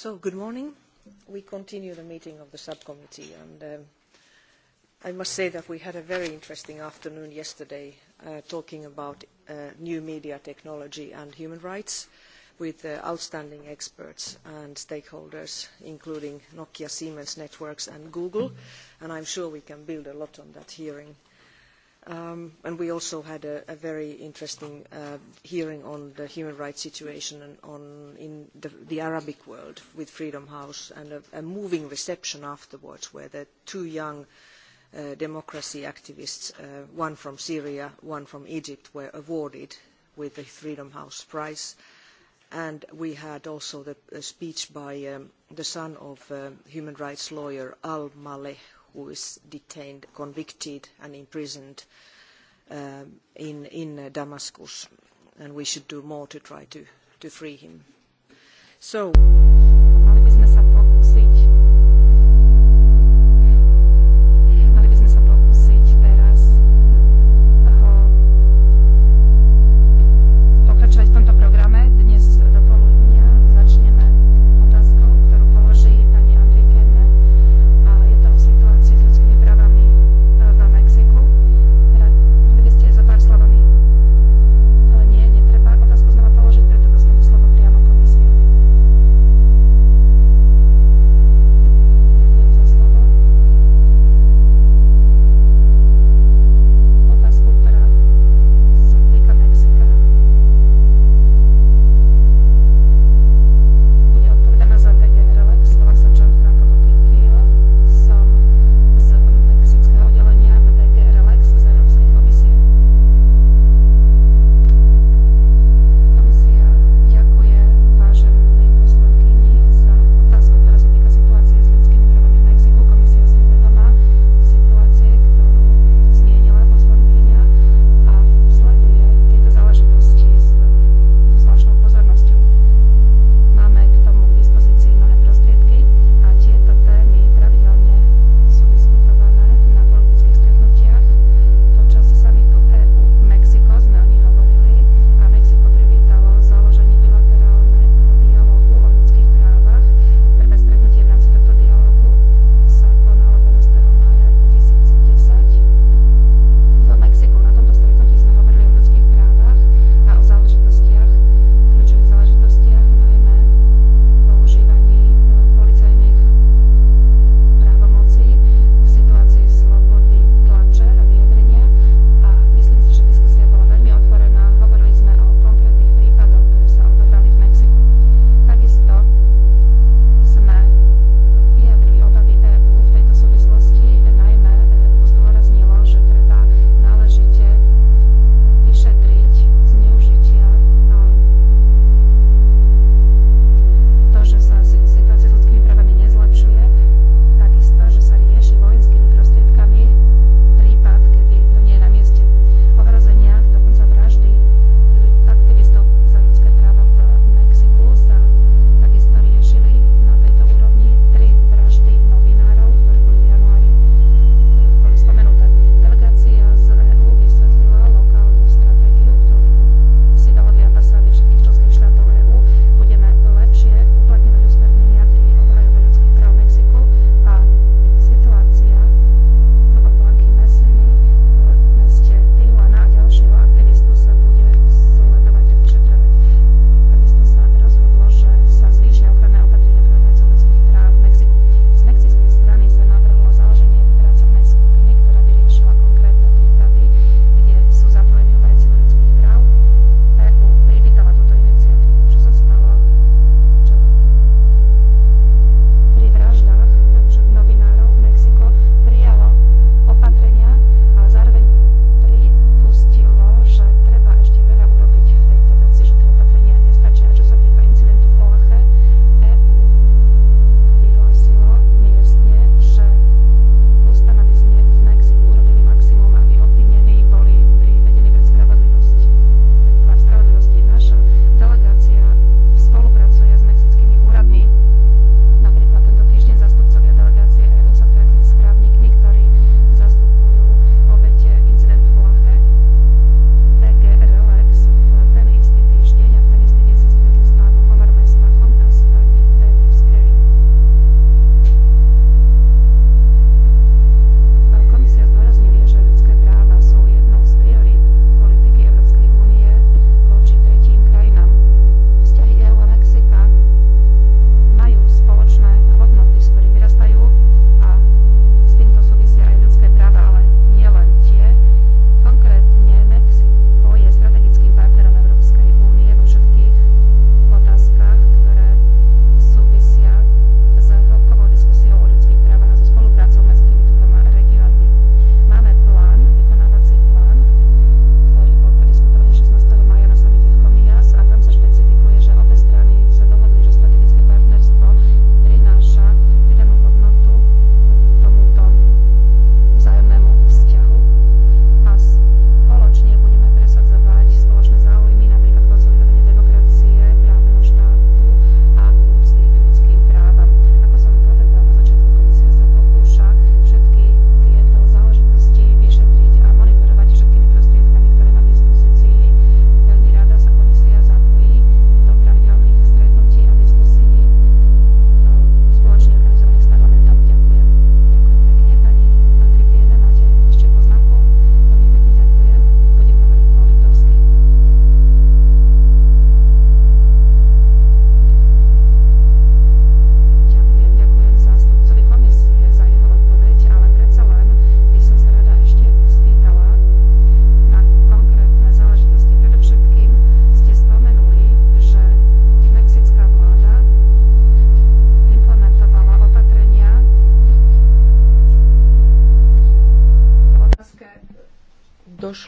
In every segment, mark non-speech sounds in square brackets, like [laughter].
So, good morning. We continue the meeting of the subcommittee, and um, I must say that we had a very interesting afternoon yesterday uh, talking about uh, new media technology and human rights with uh, outstanding experts and stakeholders, including Nokia, Siemens Networks, and Google, and I'm sure we can build a lot on that hearing. Um, and we also had a, a very interesting uh, hearing on the human rights situation and on, in the, the Arabic world with Freedom House and a, a moving reception afterwards where the two young uh, democracy activists, uh, one from Syria, one from Egypt, were awarded with the Freedom House Prize. And we had also the, a speech by um, the son of uh, human rights lawyer Al Maleh, who is detained, convicted and imprisoned um, in, in uh, Damascus. And we should do more to try to, to free him. So...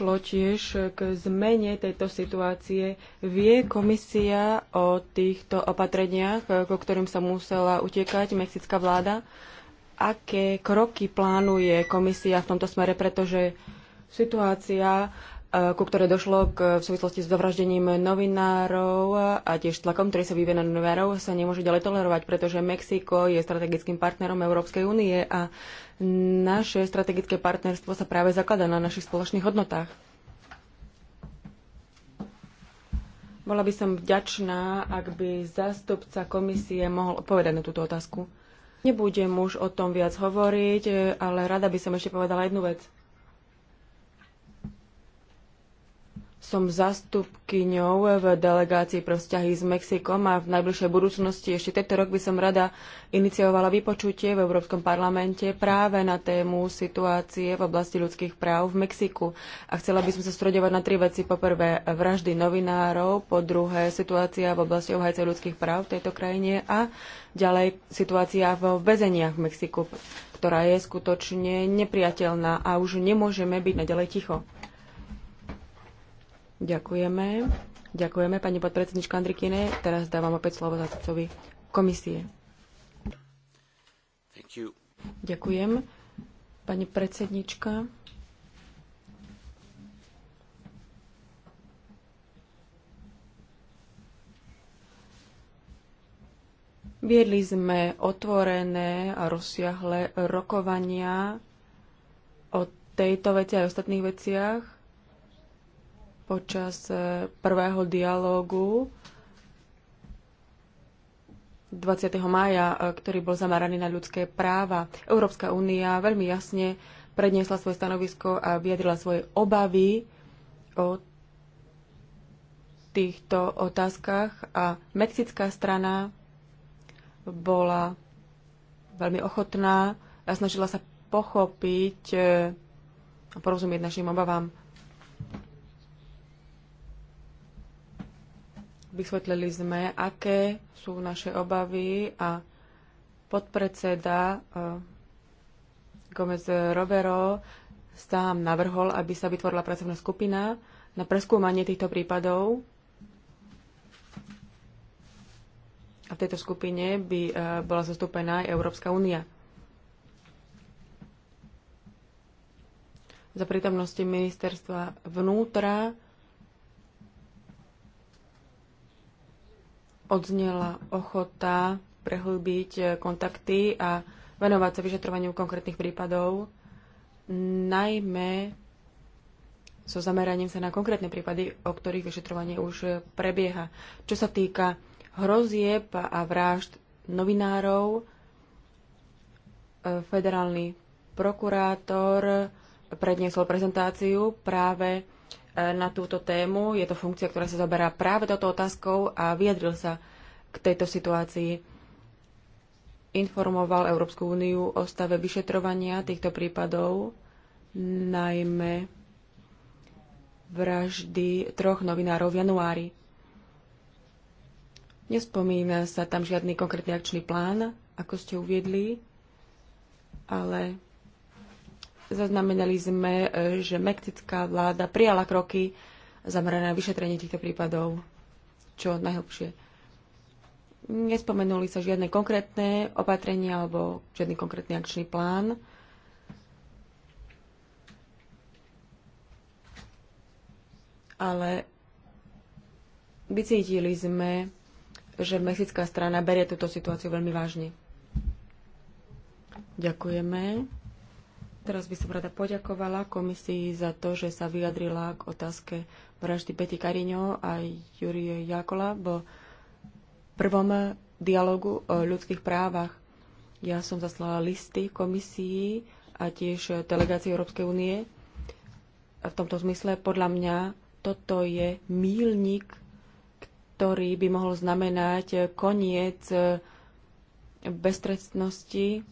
došlo tiež k zmene tejto situácie. Vie komisia o týchto opatreniach, ko ktorým sa musela utekať mexická vláda? Aké kroky plánuje komisia v tomto smere, pretože situácia Eh, ku ktoré došlo k, eh, v súvislosti s zavraždením novinárov a tiež tlakom, ktorý sa vyvíja na novinárov, sa nemôže ďalej tolerovať, pretože Mexiko je strategickým partnerom Európskej únie a naše strategické partnerstvo sa práve zakladá na našich spoločných hodnotách. Bola by som vďačná, ak by zástupca komisie mohol odpovedať na túto otázku. Nebudem už o tom viac hovoriť, ale rada by som ešte povedala jednu vec. Som zastupkyňou v delegácii pre vzťahy s Mexikom a v najbližšej budúcnosti ešte tento rok by som rada iniciovala vypočutie v Európskom parlamente práve na tému situácie v oblasti ľudských práv v Mexiku. A chcela by som sa stredovať na tri veci. Po prvé, vraždy novinárov, po druhé, situácia v oblasti obhajcov ľudských práv v tejto krajine a ďalej situácia v väzeniach v Mexiku, ktorá je skutočne nepriateľná a už nemôžeme byť naďalej ticho. Ďakujeme. Ďakujeme pani podpredsednička Andrikine. Teraz dávam opäť slovo zástupcovi komisie. Ďakujem. Pani predsednička. Viedli sme otvorené a rozsiahle rokovania o tejto veci a ostatných veciach počas e, prvého dialógu 20. mája, e, ktorý bol zameraný na ľudské práva. Európska únia veľmi jasne predniesla svoje stanovisko a vyjadrila svoje obavy o týchto otázkach a mexická strana bola veľmi ochotná a snažila sa pochopiť e, a porozumieť našim obavám. Vysvetlili sme, aké sú naše obavy a podpredseda e, Gomez Robero sám navrhol, aby sa vytvorila pracovná skupina na preskúmanie týchto prípadov. A v tejto skupine by e, bola zastúpená aj Európska únia. Za prítomnosti ministerstva vnútra odznela ochota prehlbiť eh, kontakty a venovať sa vyšetrovaniu konkrétnych prípadov, najmä so zameraním sa na konkrétne prípady, o ktorých vyšetrovanie už eh, prebieha. Čo sa týka hrozieb a vražd novinárov, eh, federálny prokurátor predniesol prezentáciu práve na túto tému. Je to funkcia, ktorá sa zaberá práve touto otázkou a vyjadril sa k tejto situácii. Informoval Európsku úniu o stave vyšetrovania týchto prípadov, najmä vraždy troch novinárov v januári. Nespomína sa tam žiadny konkrétny akčný plán, ako ste uviedli, ale Zaznamenali sme, e, že mektická vláda prijala kroky zamerané na vyšetrenie týchto prípadov čo najhlbšie. Nespomenuli sa žiadne konkrétne opatrenia alebo žiadny konkrétny akčný plán. Ale vycítili sme, že mexická strana berie túto situáciu veľmi vážne. Ďakujeme. Teraz by som rada poďakovala komisii za to, že sa vyjadrila k otázke vraždy Peti Kariňo a Jurie Jakola vo prvom dialogu o ľudských právach. Ja som zaslala listy komisii a tiež delegácii Európskej únie. A v tomto zmysle podľa mňa toto je mílnik, ktorý by mohol znamenať koniec beztrestnosti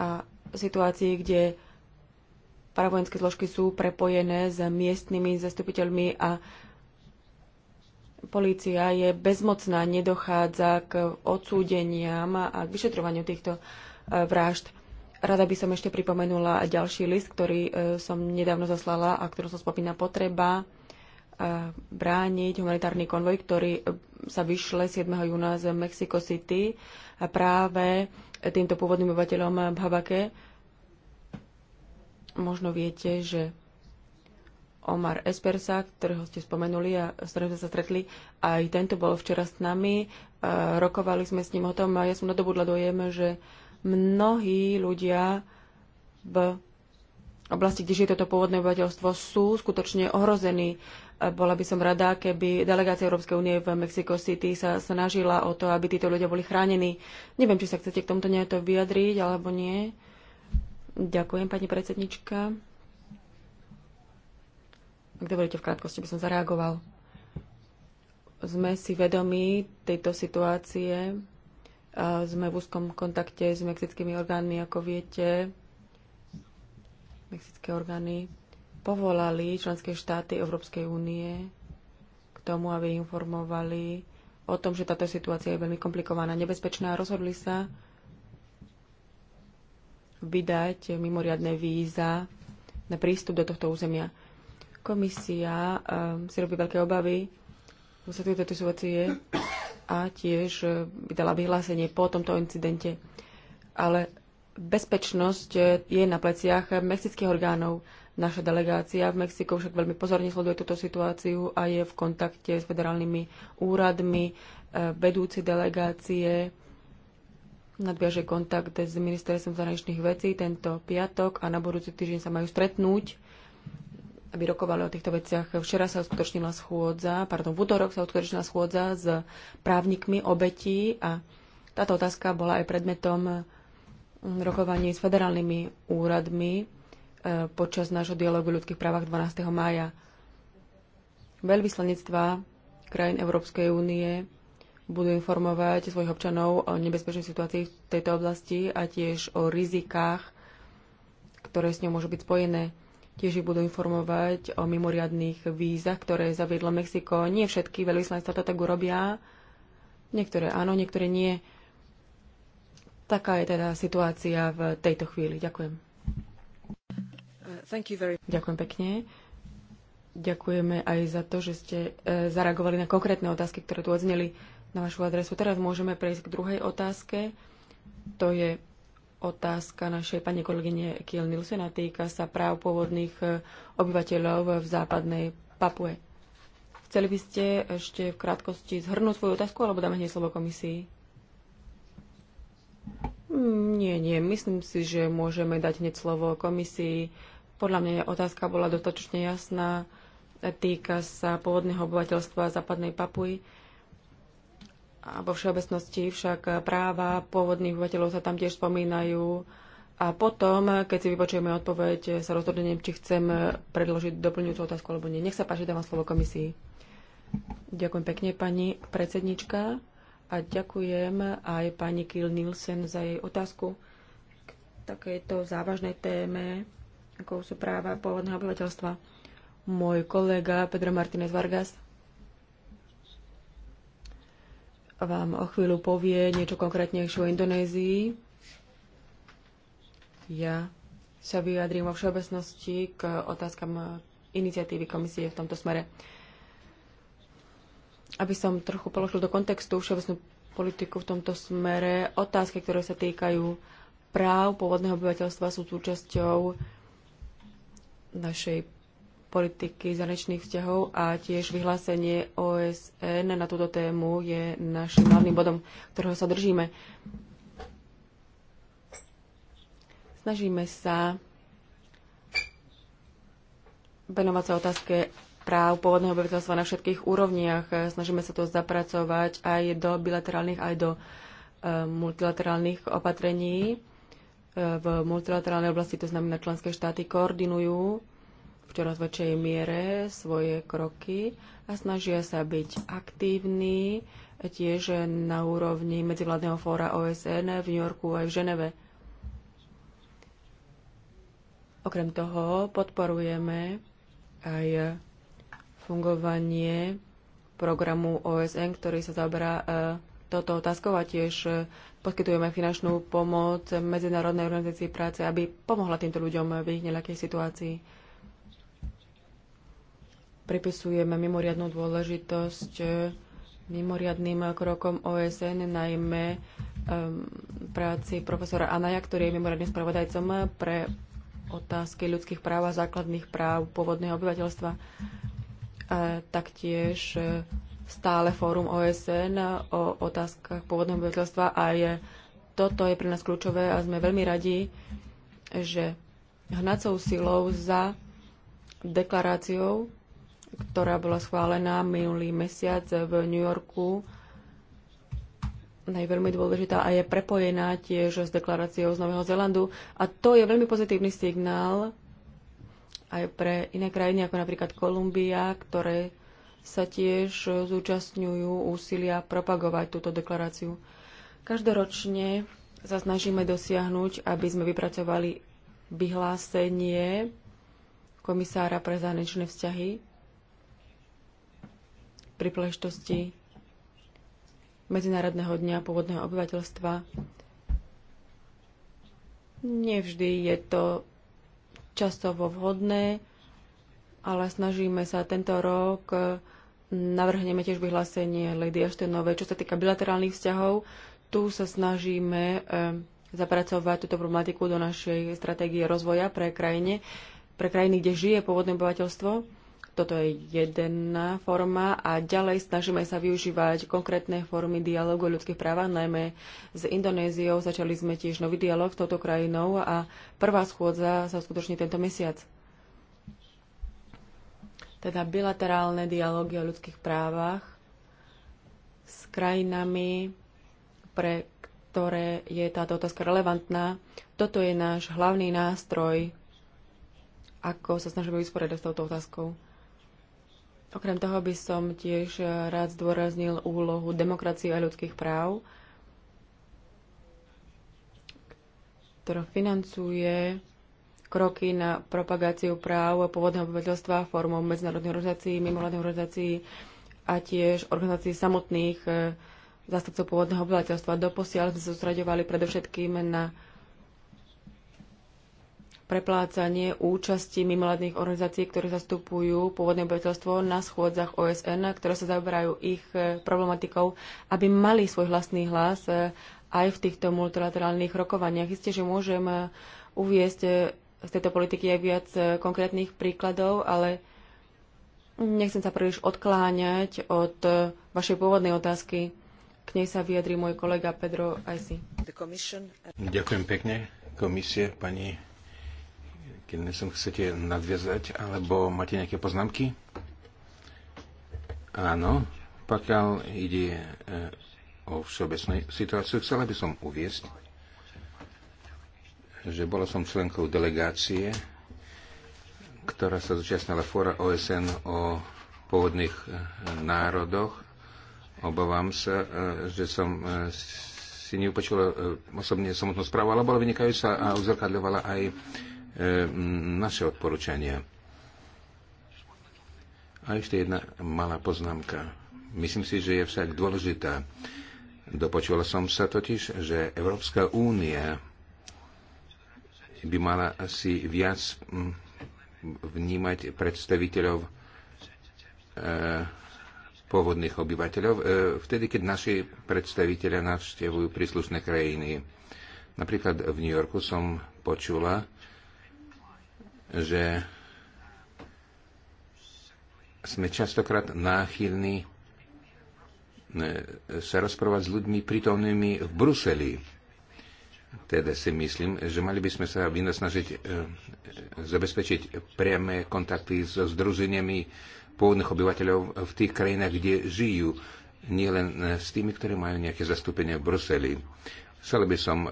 a situácii, kde paravojenské zložky sú prepojené s miestnymi zastupiteľmi a polícia je bezmocná, nedochádza k odsúdeniam a k vyšetrovaniu týchto e, vražd. Rada by som ešte pripomenula ďalší list, ktorý e, som nedávno zaslala a ktorú som spomína potreba e, brániť humanitárny konvoj, ktorý sa vyšle 7. júna z Mexico City práve týmto pôvodným obyvateľom v Habake. Možno viete, že Omar Espersa, ktorého ste spomenuli a s ktorým sme sa stretli, aj tento bol včera s nami. E, rokovali sme s ním o tom a ja som nadobudla dojem, že mnohí ľudia v oblasti, kde žije toto pôvodné obyvateľstvo, sú skutočne ohrození. E, bola by som rada, keby delegácia Európskej únie v Mexico City sa snažila o to, aby títo ľudia boli chránení. Neviem, či sa chcete k tomuto nejako vyjadriť, alebo nie. Ďakujem, pani predsednička. Ak dovolíte, v krátkosti by som zareagoval. Sme si vedomi tejto situácie. E, sme v úzkom kontakte s mexickými orgánmi, ako viete mexické orgány povolali členské štáty Európskej únie k tomu, aby informovali o tom, že táto situácia je veľmi komplikovaná, nebezpečná a rozhodli sa vydať mimoriadne víza na prístup do tohto územia. Komisia um, si robí veľké obavy v úsledku tejto situácie a tiež ehm, vydala vyhlásenie po tomto incidente. Ale bezpečnosť eh, je na pleciach mexických orgánov. Naša delegácia v Mexiku však veľmi pozorne sleduje túto situáciu a je v kontakte s federálnymi úradmi, eh, vedúci delegácie nadviaže kontakt s ministerstvom zahraničných vecí tento piatok a na budúci týždeň sa majú stretnúť, aby rokovali o týchto veciach. Včera sa uskutočnila schôdza, pardon, v útorok sa uskutočnila schôdza s právnikmi obetí a táto otázka bola aj predmetom rokovaní s federálnymi úradmi e, počas nášho dialogu o ľudských právach 12. mája. Veľvyslanectva krajín Európskej únie budú informovať svojich občanov o nebezpečnej situácii v tejto oblasti a tiež o rizikách, ktoré s ňou môžu byť spojené. Tiež ich budú informovať o mimoriadných vízach, ktoré zaviedlo Mexiko. Nie všetky veľvyslanectva to tak urobia. Niektoré áno, niektoré nie. Taká je teda situácia v tejto chvíli. Ďakujem. Very... Ďakujem pekne. Ďakujeme aj za to, že ste e, zareagovali na konkrétne otázky, ktoré tu odzneli na vašu adresu. Teraz môžeme prejsť k druhej otázke. To je otázka našej pani kolegyne Kiel Nilsena týka sa práv pôvodných e, obyvateľov v západnej Papue. Chceli by ste ešte v krátkosti zhrnúť svoju otázku, alebo dáme hneď slovo komisii? Nie, nie. Myslím si, že môžeme dať hneď slovo komisii. Podľa mňa otázka bola dostatočne jasná. Týka sa pôvodného obyvateľstva západnej Papuji. A vo všeobecnosti však práva pôvodných obyvateľov sa tam tiež spomínajú. A potom, keď si vypočujeme odpoveď, sa rozhodnem, či chcem predložiť doplňujúcu otázku alebo nie. Nech sa páči, dávam slovo komisii. Ďakujem pekne, pani predsednička. A ďakujem aj pani Kiel Nielsen za jej otázku k takejto závažnej téme, ako sú práva pôvodného obyvateľstva. Môj kolega Pedro Martínez Vargas vám o chvíľu povie niečo konkrétnejšie o Indonézii. Ja sa vyjadrím vo všeobecnosti k otázkam iniciatívy komisie v tomto smere aby som trochu položil do kontextu všeobecnú politiku v tomto smere, otázky, ktoré sa týkajú práv pôvodného obyvateľstva, sú súčasťou našej politiky zahraničných vzťahov a tiež vyhlásenie OSN na túto tému je našim hlavným bodom, ktorého sa držíme. Snažíme sa venovať sa otázke práv pôvodného obyvateľstva na všetkých úrovniach. Snažíme sa to zapracovať aj do bilaterálnych, aj do e, multilaterálnych opatrení. E, v multilaterálnej oblasti to znamená, členské štáty koordinujú v čoraz väčšej miere svoje kroky a snažia sa byť aktívni tiež na úrovni medzivládneho fóra OSN v New Yorku aj v Ženeve. Okrem toho podporujeme aj fungovanie programu OSN, ktorý sa zaoberá e, touto otázkou a tiež e, poskytujeme finančnú pomoc Medzinárodnej organizácii práce, aby pomohla týmto ľuďom v ich nejakej situácii. Pripisujeme mimoriadnú dôležitosť e, mimoriadným krokom OSN, najmä práci profesora Anaja, ktorý je mimoriadným spravodajcom pre otázky ľudských práv a základných práv pôvodného obyvateľstva taktiež e, stále fórum OSN o otázkach pôvodného obyvateľstva a je, toto je pre nás kľúčové a sme veľmi radi, že hnacou silou za deklaráciou, ktorá bola schválená minulý mesiac v New Yorku, je veľmi dôležitá a je prepojená tiež s deklaráciou z Nového Zelandu. A to je veľmi pozitívny signál aj pre iné krajiny, ako napríklad Kolumbia, ktoré sa tiež zúčastňujú úsilia propagovať túto deklaráciu. Každoročne sa snažíme dosiahnuť, aby sme vypracovali vyhlásenie komisára pre zahraničné vzťahy pri pležtosti Medzinárodného dňa pôvodného obyvateľstva. Nevždy je to časovo vhodné, ale snažíme sa tento rok e, navrhneme tiež vyhlásenie Lady Ashtonovej, čo sa týka bilaterálnych vzťahov. Tu sa snažíme e, zapracovať túto problematiku do našej stratégie rozvoja pre krajine, pre krajiny, kde žije pôvodné obyvateľstvo toto je jedna forma a ďalej snažíme sa využívať konkrétne formy dialogu o ľudských právach, najmä s Indonéziou. Začali sme tiež nový dialog s touto krajinou a prvá schôdza sa skutočne tento mesiac. Teda bilaterálne dialógy o ľudských právach s krajinami, pre ktoré je táto otázka relevantná. Toto je náš hlavný nástroj, ako sa snažíme vysporiadať s touto otázkou. Okrem toho by som tiež eh, rád zdôraznil úlohu demokracie a ľudských práv, ktorá financuje kroky na propagáciu práv pôvodného obyvateľstva formou medzinárodných organizácií, mimovládnych organizácií a tiež organizácií samotných eh, zástupcov pôvodného obyvateľstva. Doposiaľ sme sa sústraďovali predovšetkým na preplácanie účasti mimoladných organizácií, ktoré zastupujú pôvodné obyvateľstvo na schôdzach OSN, ktoré sa zaoberajú ich e, problematikou, aby mali svoj vlastný hlas e, aj v týchto multilaterálnych rokovaniach. Isté, že môžem e, uviesť z tejto politiky aj viac konkrétnych príkladov, ale nechcem sa príliš odkláňať od vašej pôvodnej otázky. K nej sa vyjadrí môj kolega Pedro Aysi. Uh, Ďakujem pekne. Komisie, pani keď som chcete nadviazať, alebo máte nejaké poznámky? Áno, pokiaľ ide e, o všeobecnú situáciu, chcela by som uviesť, že bola som členkou delegácie, ktorá sa zúčastnila fóra OSN o pôvodných e, národoch. Obávam sa, e, že som si neupočula osobne samotnú správu, ale bola vynikajúca a uzrkadľovala aj E, naše odporúčania. A ešte jedna malá poznámka. Myslím si, že je však dôležitá. Dopočul som sa totiž, že Európska únia by mala asi viac vnímať predstaviteľov e, pôvodných obyvateľov, e, vtedy, keď naši predstaviteľe navštevujú príslušné krajiny. Napríklad v New Yorku som počula, že sme častokrát náchylní e, sa rozprávať s ľuďmi prítomnými v Bruseli. Teda si myslím, že mali by sme sa vynasnažiť e, zabezpečiť priame kontakty so združeniami pôvodných obyvateľov v tých krajinách, kde žijú, nielen e, s tými, ktorí majú nejaké zastúpenie v Bruseli. Chcel by som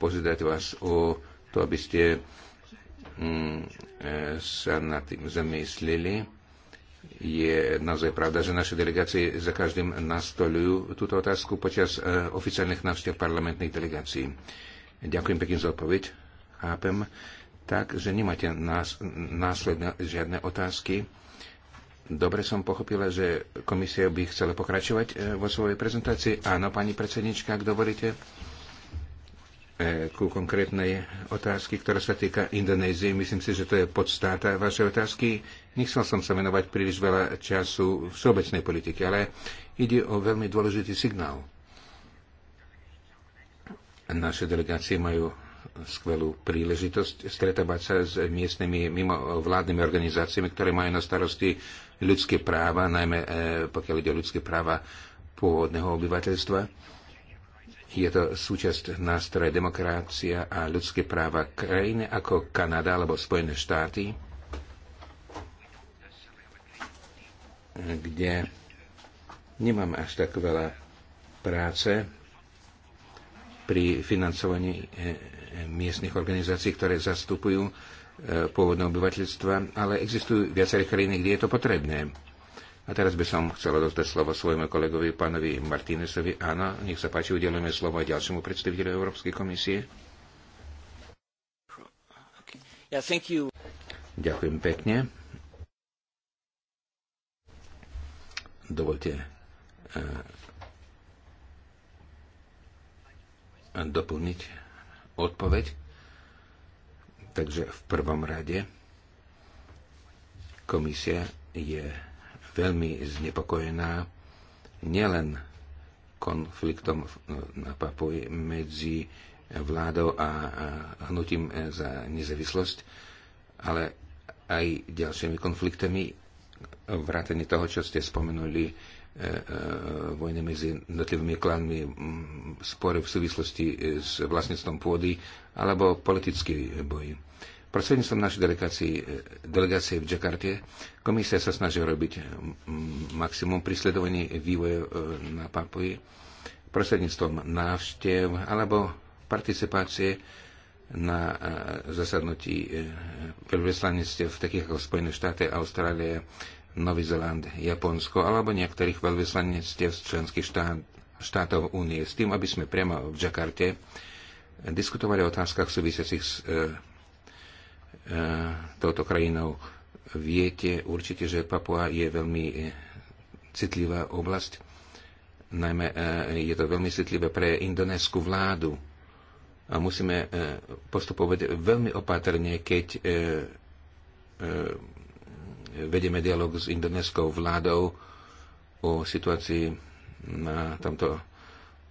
požiadať vás o to, aby ste Mm, e, sa nad tým zamyslili. Je naozaj pravda, že naše delegácie za každým nastolujú túto otázku počas e, oficiálnych návštev parlamentných delegácií. Ďakujem pekne za odpoveď. Chápem tak, že nemáte nás, následne žiadne otázky. Dobre som pochopila, že komisia by chcela pokračovať e, vo svojej prezentácii. Áno, pani predsednička, ak dovolíte. Eh, ku konkrétnej otázky, ktorá sa týka Indonézie. Myslím si, že to je podstata vašej otázky. Nechcel som sa venovať príliš veľa času všeobecnej politike, ale ide o veľmi dôležitý signál. Naše delegácie majú skvelú príležitosť stretávať sa s miestnymi mimovládnymi organizáciami, ktoré majú na starosti ľudské práva, najmä eh, pokiaľ ide o ľudské práva pôvodného obyvateľstva je to súčasť nástroje demokracia a ľudské práva krajiny ako Kanada alebo Spojené štáty, kde nemám až tak veľa práce pri financovaní eh, eh, miestnych organizácií, ktoré zastupujú eh, pôvodné obyvateľstva, ale existujú viaceré krajiny, kde je to potrebné. A teraz by som chcela dostať slovo svojmu kolegovi, pánovi Martinesovi. Áno, nech sa páči, udelujeme slovo ďalšiemu predstaviteľu Európskej komisie. Ďakujem pekne. Dovolte uh, doplniť odpoveď. Takže v prvom rade komisia je veľmi znepokojená nielen konfliktom na Papuji medzi vládou a hnutím za nezávislosť, ale aj ďalšími konfliktami, vrátane toho, čo ste spomenuli, e, e, vojny medzi jednotlivými klanmi, spory v súvislosti s vlastníctvom pôdy alebo politický boj. Prostredníctvom našej delegácie, e, delegácie v Džakarte komisia sa snaží robiť maximum prisledovaní vývoja e, na Papuji prostredníctvom návštev alebo participácie na e, zasadnutí veľvyslanectiev v takých ako Spojené štáty, Austrálie, Nový Zeland, Japonsko alebo niektorých veľvyslanectiev z členských štát, štátov únie s tým, aby sme priamo v Džakarte diskutovali o otázkach súvisiacich s e, E, touto krajinou. Viete určite, že Papua je veľmi e, citlivá oblasť. Najmä e, je to veľmi citlivé pre indonésku vládu. A musíme postupovať veľmi opatrne, keď vedeme dialog s indonéskou vládou o situácii na tomto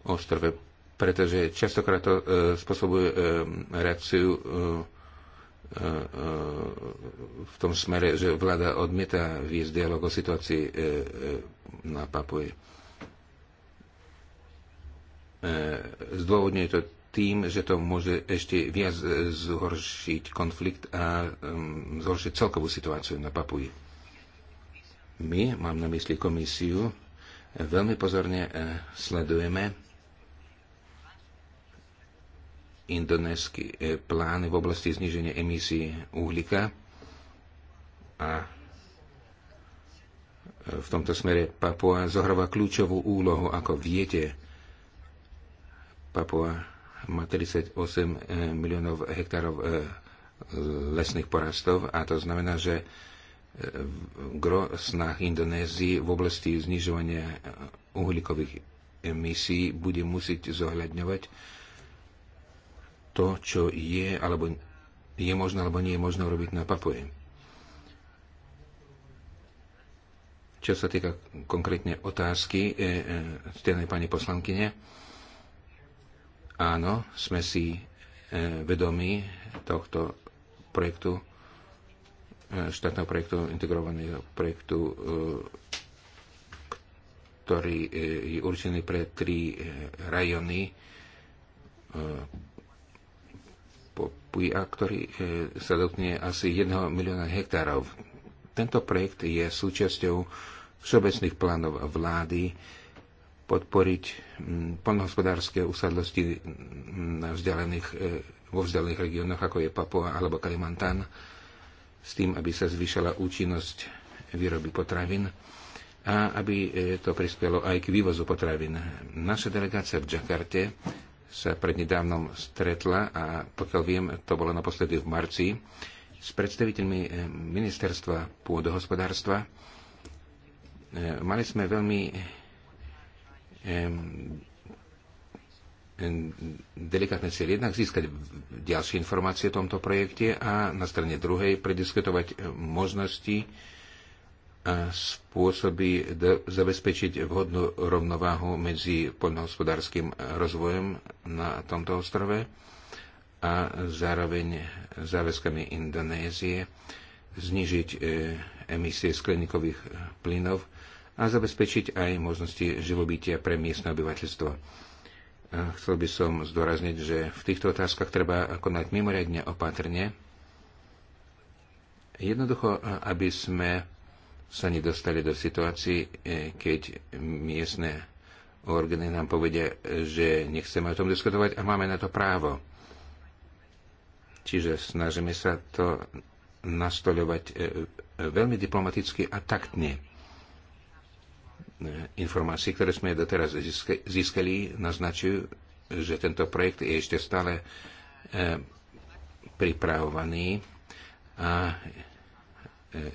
ostrove, pretože častokrát to spôsobuje reakciu E, e, v tom smere, že vláda odmieta viesť dialog o situácii e, na papuji. Zdôvodňuje to tým, že to môže ešte viac zhoršiť konflikt a zhoršiť celkovú situáciu na Papuji. My, mám na mysli komisiu, veľmi pozorne sledujeme indonésky e, plán v oblasti zniženia emisí uhlíka a e, v tomto smere Papua zohráva kľúčovú úlohu, ako viete. Papua má 38 e, miliónov hektárov lesných porastov a to znamená, že gro snah Indonézii v oblasti znižovania uhlíkových emisí bude musieť zohľadňovať to, čo je, alebo je možné, alebo nie je možné robiť na papuje. Čo sa týka konkrétne otázky e, e, stenej pani poslankyne, áno, sme si e, vedomi tohto projektu, e, štátneho projektu, integrovaného projektu e, ktorý e, je určený pre tri e, rajony e, ktorý e, sa dotkne asi 1 milióna hektárov. Tento projekt je súčasťou všeobecných plánov vlády podporiť polnohospodárske usadlosti na vzdialených, e, vo vzdialených regiónoch, ako je Papua alebo Kalimantan, s tým, aby sa zvýšala účinnosť výroby potravín a aby e, to prispelo aj k vývozu potravín. Naša delegácia v Džakarte sa prednedávnom stretla a pokiaľ viem, to bolo naposledy v marci, s predstaviteľmi eh, ministerstva pôdohospodárstva. Eh, mali sme veľmi eh, delikátne cieľ jednak získať ďalšie informácie o tomto projekte a na strane druhej prediskutovať možnosti spôsoby zabezpečiť vhodnú rovnováhu medzi poľnohospodárským rozvojom na tomto ostrove a zároveň záväzkami Indonézie znižiť e, emisie skleníkových plynov a zabezpečiť aj možnosti živobytia pre miestne obyvateľstvo. E, chcel by som zdôrazniť, že v týchto otázkach treba konať mimoriadne opatrne, jednoducho, e, aby sme sa nedostali do situácií, e, keď miestne orgány nám povedia, že nechceme o tom diskutovať a máme na to právo. Čiže snažíme sa to nastoľovať e, veľmi diplomaticky a taktne. E, informácie, ktoré sme doteraz získali, naznačujú, že tento projekt je ešte stále pripravovaný a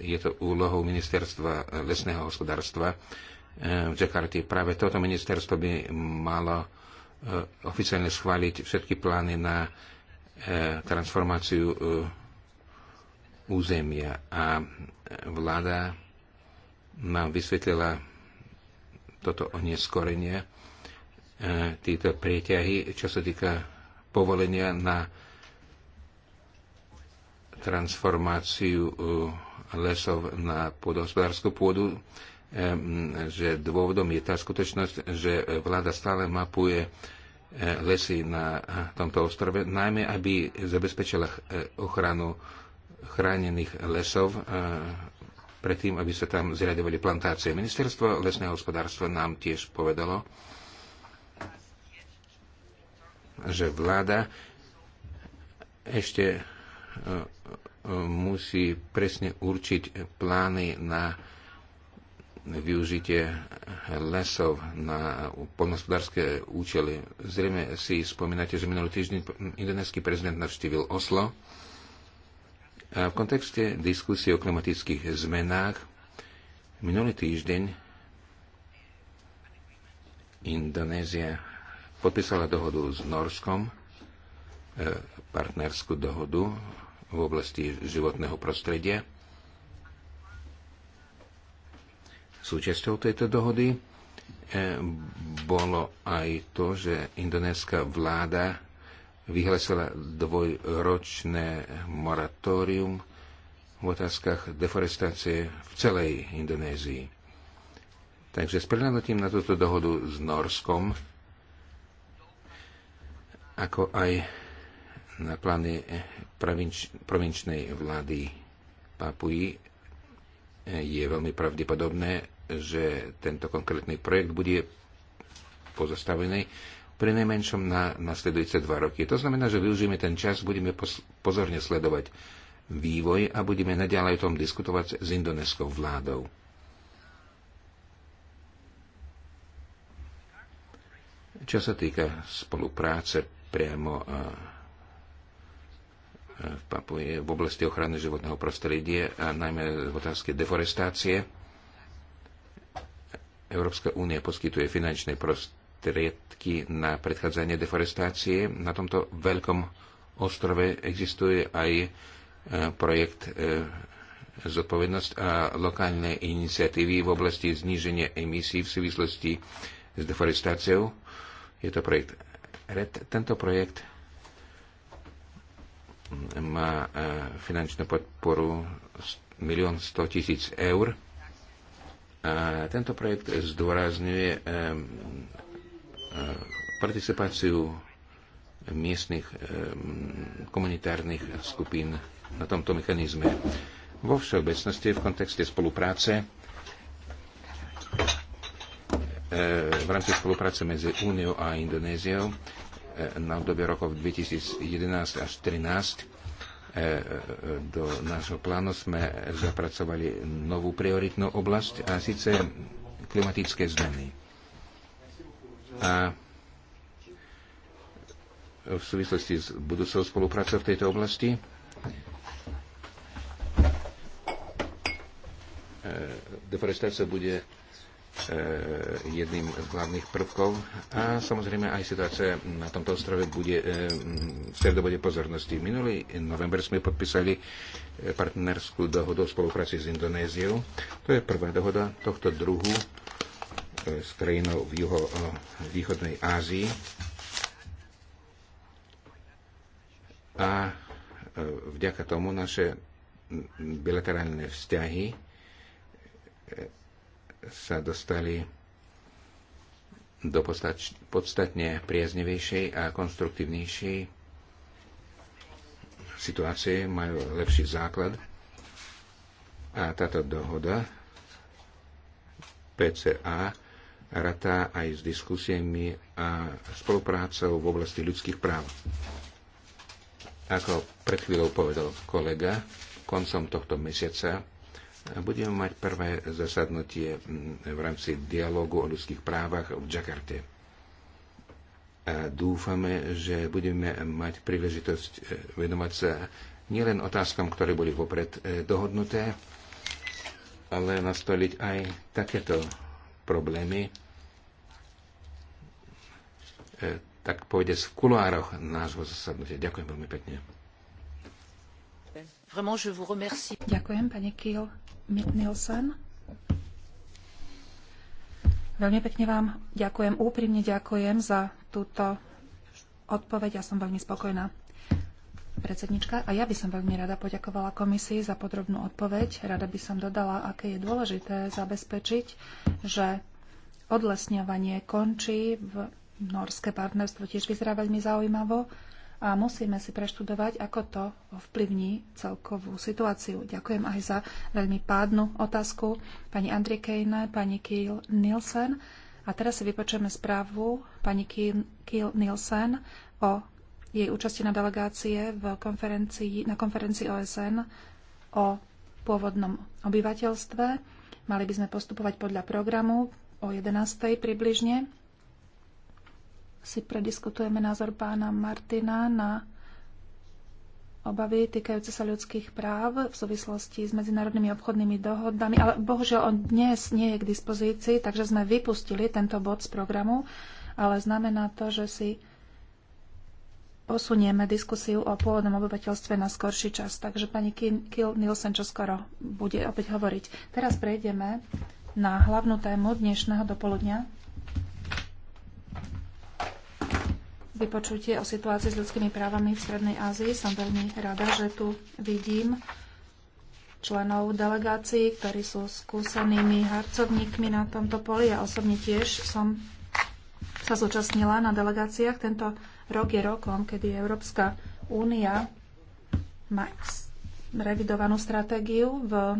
je to úlohou ministerstva eh, lesného hospodárstva eh, v Džakarte. Práve toto ministerstvo by malo eh, oficiálne schváliť všetky plány na transformáciu územia. A vláda nám vysvetlila toto oneskorenie, tieto prieťahy, čo sa týka povolenia na transformáciu lesov na podhospodárskú pôdu, že dôvodom je tá skutočnosť, že vláda stále mapuje lesy na tomto ostrove, najmä aby zabezpečila eh, ochranu chránených lesov eh, predtým, aby sa tam zriadovali plantácie. Ministerstvo lesného hospodárstva nám tiež povedalo, že vláda ešte eh, musí presne určiť plány na využitie lesov na polnospodárske účely. Zrejme si spomínate, že minulý týždeň indonéský prezident navštívil Oslo. A v kontexte diskusie o klimatických zmenách minulý týždeň Indonézia podpísala dohodu s Norskom, e, partnerskú dohodu v oblasti životného prostredia. Súčasťou tejto dohody e, bolo aj to, že indonéska vláda vyhlasila dvojročné moratórium v otázkach deforestácie v celej Indonézii. Takže s prihľadnutím na túto dohodu s Norskom, ako aj na pláne eh, provinč, provinčnej vlády Papuji eh, je veľmi pravdepodobné, že tento konkrétny projekt bude pozastavený pri najmenšom na nasledujúce dva roky. To znamená, že využijeme ten čas, budeme pozorne sledovať vývoj a budeme naďalej o tom diskutovať s indoneskou vládou. Čo sa týka spolupráce priamo eh, v Papuje v oblasti ochrany životného prostredia a najmä v otázke deforestácie. Európska únia poskytuje finančné prostriedky na predchádzanie deforestácie. Na tomto veľkom ostrove existuje aj e, projekt e, zodpovednosť a lokálne iniciatívy v oblasti zníženia emisí v súvislosti s deforestáciou. Je to projekt RED. Tento projekt má e, finančnú podporu 1 100 tisíc eur. A tento projekt zdôrazňuje e, e, participáciu miestnych komunitárnych skupín na tomto mechanizme. Vo všeobecnosti v kontexte spolupráce v rámci spolupráce medzi Úniou a Indonéziou E, na obdobie rokov 2011 až 2013 e, e, do nášho plánu sme zapracovali novú prioritnú oblasť a síce klimatické zmeny. A v súvislosti s budúcou spoluprácou v tejto oblasti deforestácia bude Eh, jedným z hlavných prvkov. A samozrejme aj situácia na tomto ostrove bude eh, v stredobode pozornosti. Minulý november sme podpísali eh, partnerskú dohodu o spolupráci s Indonéziou. To je prvá dohoda tohto druhu s krajinou v juho-východnej Ázii. A vďaka tomu naše bilaterálne vzťahy sa dostali do podstatne priaznivejšej a konstruktívnejšej situácie, majú lepší základ. A táto dohoda PCA ratá aj s diskusiami a spoluprácou v oblasti ľudských práv. Ako pred chvíľou povedal kolega, koncom tohto mesiaca Budeme mať prvé zasadnutie mm, v rámci dialogu o ľudských právach v Džakarte. A dúfame, že budeme mať príležitosť e, venovať sa nielen otázkam, ktoré boli vopred e, dohodnuté, ale nastoliť aj takéto problémy, e, tak povede v kuloároch nášho zasadnutia. Ďakujem veľmi pekne. Ďakujem, pani Kiel. Veľmi pekne vám ďakujem, úprimne ďakujem za túto odpoveď. Ja som veľmi spokojná predsednička. A ja by som veľmi rada poďakovala komisii za podrobnú odpoveď. Rada by som dodala, aké je dôležité zabezpečiť, že odlesňovanie končí v Norské partnerstvo tiež vyzerá veľmi zaujímavo a musíme si preštudovať, ako to vplyvní celkovú situáciu. Ďakujem aj za veľmi pádnu otázku pani Kejne, pani Kiel Nielsen. A teraz si vypočujeme správu pani Kiel, Nielsen o jej účasti na delegácie v konferencii, na konferencii OSN o pôvodnom obyvateľstve. Mali by sme postupovať podľa programu o 11.00 približne si prediskutujeme názor pána Martina na obavy týkajúce sa ľudských práv v súvislosti s medzinárodnými obchodnými dohodami, ale bohužiaľ on dnes nie je k dispozícii, takže sme vypustili tento bod z programu, ale znamená to, že si posunieme diskusiu o pôvodnom obyvateľstve na skorší čas. Takže pani Kiel Nielsen čoskoro bude opäť hovoriť. Teraz prejdeme na hlavnú tému dnešného dopoludňa vypočutie o situácii s ľudskými právami v Strednej Ázii. Som veľmi rada, že tu vidím členov delegácií, ktorí sú skúsenými harcovníkmi na tomto poli. Ja osobne tiež som sa zúčastnila na delegáciách. Tento rok je rokom, kedy Európska únia má revidovanú stratégiu v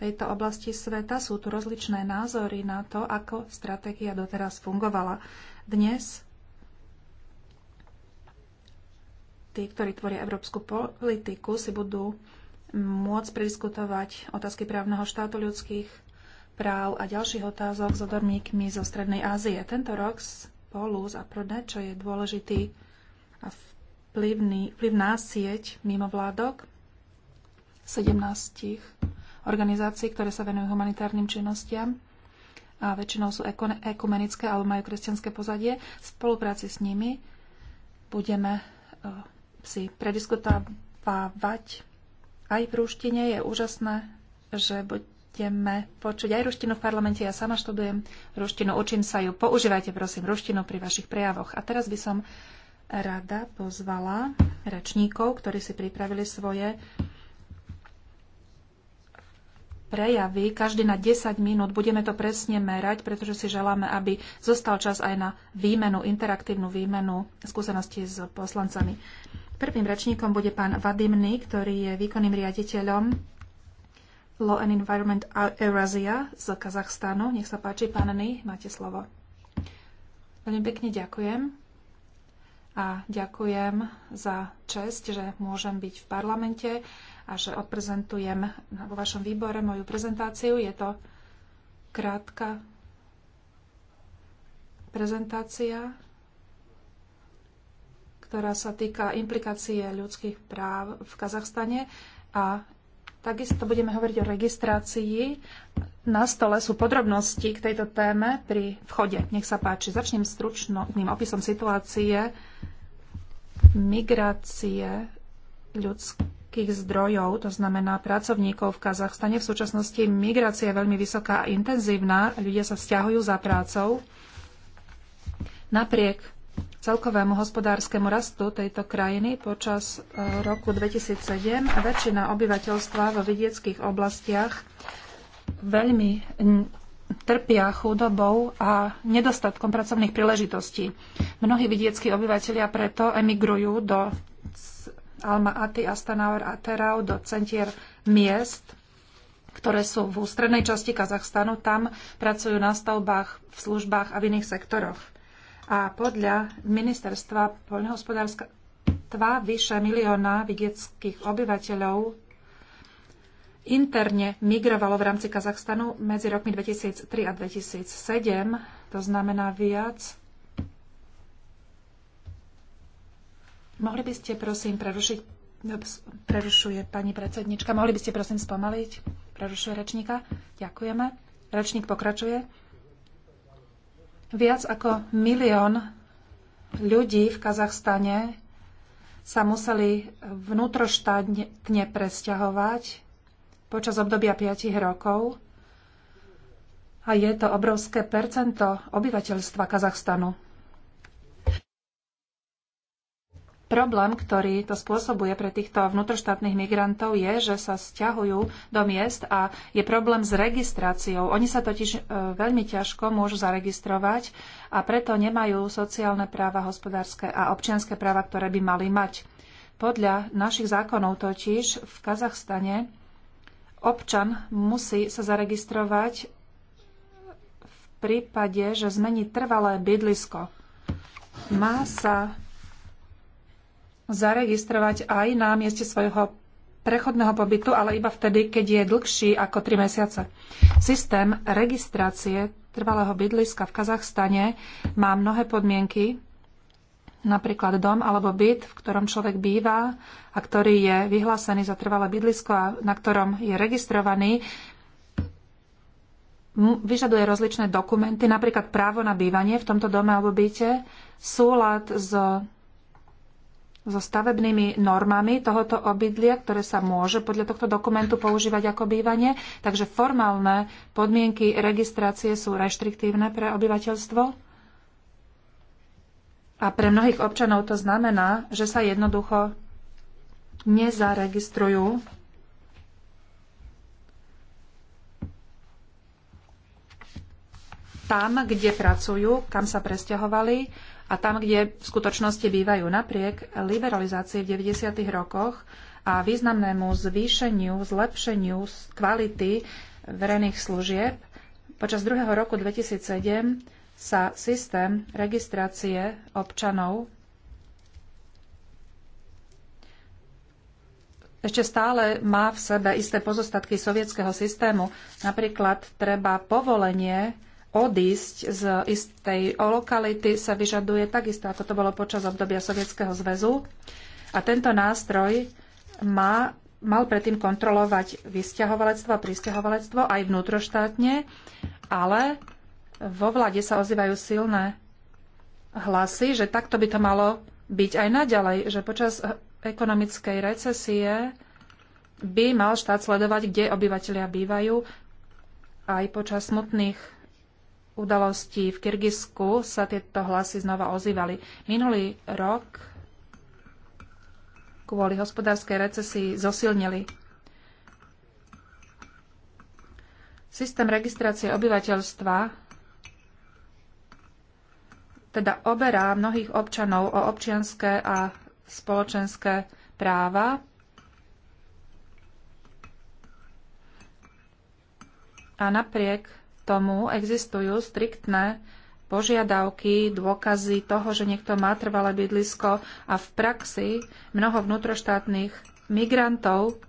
tejto oblasti sveta. Sú tu rozličné názory na to, ako stratégia doteraz fungovala. Dnes tí, ktorí tvoria európsku politiku, si budú môcť prediskutovať otázky právneho štátu ľudských práv a ďalších otázok s odborníkmi zo Strednej Ázie. Tento rok spolu s APRODE, čo je dôležitý a vplyvný, vplyvná sieť mimo vládok, 17 organizácií, ktoré sa venujú humanitárnym činnostiam a väčšinou sú ekumenické alebo majú kresťanské pozadie. V spolupráci s nimi budeme eh, si prediskutovávať aj v ruštine. Je úžasné, že budeme počuť aj ruštinu v parlamente. Ja sama študujem ruštinu, učím sa ju. Používajte prosím ruštinu pri vašich prejavoch. A teraz by som rada pozvala rečníkov, ktorí si pripravili svoje prejavy, každý na 10 minút. Budeme to presne merať, pretože si želáme, aby zostal čas aj na výmenu, interaktívnu výmenu skúseností s poslancami. Prvým rečníkom bude pán Vadim Ny, ktorý je výkonným riaditeľom Law and Environment Eurasia z Kazachstanu. Nech sa páči, pán Ny, máte slovo. Veľmi pekne ďakujem a ďakujem za čest, že môžem byť v parlamente a že odprezentujem vo vašom výbore moju prezentáciu. Je to krátka prezentácia ktorá sa týka implikácie ľudských práv v Kazachstane a takisto budeme hovoriť o registrácii. Na stole sú podrobnosti k tejto téme pri vchode. Nech sa páči. Začnem stručným opisom situácie migrácie ľudských zdrojov, to znamená pracovníkov v Kazachstane. V súčasnosti migrácia je veľmi vysoká a intenzívna. Ľudia sa stiahujú za prácou. Napriek celkovému hospodárskemu rastu tejto krajiny počas e, roku 2007 a väčšina obyvateľstva vo vidieckých oblastiach veľmi trpia chudobou a nedostatkom pracovných príležitostí. Mnohí vidieckí obyvateľia preto emigrujú do Alma Aty, Astanaur a Terau, do centier miest, ktoré sú v ústrednej časti Kazachstanu. Tam pracujú na stavbách, v službách a v iných sektoroch a podľa ministerstva poľnohospodárstva vyše milióna vidieckých obyvateľov interne migrovalo v rámci Kazachstanu medzi rokmi 2003 a 2007, to znamená viac. Mohli by ste prosím prerušiť prerušuje pani predsednička. Mohli by ste prosím spomaliť? Prerušuje rečníka. Ďakujeme. Rečník pokračuje. Viac ako milión ľudí v Kazachstane sa museli vnútroštátne presťahovať počas obdobia 5 rokov a je to obrovské percento obyvateľstva Kazachstanu. Problém, ktorý to spôsobuje pre týchto vnútroštátnych migrantov je, že sa sťahujú do miest a je problém s registráciou. Oni sa totiž e, veľmi ťažko môžu zaregistrovať a preto nemajú sociálne práva, hospodárske a občianské práva, ktoré by mali mať. Podľa našich zákonov totiž v Kazachstane občan musí sa zaregistrovať v prípade, že zmení trvalé bydlisko. Má sa zaregistrovať aj na mieste svojho prechodného pobytu, ale iba vtedy, keď je dlhší ako 3 mesiace. Systém registrácie trvalého bydliska v Kazachstane má mnohé podmienky, napríklad dom alebo byt, v ktorom človek býva a ktorý je vyhlásený za trvalé bydlisko a na ktorom je registrovaný, vyžaduje rozličné dokumenty, napríklad právo na bývanie v tomto dome alebo byte, súlad s so stavebnými normami tohoto obydlia, ktoré sa môže podľa tohto dokumentu používať ako bývanie. Takže formálne podmienky registrácie sú reštriktívne pre obyvateľstvo. A pre mnohých občanov to znamená, že sa jednoducho nezaregistrujú tam, kde pracujú, kam sa presťahovali a tam, kde v skutočnosti bývajú. Napriek liberalizácii v 90. rokoch a významnému zvýšeniu, zlepšeniu kvality verejných služieb, počas druhého roku 2007 sa systém registrácie občanov ešte stále má v sebe isté pozostatky sovietského systému. Napríklad treba povolenie odísť z istej lokality sa vyžaduje takisto, ako to bolo počas obdobia Sovietskeho zväzu. A tento nástroj má, mal predtým kontrolovať vysťahovalectvo a pristahovalectvo aj vnútroštátne, ale vo vláde sa ozývajú silné hlasy, že takto by to malo byť aj naďalej, že počas ekonomickej recesie by mal štát sledovať, kde obyvateľia bývajú aj počas smutných udalostí v Kyrgyzsku sa tieto hlasy znova ozývali. Minulý rok kvôli hospodárskej recesii zosilnili. Systém registrácie obyvateľstva teda oberá mnohých občanov o občianské a spoločenské práva. A napriek tomu existujú striktné požiadavky, dôkazy toho, že niekto má trvalé bydlisko a v praxi mnoho vnútroštátnych migrantov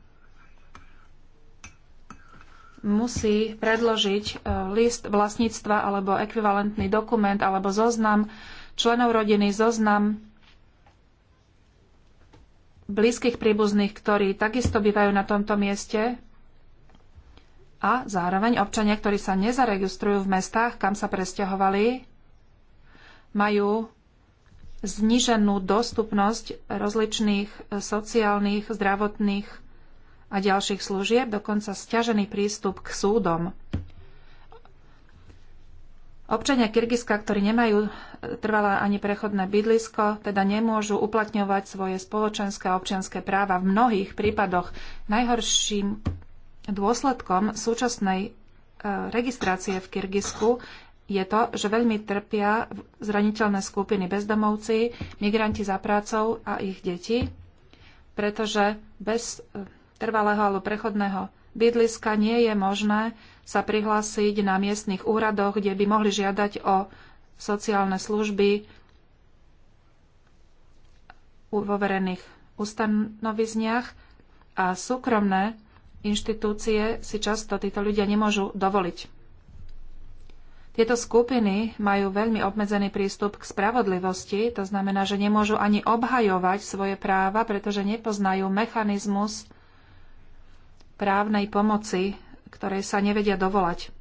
musí predložiť e, list vlastníctva alebo ekvivalentný dokument alebo zoznam členov rodiny, zoznam blízkych príbuzných, ktorí takisto bývajú na tomto mieste a zároveň občania, ktorí sa nezaregistrujú v mestách, kam sa presťahovali, majú zniženú dostupnosť rozličných e, sociálnych, zdravotných a ďalších služieb, dokonca stiažený prístup k súdom. Občania Kyrgyzska, ktorí nemajú e, trvalé ani prechodné bydlisko, teda nemôžu uplatňovať svoje spoločenské a občianské práva v mnohých prípadoch. Najhorším dôsledkom súčasnej e, registrácie v Kyrgyzsku je to, že veľmi trpia zraniteľné skupiny bezdomovci, migranti za prácou a ich deti, pretože bez e, trvalého alebo prechodného bydliska nie je možné sa prihlásiť na miestnych úradoch, kde by mohli žiadať o sociálne služby vo verejných ustanovizniach a súkromné inštitúcie si často títo ľudia nemôžu dovoliť. Tieto skupiny majú veľmi obmedzený prístup k spravodlivosti, to znamená, že nemôžu ani obhajovať svoje práva, pretože nepoznajú mechanizmus právnej pomoci, ktorej sa nevedia dovolať.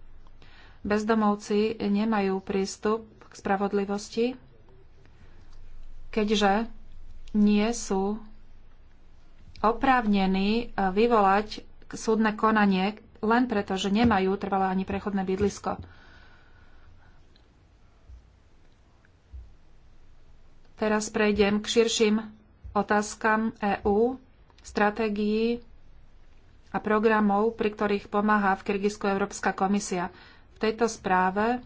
Bezdomovci nemajú prístup k spravodlivosti, keďže nie sú oprávnení vyvolať súdne konanie len preto, že nemajú trvalé ani prechodné bydlisko. Teraz prejdem k širším otázkam EÚ, stratégií a programov, pri ktorých pomáha v Kyrgyzsku Európska komisia. V tejto správe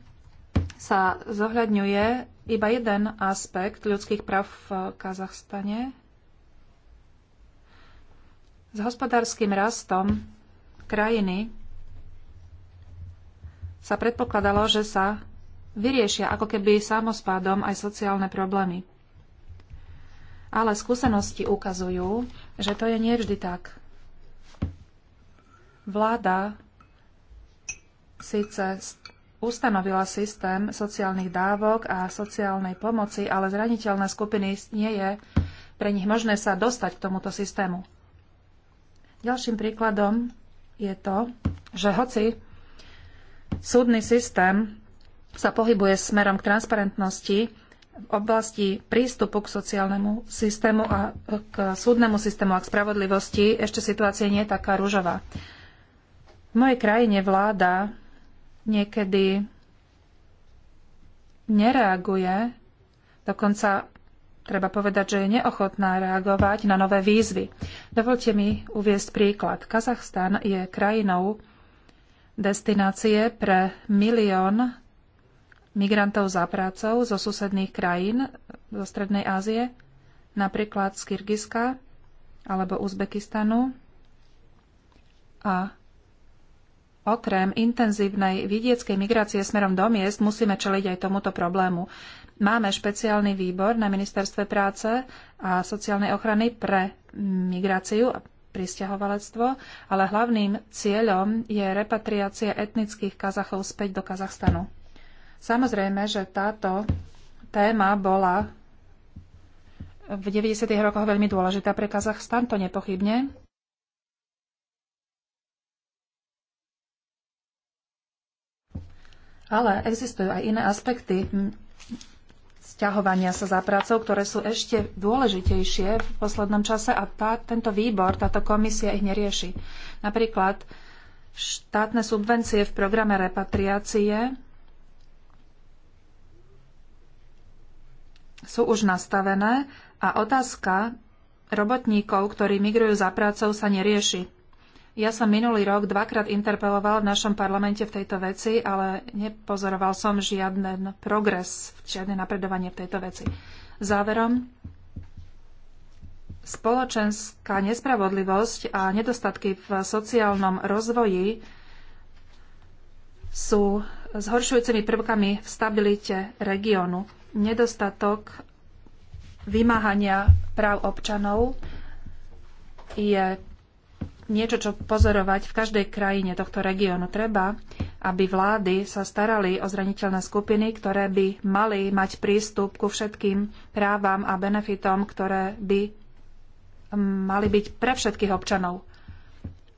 sa zohľadňuje iba jeden aspekt ľudských práv v Kazachstane, s hospodárskym rastom krajiny sa predpokladalo, že sa vyriešia ako keby samospádom aj sociálne problémy. Ale skúsenosti ukazujú, že to je nevždy tak. Vláda síce ustanovila systém sociálnych dávok a sociálnej pomoci, ale zraniteľné skupiny nie je pre nich možné sa dostať k tomuto systému. Ďalším príkladom je to, že hoci súdny systém sa pohybuje smerom k transparentnosti v oblasti prístupu k sociálnemu systému a k súdnemu systému a k spravodlivosti, ešte situácia nie je taká rúžová. V mojej krajine vláda niekedy nereaguje, dokonca treba povedať, že je neochotná reagovať na nové výzvy. Dovolte mi uviesť príklad. Kazachstan je krajinou destinácie pre milión migrantov za prácou zo susedných krajín zo Strednej Ázie, napríklad z Kyrgyzska alebo Uzbekistanu. A okrem intenzívnej vidieckej migrácie smerom do miest musíme čeliť aj tomuto problému. Máme špeciálny výbor na Ministerstve práce a sociálnej ochrany pre migráciu a pristahovalectvo, ale hlavným cieľom je repatriácia etnických Kazachov späť do Kazachstanu. Samozrejme, že táto téma bola v 90. rokoch veľmi dôležitá pre Kazachstan, to nepochybne. Ale existujú aj iné aspekty sťahovania sa za prácou, ktoré sú ešte dôležitejšie v poslednom čase a tá, tento výbor, táto komisia ich nerieši. Napríklad štátne subvencie v programe repatriácie sú už nastavené a otázka robotníkov, ktorí migrujú za prácou, sa nerieši. Ja som minulý rok dvakrát interpeloval v našom parlamente v tejto veci, ale nepozoroval som žiaden progres, žiadne napredovanie v tejto veci. Záverom, spoločenská nespravodlivosť a nedostatky v sociálnom rozvoji sú zhoršujúcimi prvkami v stabilite regiónu. Nedostatok vymáhania práv občanov je niečo, čo pozorovať v každej krajine tohto regiónu. Treba, aby vlády sa starali o zraniteľné skupiny, ktoré by mali mať prístup ku všetkým právam a benefitom, ktoré by mali byť pre všetkých občanov.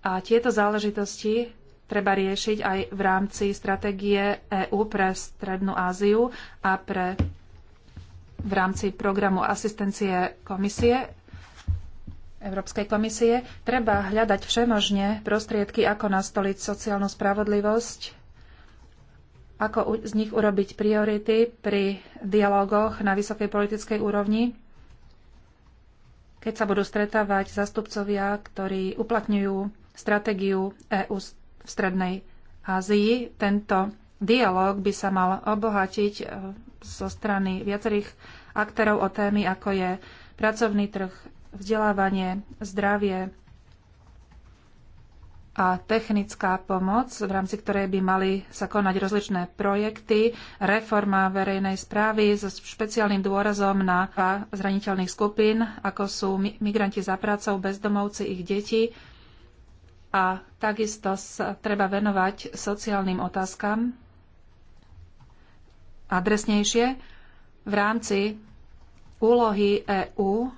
A tieto záležitosti treba riešiť aj v rámci stratégie EÚ pre Strednú Áziu a pre v rámci programu asistencie komisie Európskej komisie. Treba hľadať všemožne prostriedky, ako nastoliť sociálnu spravodlivosť, ako z nich urobiť priority pri dialogoch na vysokej politickej úrovni, keď sa budú stretávať zastupcovia, ktorí uplatňujú stratégiu EÚ v Strednej Ázii. Tento dialog by sa mal obohatiť e, zo strany viacerých aktérov o témy, ako je pracovný trh, vzdelávanie, zdravie a technická pomoc, v rámci ktorej by mali sa konať rozličné projekty, reforma verejnej správy so špeciálnym dôrazom na zraniteľných skupín, ako sú migranti za prácou, bezdomovci, ich deti. A takisto sa treba venovať sociálnym otázkam adresnejšie v rámci úlohy EÚ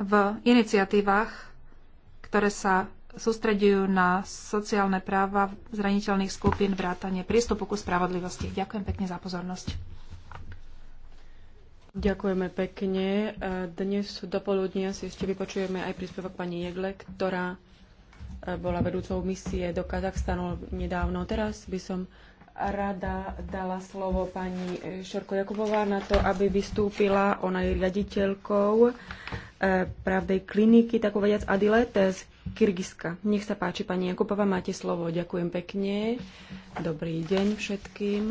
v iniciatívach, ktoré sa sústredujú na sociálne práva zraniteľných skupín vrátanie prístupu ku spravodlivosti. Ďakujem pekne za pozornosť. Ďakujeme pekne. Dnes do poludnia si ešte vypočujeme aj príspevok pani Jegle, ktorá e, bola vedúcou misie do Kazachstanu nedávno. Teraz by som rada dala slovo pani e, Šorko Jakubová na to, aby vystúpila. Ona je riaditeľkou e, pravdej kliniky, tak viac Adilete z Kyrgyzska. Nech sa páči, pani Jakubová, máte slovo. Ďakujem pekne. Dobrý deň všetkým.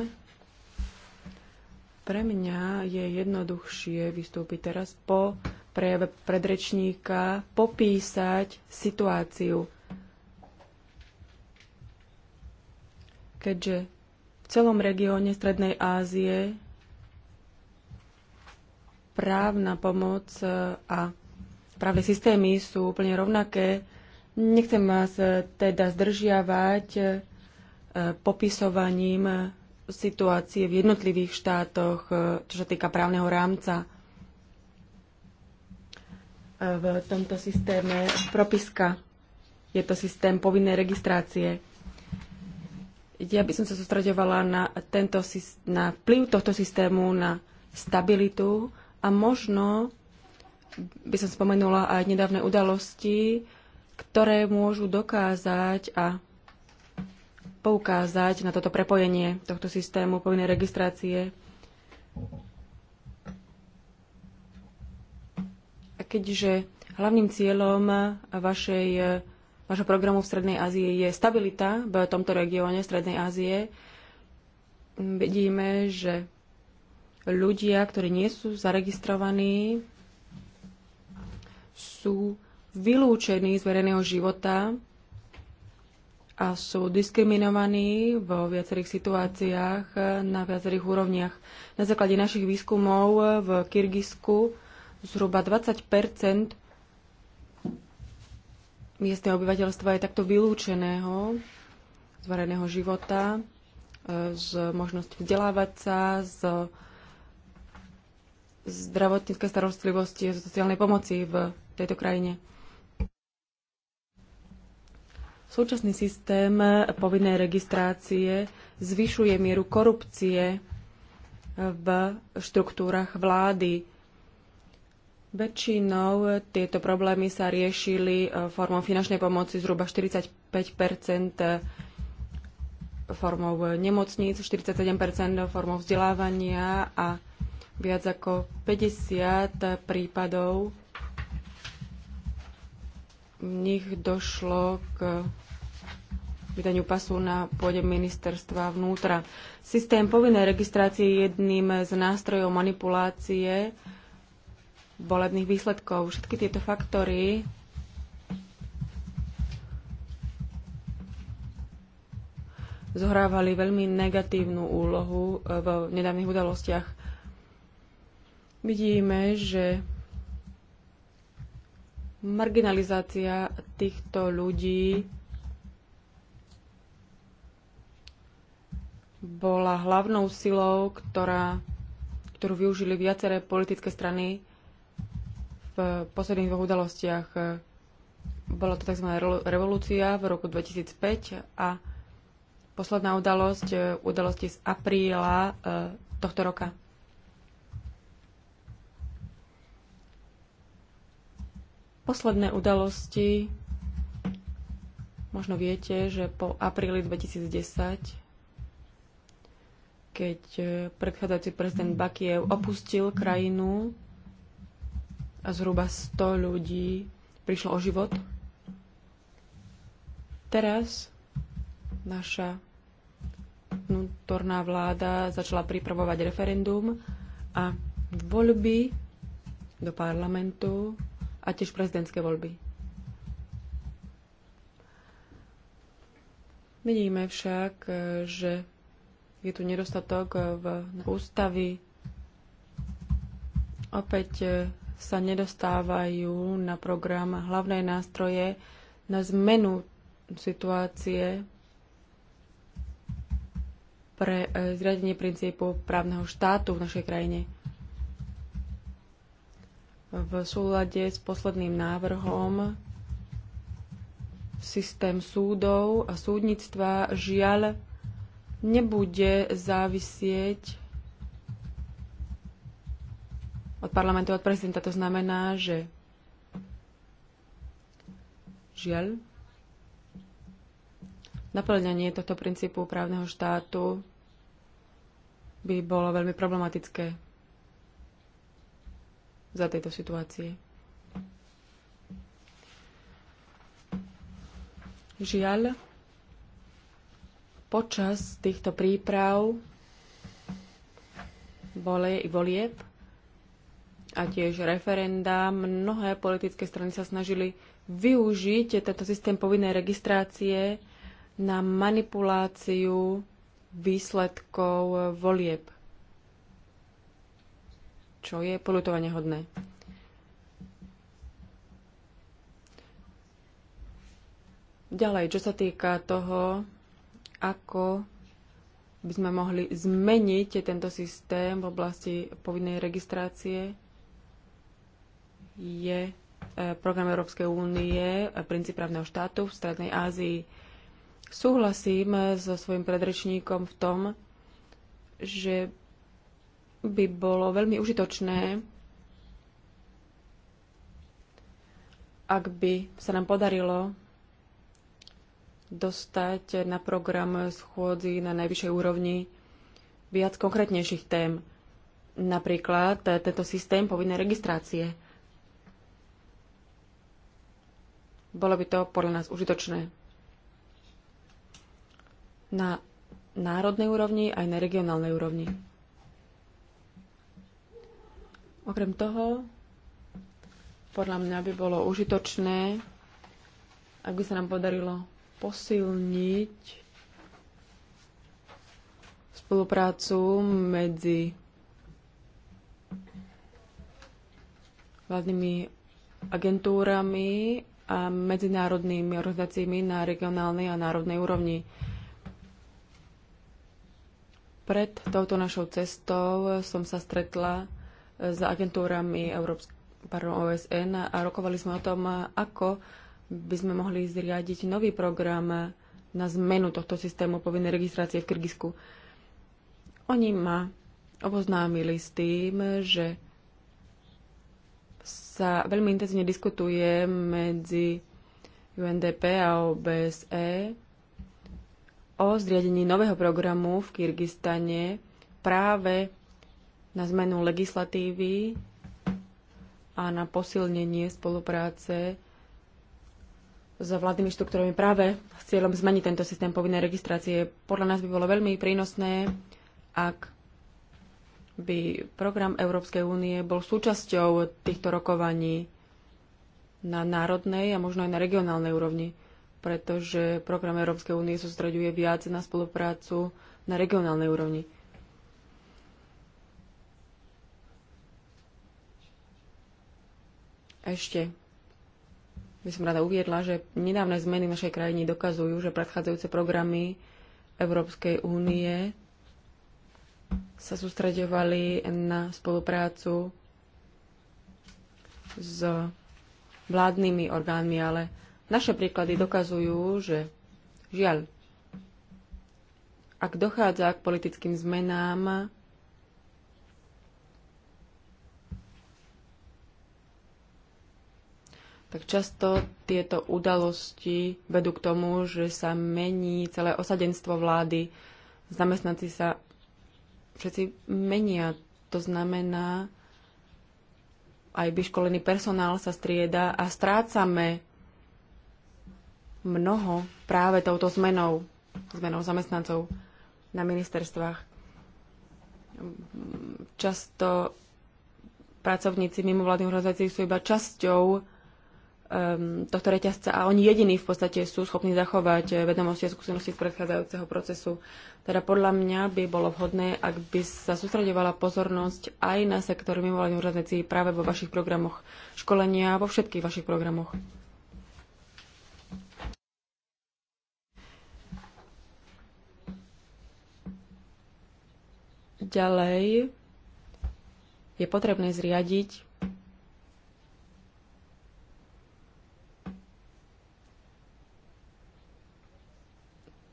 Pre mňa je jednoduchšie vystúpiť teraz po prejave predrečníka, popísať situáciu. Keďže celom regióne Strednej Ázie právna pomoc e, a právne systémy sú úplne rovnaké. Nechcem vás e, teda zdržiavať e, popisovaním situácie v jednotlivých štátoch, čo sa týka právneho rámca v tomto systéme propiska. Je to systém povinnej registrácie. Ja by som sa sústredovala na, tento, na vplyv tohto systému na stabilitu a možno by som spomenula aj nedávne udalosti, ktoré môžu dokázať a poukázať na toto prepojenie tohto systému povinnej registrácie. A keďže hlavným cieľom vašej vášho programu v Strednej Ázie je stabilita v tomto regióne Strednej Ázie. Vidíme, že ľudia, ktorí nie sú zaregistrovaní, sú vylúčení z verejného života a sú diskriminovaní vo viacerých situáciách na viacerých úrovniach. Na základe našich výskumov v Kyrgyzsku zhruba 20 miestne obyvateľstvo je takto vylúčeného z verejného života, e, z možnosti vzdelávať sa, z zdravotníckej starostlivosti a sociálnej pomoci v tejto krajine. Súčasný systém povinnej registrácie zvyšuje mieru korupcie v štruktúrach vlády. Väčšinou tieto problémy sa riešili e, formou finančnej pomoci zhruba 45 e, formou nemocníc, 47 formou vzdelávania a viac ako 50 prípadov v nich došlo k vydaniu pasu na pôde ministerstva vnútra. Systém povinnej registrácie je jedným z nástrojov manipulácie volebných výsledkov. Všetky tieto faktory zohrávali veľmi negatívnu úlohu e, v nedávnych udalostiach. Vidíme, že marginalizácia týchto ľudí bola hlavnou silou, ktorá, ktorú využili viaceré politické strany posledných dvoch udalostiach. E, bola to tzv. revolúcia v roku 2005 a posledná udalosť, e, udalosti z apríla e, tohto roka. Posledné udalosti, možno viete, že po apríli 2010, keď predchádzajúci prezident Bakiev opustil krajinu, a Zhruba 100 ľudí prišlo o život. Teraz naša vnútorná vláda začala pripravovať referendum a voľby do parlamentu a tiež prezidentské voľby. Vidíme však, že je tu nedostatok v ústavy. Opäť sa nedostávajú na program hlavné nástroje na zmenu situácie pre e, zriadenie princípu právneho štátu v našej krajine. V súlade s posledným návrhom systém súdov a súdnictva žiaľ nebude závisieť od parlamentu, od prezidenta. To znamená, že žiaľ, naplňanie tohto princípu právneho štátu by bolo veľmi problematické za tejto situácie. Žiaľ, počas týchto príprav boli, volieb a tiež referenda. Mnohé politické strany sa snažili využiť tento systém povinnej registrácie na manipuláciu výsledkov volieb, čo je polutovanie hodné. Ďalej, čo sa týka toho, ako by sme mohli zmeniť tento systém v oblasti povinnej registrácie, je e, program Európskej únie a e, princíp právneho štátu v Strednej Ázii. Súhlasím e, so svojim predrečníkom v tom, že by bolo veľmi užitočné, ak by sa nám podarilo dostať na program schôdzi na najvyššej úrovni viac konkrétnejších tém. Napríklad tento systém povinnej registrácie Bolo by to podľa nás užitočné. Na národnej úrovni aj na regionálnej úrovni. Okrem toho, podľa mňa by bolo užitočné, ak by sa nám podarilo posilniť spoluprácu medzi vládnymi agentúrami a medzinárodnými organizáciami na regionálnej a národnej úrovni. Pred touto našou cestou som sa stretla s agentúrami Európsk- pardon, OSN a rokovali sme o tom, ako by sme mohli zriadiť nový program na zmenu tohto systému povinnej registrácie v Kyrgyzsku. Oni ma oboznámili s tým, že sa veľmi intenzívne diskutuje medzi UNDP a OBSE o zriadení nového programu v Kyrgyzstane práve na zmenu legislatívy a na posilnenie spolupráce s vládnymi štruktúrami práve s cieľom zmeniť tento systém povinnej registrácie. Podľa nás by bolo veľmi prínosné, ak by program Európskej únie bol súčasťou týchto rokovaní na národnej a možno aj na regionálnej úrovni, pretože program Európskej únie sústreďuje viac na spoluprácu na regionálnej úrovni. Ešte by som rada uviedla, že nedávne zmeny v našej krajine dokazujú, že predchádzajúce programy Európskej únie sa sústreďovali na spoluprácu s vládnymi orgánmi, ale naše príklady dokazujú, že žiaľ, ak dochádza k politickým zmenám, tak často tieto udalosti vedú k tomu, že sa mení celé osadenstvo vlády, zamestnanci sa všetci menia. To znamená, aj vyškolený personál sa strieda a strácame mnoho práve touto zmenou, zmenou zamestnancov na ministerstvách. Často pracovníci mimovládnych organizácií sú iba časťou Um, tohto reťazca a oni jediní v podstate sú schopní zachovať eh, vedomosti a skúsenosti z predchádzajúceho procesu. Teda podľa mňa by bolo vhodné, ak by sa sústredovala pozornosť aj na sektor mimovládnych organizácií práve vo vašich programoch školenia, a vo všetkých vašich programoch. Ďalej je potrebné zriadiť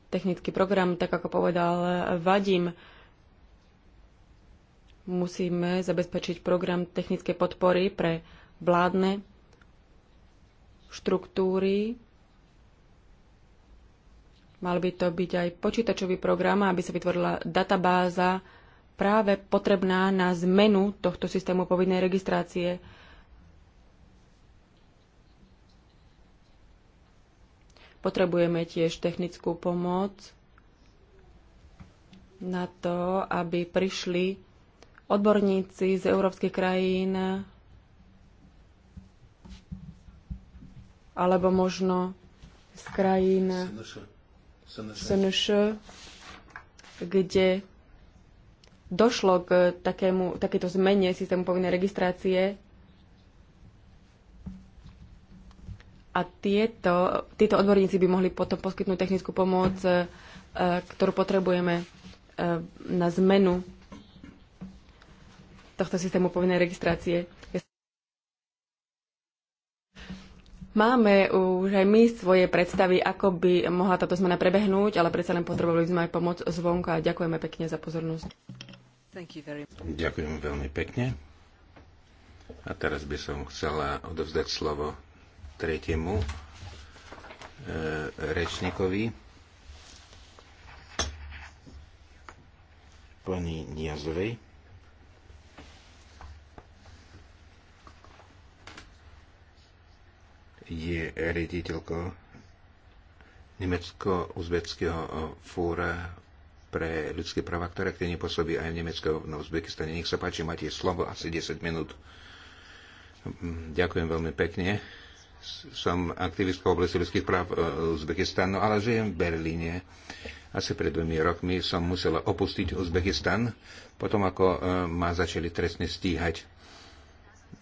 technický program, tak ako povedal Vadim. Musíme zabezpečiť program technickej podpory pre vládne štruktúry. Mal by to byť aj počítačový program, aby sa vytvorila databáza práve potrebná na zmenu tohto systému povinnej registrácie Potrebujeme tiež technickú pomoc na to, aby prišli odborníci z európskych krajín alebo možno z krajín SNŠ, kde došlo k takému, takéto zmene systému povinnej registrácie A tieto, tieto odborníci by mohli potom poskytnúť technickú pomoc, e, ktorú potrebujeme e, na zmenu tohto systému povinnej registrácie. Máme už aj my svoje predstavy, ako by mohla táto zmena prebehnúť, ale predsa len potrebovali sme aj pomoc zvonka. Ďakujeme pekne za pozornosť. Ďakujem veľmi pekne. A teraz by som chcela odovzdať slovo tretiemu e, rečníkovi. Pani Niazovej. je riaditeľkou Nemecko-Uzbeckého fóra pre ľudské práva, ktoré k nepôsobí aj v Nemecku, na Uzbekistane. Nech sa páči, máte slovo asi 10 minút. Ďakujem veľmi pekne som aktivistkou v oblasti ľudských práv e, Uzbekistanu, no ale žijem v Berlíne. Asi pred dvomi rokmi som musela opustiť Uzbekistan, potom ako e, ma začali trestne stíhať.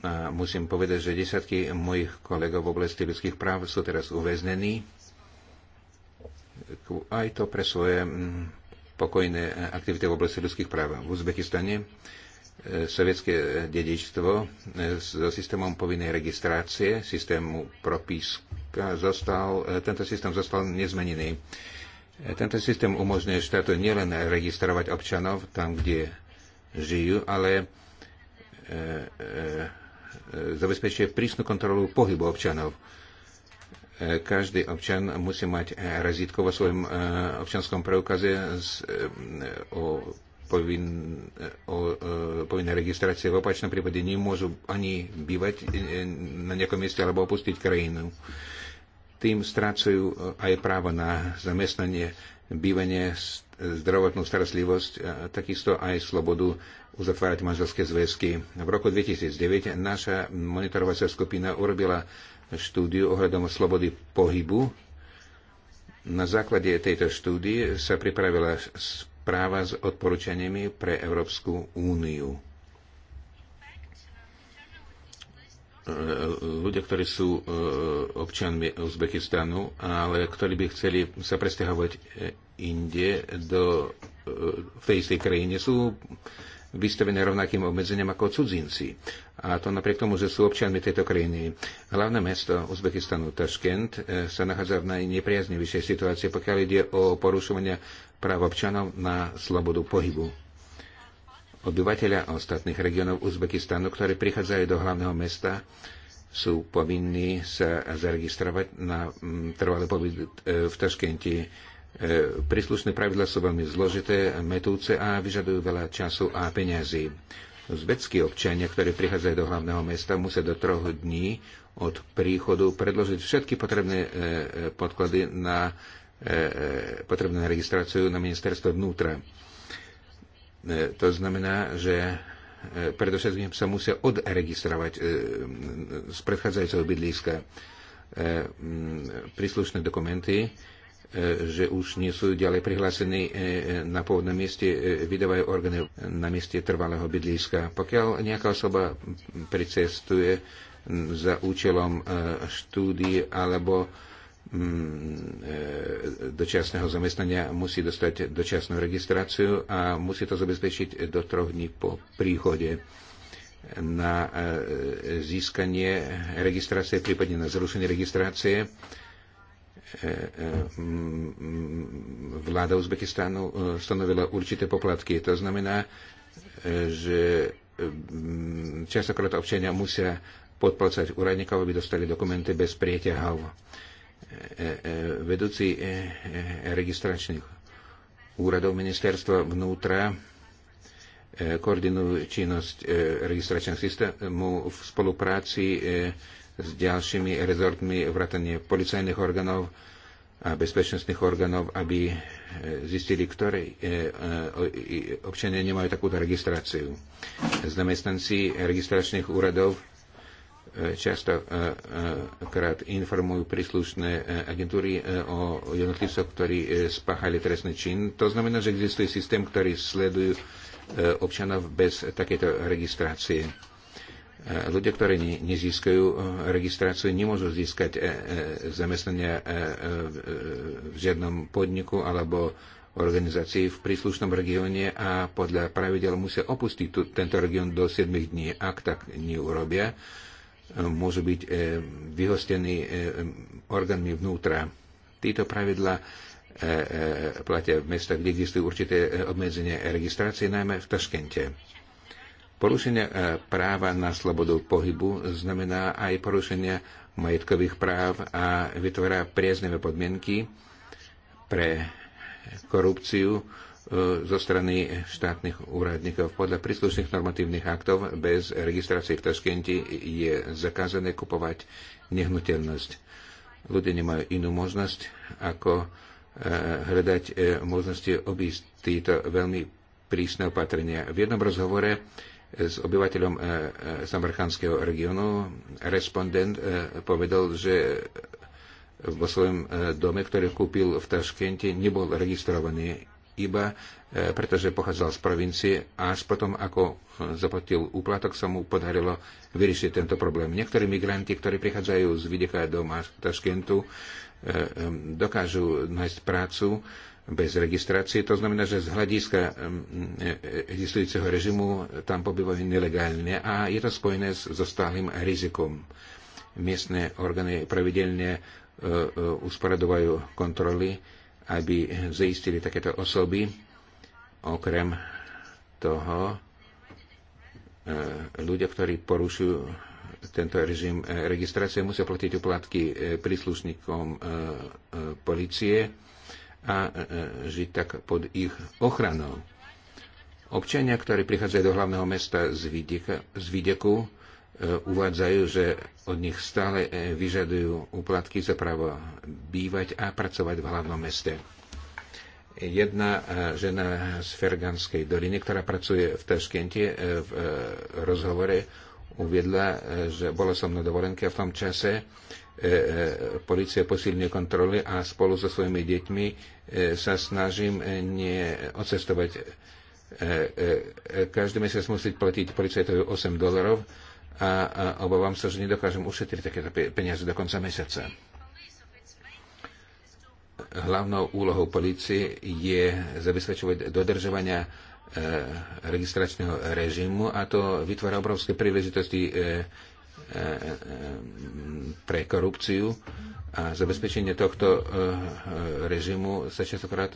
A musím povedať, že desiatky mojich kolegov v oblasti ľudských práv sú teraz uväznení. Aj to pre svoje pokojné e, aktivity v oblasti ľudských práv v Uzbekistane E, sovietské dedičstvo e, so systémom povinnej registrácie, systému propíska, zostal, e, tento systém zostal nezmenený. Tento systém umožňuje štátu nielen registrovať občanov tam, kde žijú, ale zabezpečuje prísnu kontrolu pohybu občanov. Každý občan musí mať razítko vo svojom občanskom preukaze o povin, e, o, o, e, povinné registrácie. V opačnom prípade nemôžu ani bývať e, na nejakom mieste alebo opustiť krajinu. Tým strácajú aj právo na zamestnanie, bývanie, zdravotnú starostlivosť, a takisto aj slobodu uzatvárať manželské zväzky. V roku 2009 naša monitorovacia skupina urobila štúdiu ohľadom slobody pohybu. Na základe tejto štúdie sa pripravila práva s odporúčaniami pre Európsku úniu. ľudia, ktorí sú e, občanmi Uzbekistanu, ale ktorí by chceli sa presťahovať e, inde do, e, v tej istej krajine, sú vystavené rovnakým obmedzeniam ako cudzinci. A to napriek tomu, že sú občanmi tejto krajiny. Hlavné mesto Uzbekistanu, Taškent, sa nachádza v najnepriaznivejšej situácii, pokiaľ ide o porušovania práv občanov na slobodu pohybu. Obyvateľia ostatných regiónov Uzbekistanu, ktorí prichádzajú do hlavného mesta, sú povinní sa zaregistrovať na mm, trvalý pobyt e, v Taškente. Príslušné pravidla sú veľmi zložité, metúce a vyžadujú veľa času a peňazí. Uzbeckí občania, ktorí prichádzajú do hlavného mesta, musia do troch dní od príchodu predložiť všetky potrebné e, e, podklady na E, e, potrebné na registráciu na ministerstvo vnútra. E, to znamená, že predovšetkým sa musia odregistrovať z predchádzajúceho bydliska príslušné dokumenty, že už nie sú ďalej prihlásení na pôvodnom mieste, vydávajú orgány na mieste trvalého bydliska. Pokiaľ nejaká osoba pricestuje za účelom štúdie alebo Mm, e, dočasného zamestnania musí dostať dočasnú registráciu a musí to zabezpečiť do troch dní po príchode na e, získanie registrácie, prípadne na zrušenie registrácie. E, mm, vláda Uzbekistánu stanovila určité poplatky. To znamená, že mm, častokrát občania musia podplacať úradníkov, aby dostali dokumenty bez prieťahov vedúci e, e, registračných úradov ministerstva vnútra e, koordinujú činnosť registračného systému v spolupráci s ďalšími rezortmi vrátane policajných orgánov a bezpečnostných orgánov, aby zistili, ktoré občania nemajú takúto registráciu. Zamestnanci registračných úradov často krát informujú príslušné e, agentúry e, o jednotlivcoch, ktorí e, spáchali trestný čin. To znamená, že existuje systém, ktorý sledujú občanov bez takéto registrácie. Ľudia, ktorí nezískajú registráciu, nemôžu získať zamestnania v žiadnom podniku alebo organizácii v príslušnom regióne a podľa pravidel musia opustiť tento región do 7 dní. Ak tak neurobia, môžu byť e, vyhostení e, orgánmi vnútra. Títo pravidla e, platia v mestách, kde existujú určité obmedzenia registrácie, najmä v Taškente. Porušenie práva na slobodu pohybu znamená aj porušenie majetkových práv a vytvára priezneme podmienky pre korupciu, E, zo strany štátnych úradníkov. Podľa príslušných normatívnych aktov bez registrácie v Taškente je zakázané kupovať nehnuteľnosť. Ľudia nemajú inú možnosť, ako e, hľadať e, možnosti obísť tieto veľmi prísne opatrenia. V jednom rozhovore s obyvateľom samarkandského regiónu respondent povedal, že vo svojom dome, ktorý kúpil v Taškente, nebol registrovaný iba e, pretože pochádzal z provincie a až potom, ako e, zaplatil úplatok, sa mu podarilo vyriešiť tento problém. Niektorí migranti, ktorí prichádzajú z Videka do Taškentu, e, dokážu nájsť prácu bez registrácie. To znamená, že z hľadiska existujúceho režimu tam pobývajú nelegálne a je to spojené so stálym rizikom. Miestne orgány pravidelne usporadovajú kontroly aby zaistili takéto osoby. Okrem toho, e, ľudia, ktorí porušujú tento režim e, registrácie, musia platiť uplatky e, príslušníkom policie a žiť tak pod ich ochranou. Občania, ktorí prichádzajú do hlavného mesta z, vidieka, z videku, E, uvádzajú, že od nich stále e, vyžadujú úplatky za právo bývať a pracovať v hlavnom meste. Jedna e, žena z Ferganskej doliny, ktorá pracuje v Taškente, v rozhovore uviedla, že bola som na dovolenke v tom čase, policia posilňuje kontroly a spolu so svojimi deťmi sa snažím neocestovať. Každý mesiac musí platiť policajtovi 8 dolarov, a, obávam sa, že nedokážem ušetriť takéto peniaze do konca mesiaca. Hlavnou úlohou policie je zabezpečovať dodržovania e, registračného režimu a to vytvára obrovské príležitosti e, e, pre korupciu a zabezpečenie tohto režimu sa častokrát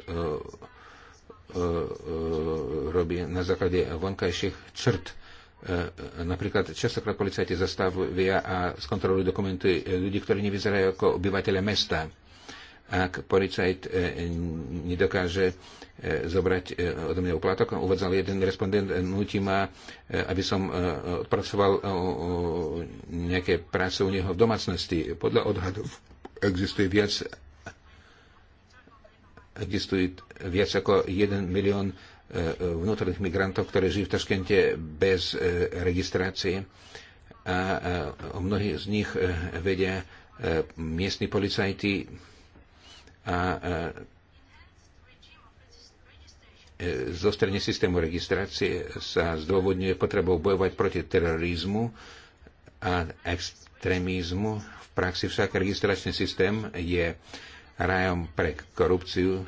robí na základe vonkajších črt E, e, napríklad častokrát policajti zastavia a skontrolujú dokumenty ľudí, ktorí nevyzerajú ako obyvateľe mesta. Ak policajt e, nedokáže zobrať od mňa uplatok, uvedzal jeden respondent, nutí ma, aby som odpracoval nejaké práce u neho v domácnosti. Podľa odhadov existuje viac existuje viac ako 1 milión vnútorných migrantov, ktorí žijú v Taškente bez e, registrácie a e, mnohých z nich e, vedia miestni policajti a zo strany systému registrácie sa zdôvodňuje potrebou bojovať proti terorizmu a extrémizmu. V praxi však registračný systém je rajom pre korupciu,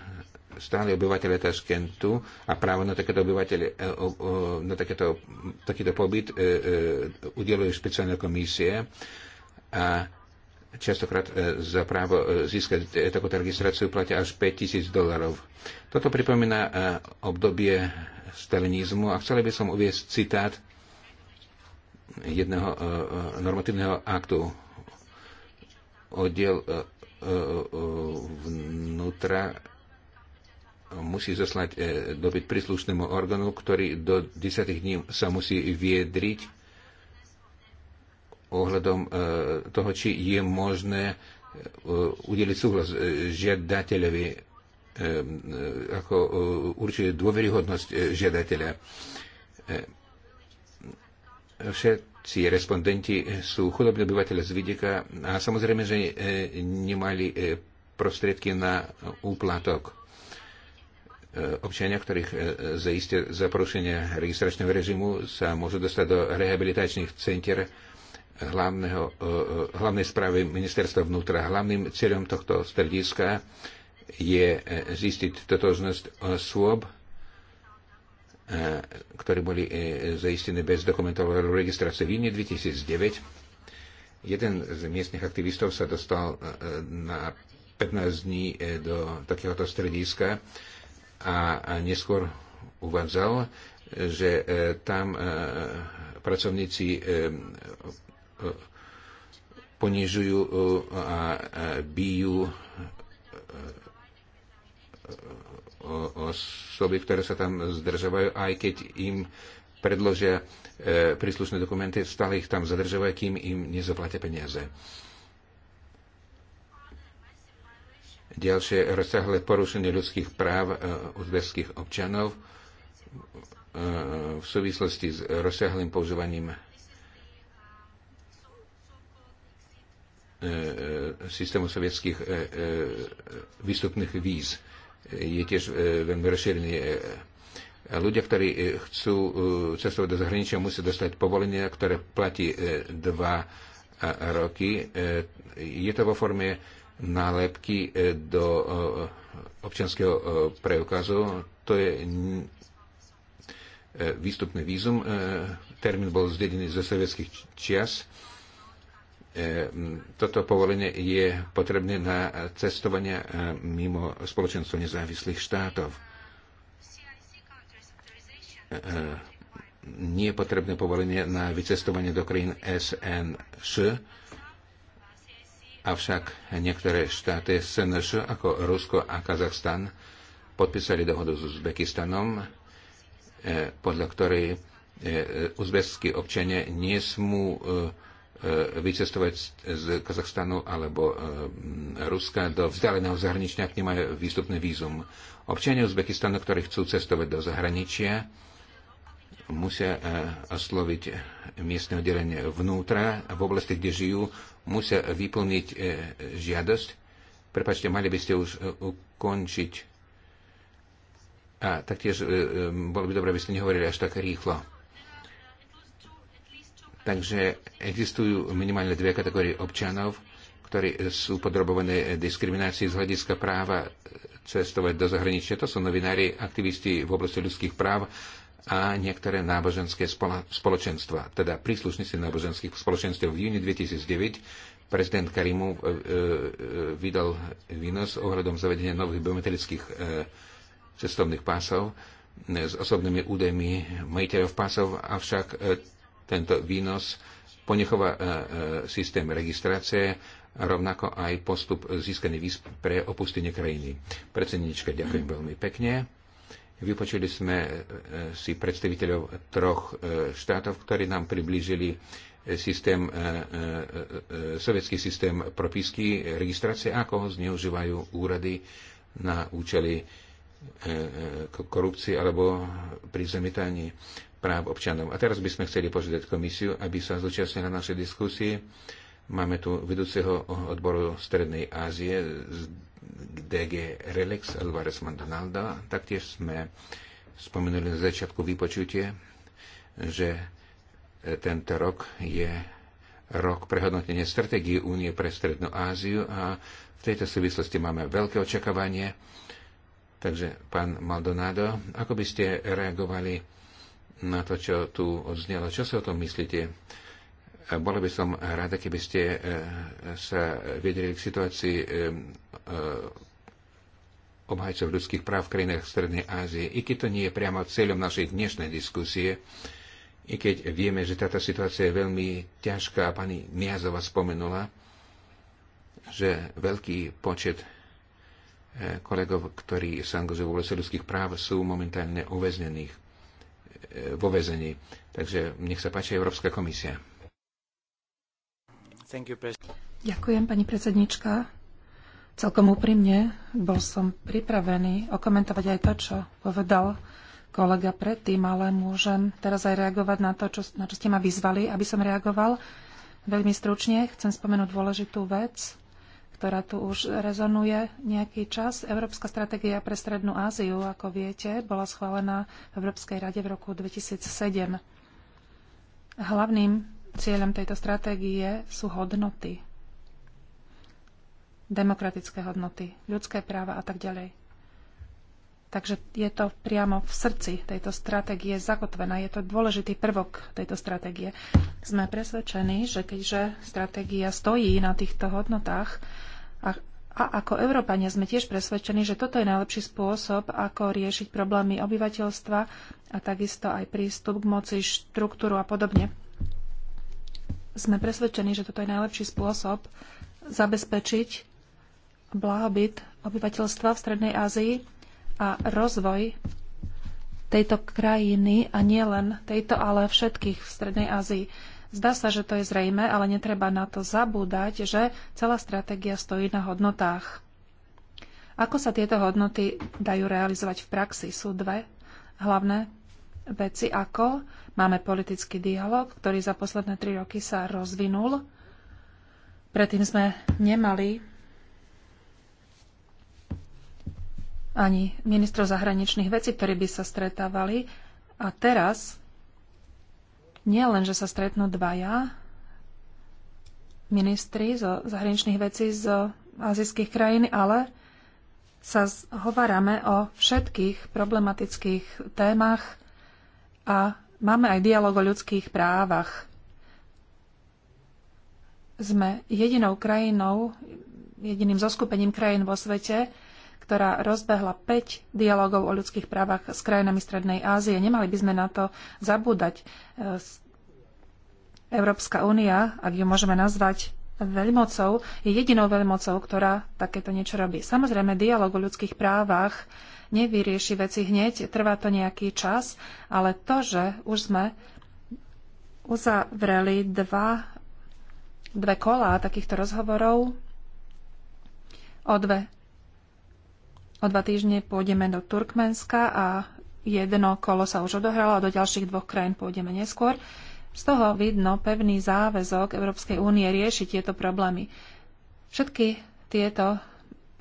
stáli obyvateľe Taškentu a právo na takéto obyvateľe, e, na takéto, takýto pobyt e, e, udelujú špeciálne komisie a častokrát za právo získať takúto registráciu platia až 5000 dolarov. Toto pripomína obdobie stalinizmu a chcel by som uviezť citát jedného normatívneho aktu oddiel vnútra musí zaslať e, dopyt príslušnému orgánu, ktorý do 10 dní sa musí viedriť ohľadom e, toho, či je možné e, udeliť súhlas e, žiadateľovi, e, e ako e, určuje dôveryhodnosť e, žiadateľa. E, Všetci respondenti sú chudobní obyvateľe z Vidika a samozrejme, že e, nemali e, prostriedky na úplatok E, E, občania, ktorých e, zaiste za porušenie registračného režimu sa môžu dostať do rehabilitačných centier hlavného, e, hlavnej správy ministerstva vnútra. Hlavným cieľom tohto strediska je zistiť totožnosť osôb, ktorí boli zaistené bez dokumentovaného registrácie v júni 2009. Jeden z miestnych aktivistov sa dostal na 15 dní do takéhoto strediska a neskôr uvádzal, že e, tam e, pracovníci e, ponižujú a bijú osoby, ktoré sa tam zdržovajú, aj keď im predložia príslušné dokumenty, stále ich tam zadržovajú, kým im nezaplatia peniaze. ďalšie rozsiahle porušenie ľudských práv e, uzbeckých občanov e, v súvislosti s rozsahlým používaním e, systému sovietských výstupných víz. Je tiež veľmi rozšírený. Ľudia, ktorí chcú cestovať do zahraničia, musia dostať povolenie, ktoré platí dva roky. Je to vo forme nálepky e, do e, občianského e, preukazu. To je výstupný vízum. Termín bol zdedený zo sovietských čias. Toto povolenie je potrebné na cestovanie mimo spoločenstvo nezávislých štátov. Nie je potrebné povolenie na vycestovanie do krajín SNŠ Avšak niektoré štáty SNŠ ako Rusko a Kazachstan podpísali dohodu s Uzbekistanom, e, podľa ktorej e, uzbekskí občania nesmú e, vycestovať z Kazachstanu alebo Ruska do vzdialeného zahraničia, ak nemajú výstupný vízum. Občania Uzbekistanu, ktorí chcú cestovať do zahraničia, musia osloviť miestne oddelenie vnútra v oblasti, kde žijú, musia vyplniť e, žiadosť. Prepačte, mali by ste už e, ukončiť. A taktiež e, e, bolo by dobré, aby ste nehovorili až tak rýchlo. Takže existujú minimálne dve kategórie občanov, ktorí sú podrobované diskriminácii z hľadiska práva cestovať do zahraničia. To sú novinári, aktivisti v oblasti ľudských práv a niektoré náboženské spoločenstva, teda príslušníci náboženských spoločenstiev. V júni 2009 prezident Karimu e, e, vydal výnos ohľadom zavedenia nových biometrických e, cestovných pásov s osobnými údajmi majiteľov pásov, avšak tento výnos e, systém registrácie, rovnako aj postup získaný víz pre opustenie krajiny. Predsednička, ďakujem veľmi pekne. Vypočuli sme e, si predstaviteľov troch e, štátov, ktorí nám priblížili e, systém, sovietský systém propisky, registrácie, ako ho zneužívajú úrady na účely korupcie alebo pri zamietaní práv občanov. A teraz by sme chceli požiadať komisiu, aby sa zúčastnila našej diskusie. Máme tu vedúceho odboru Strednej Ázie z DG Relax Alvarez Maldonalda. Taktiež sme spomenuli na začiatku vypočutie, že e, tento rok je rok prehodnotenia stratégie Únie pre Strednú Áziu a v tejto súvislosti máme veľké očakávanie. Takže, pán Maldonado, ako by ste reagovali na to, čo tu odznelo? Čo si o tom myslíte? Bola by som rada, keby ste e, sa vedeli k situácii e, e, obhajcov ľudských práv v krajinách Strednej Ázie, i keď to nie je priamo cieľom našej dnešnej diskusie, i keď vieme, že táto situácia je veľmi ťažká, a pani Niazova spomenula, že veľký počet kolegov, ktorí sa angažujú v oblasti ľudských práv, sú momentálne uväznených vo väzení. Takže nech sa páči Európska komisia. Ďakujem, pani predsednička. Celkom úprimne bol som pripravený okomentovať aj to, čo povedal kolega predtým, ale môžem teraz aj reagovať na to, čo, na čo ste ma vyzvali, aby som reagoval. Veľmi stručne chcem spomenúť dôležitú vec, ktorá tu už rezonuje nejaký čas. Európska stratégia pre Strednú Áziu, ako viete, bola schválená v Európskej rade v roku 2007. Hlavným Cieľom tejto stratégie sú hodnoty. Demokratické hodnoty, ľudské práva a tak ďalej. Takže je to priamo v srdci tejto stratégie zakotvená. Je to dôležitý prvok tejto stratégie. Sme presvedčení, že keďže stratégia stojí na týchto hodnotách a, a ako Európania sme tiež presvedčení, že toto je najlepší spôsob, ako riešiť problémy obyvateľstva a takisto aj prístup k moci, štruktúru a podobne sme presvedčení, že toto je najlepší spôsob zabezpečiť blahobyt obyvateľstva v Strednej Ázii a rozvoj tejto krajiny a nie len tejto, ale všetkých v Strednej Ázii. Zdá sa, že to je zrejme, ale netreba na to zabúdať, že celá stratégia stojí na hodnotách. Ako sa tieto hodnoty dajú realizovať v praxi? Sú dve hlavné veci ako máme politický dialog, ktorý za posledné tri roky sa rozvinul. Predtým sme nemali ani ministrov zahraničných vecí, ktorí by sa stretávali. A teraz nie len, že sa stretnú dvaja ministri zo zahraničných vecí z azijských krajín, ale sa hovárame o všetkých problematických témach, a máme aj dialog o ľudských právach. Sme jedinou krajinou, jediným zoskupením krajín vo svete, ktorá rozbehla 5 dialogov o ľudských právach s krajinami Strednej Ázie. Nemali by sme na to zabúdať. E, Európska únia, ak ju môžeme nazvať veľmocou, je jedinou veľmocou, ktorá takéto niečo robí. Samozrejme, dialog o ľudských právach nevyrieši veci hneď, trvá to nejaký čas, ale to, že už sme uzavreli dva, dve kola takýchto rozhovorov, o dve O dva týždne pôjdeme do Turkmenska a jedno kolo sa už odohralo a do ďalších dvoch krajín pôjdeme neskôr. Z toho vidno pevný záväzok Európskej únie riešiť tieto problémy. Všetky tieto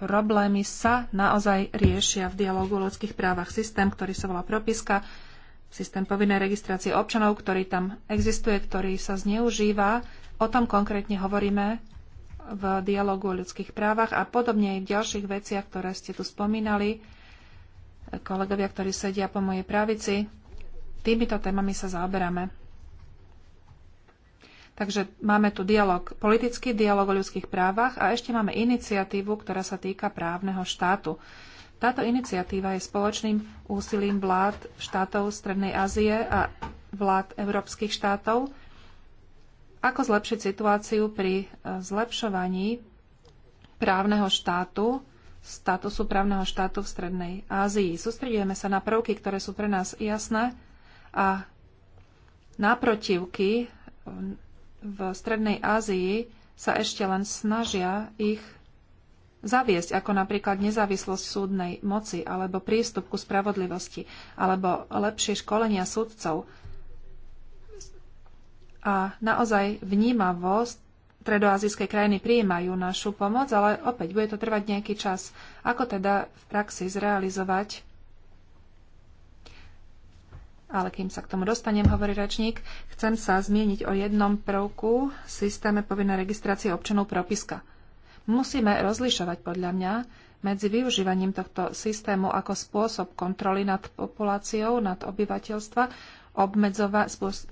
problémy sa naozaj riešia v dialogu o ľudských právach. Systém, ktorý sa volá propiska, systém povinnej registrácie občanov, ktorý tam existuje, ktorý sa zneužíva, o tom konkrétne hovoríme v dialogu o ľudských právach a podobne aj v ďalších veciach, ktoré ste tu spomínali. Kolegovia, ktorí sedia po mojej pravici, týmito témami sa zaoberáme. Takže máme tu dialog, politický dialog o ľudských právach a ešte máme iniciatívu, ktorá sa týka právneho štátu. Táto iniciatíva je spoločným úsilím vlád štátov Strednej Ázie a vlád európskych štátov, ako zlepšiť situáciu pri e, zlepšovaní právneho štátu, statusu právneho štátu v Strednej Ázii. Sústredujeme sa na prvky, ktoré sú pre nás jasné a protivky v Strednej Ázii sa ešte len snažia ich zaviesť, ako napríklad nezávislosť súdnej moci, alebo prístup ku spravodlivosti, alebo lepšie školenia súdcov. A naozaj vnímavo stredoazijské krajiny prijímajú našu pomoc, ale opäť bude to trvať nejaký čas. Ako teda v praxi zrealizovať ale kým sa k tomu dostanem, hovorí rečník, chcem sa zmieniť o jednom prvku v systéme povinnej registrácie občanov propiska. Musíme rozlišovať podľa mňa medzi využívaním tohto systému ako spôsob kontroly nad populáciou, nad obyvateľstva, obmedzova, spôsob,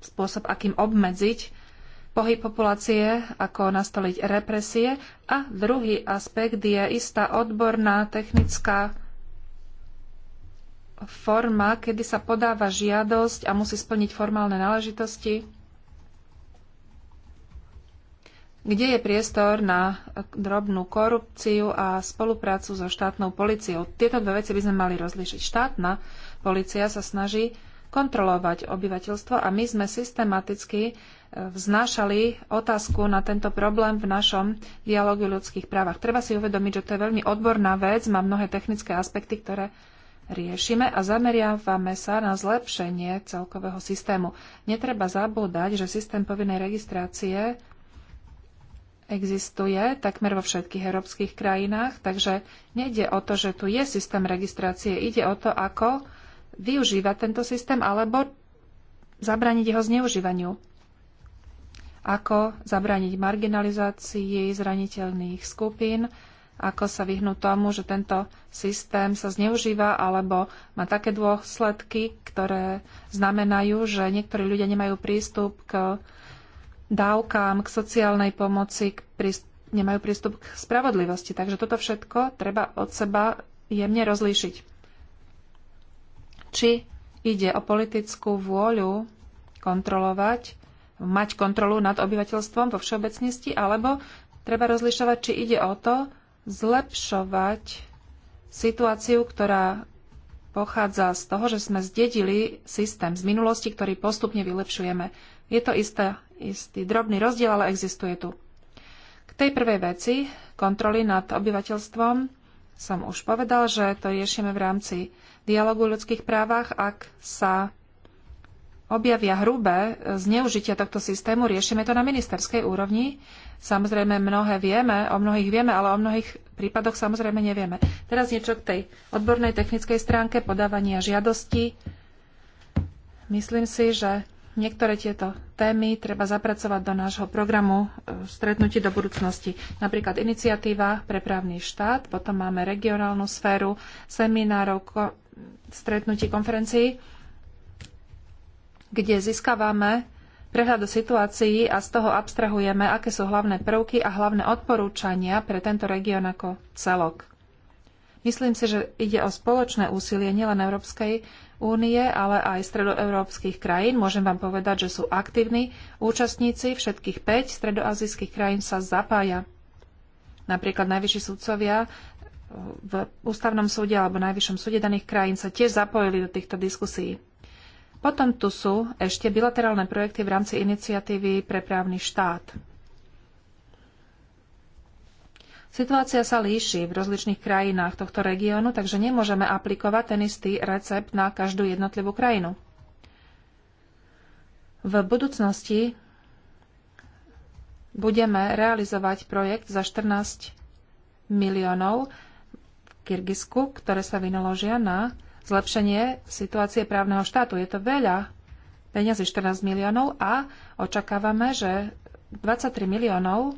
spôsob, akým obmedziť pohyb populácie, ako nastoliť represie. A druhý aspekt je istá odborná technická forma, kedy sa podáva žiadosť a musí splniť formálne náležitosti? Kde je priestor na drobnú korupciu a spoluprácu so štátnou policiou? Tieto dve veci by sme mali rozlišiť. Štátna policia sa snaží kontrolovať obyvateľstvo a my sme systematicky e, vznášali otázku na tento problém v našom dialogu o ľudských právach. Treba si uvedomiť, že to je veľmi odborná vec, má mnohé technické aspekty, ktoré riešime a zameriavame sa na zlepšenie celkového systému. Netreba zabúdať, že systém povinnej registrácie existuje takmer vo všetkých európskych krajinách, takže nejde o to, že tu je systém registrácie, ide o to, ako využívať tento systém alebo zabraniť jeho zneužívaniu. Ako zabraniť marginalizácii zraniteľných skupín, ako sa vyhnú tomu, že tento systém sa zneužíva alebo má také dôsledky, ktoré znamenajú, že niektorí ľudia nemajú prístup k dávkám, k sociálnej pomoci, k príst- nemajú prístup k spravodlivosti. Takže toto všetko treba od seba jemne rozlíšiť. Či ide o politickú vôľu kontrolovať, mať kontrolu nad obyvateľstvom vo všeobecnosti, alebo treba rozlišovať, či ide o to, zlepšovať situáciu, ktorá pochádza z toho, že sme zdedili systém z minulosti, ktorý postupne vylepšujeme. Je to istá, istý drobný rozdiel, ale existuje tu. K tej prvej veci, kontroly nad obyvateľstvom, som už povedal, že to riešime v rámci dialogu o ľudských právach, ak sa objavia hrubé e, zneužitia tohto systému, riešime to na ministerskej úrovni. Samozrejme, mnohé vieme, o mnohých vieme, ale o mnohých prípadoch samozrejme nevieme. Teraz niečo k tej odbornej technickej stránke podávania žiadosti. Myslím si, že niektoré tieto témy treba zapracovať do nášho programu e, stretnutí do budúcnosti. Napríklad iniciatíva pre právny štát, potom máme regionálnu sféru, seminárov, stretnutí konferencií kde získavame prehľad o situácii a z toho abstrahujeme, aké sú hlavné prvky a hlavné odporúčania pre tento región ako celok. Myslím si, že ide o spoločné úsilie nielen Európskej únie, ale aj stredoeurópskych krajín. Môžem vám povedať, že sú aktívni účastníci. Všetkých 5 stredoazijských krajín sa zapája. Napríklad najvyšší sudcovia v ústavnom súde alebo najvyššom súde daných krajín sa tiež zapojili do týchto diskusí. Potom tu sú ešte bilaterálne projekty v rámci iniciatívy pre právny štát. Situácia sa líši v rozličných krajinách tohto regiónu, takže nemôžeme aplikovať ten istý recept na každú jednotlivú krajinu. V budúcnosti budeme realizovať projekt za 14 miliónov v Kyrgyzsku, ktoré sa vynaložia na zlepšenie situácie právneho štátu. Je to veľa peniazy, 14 miliónov a očakávame, že 23 miliónov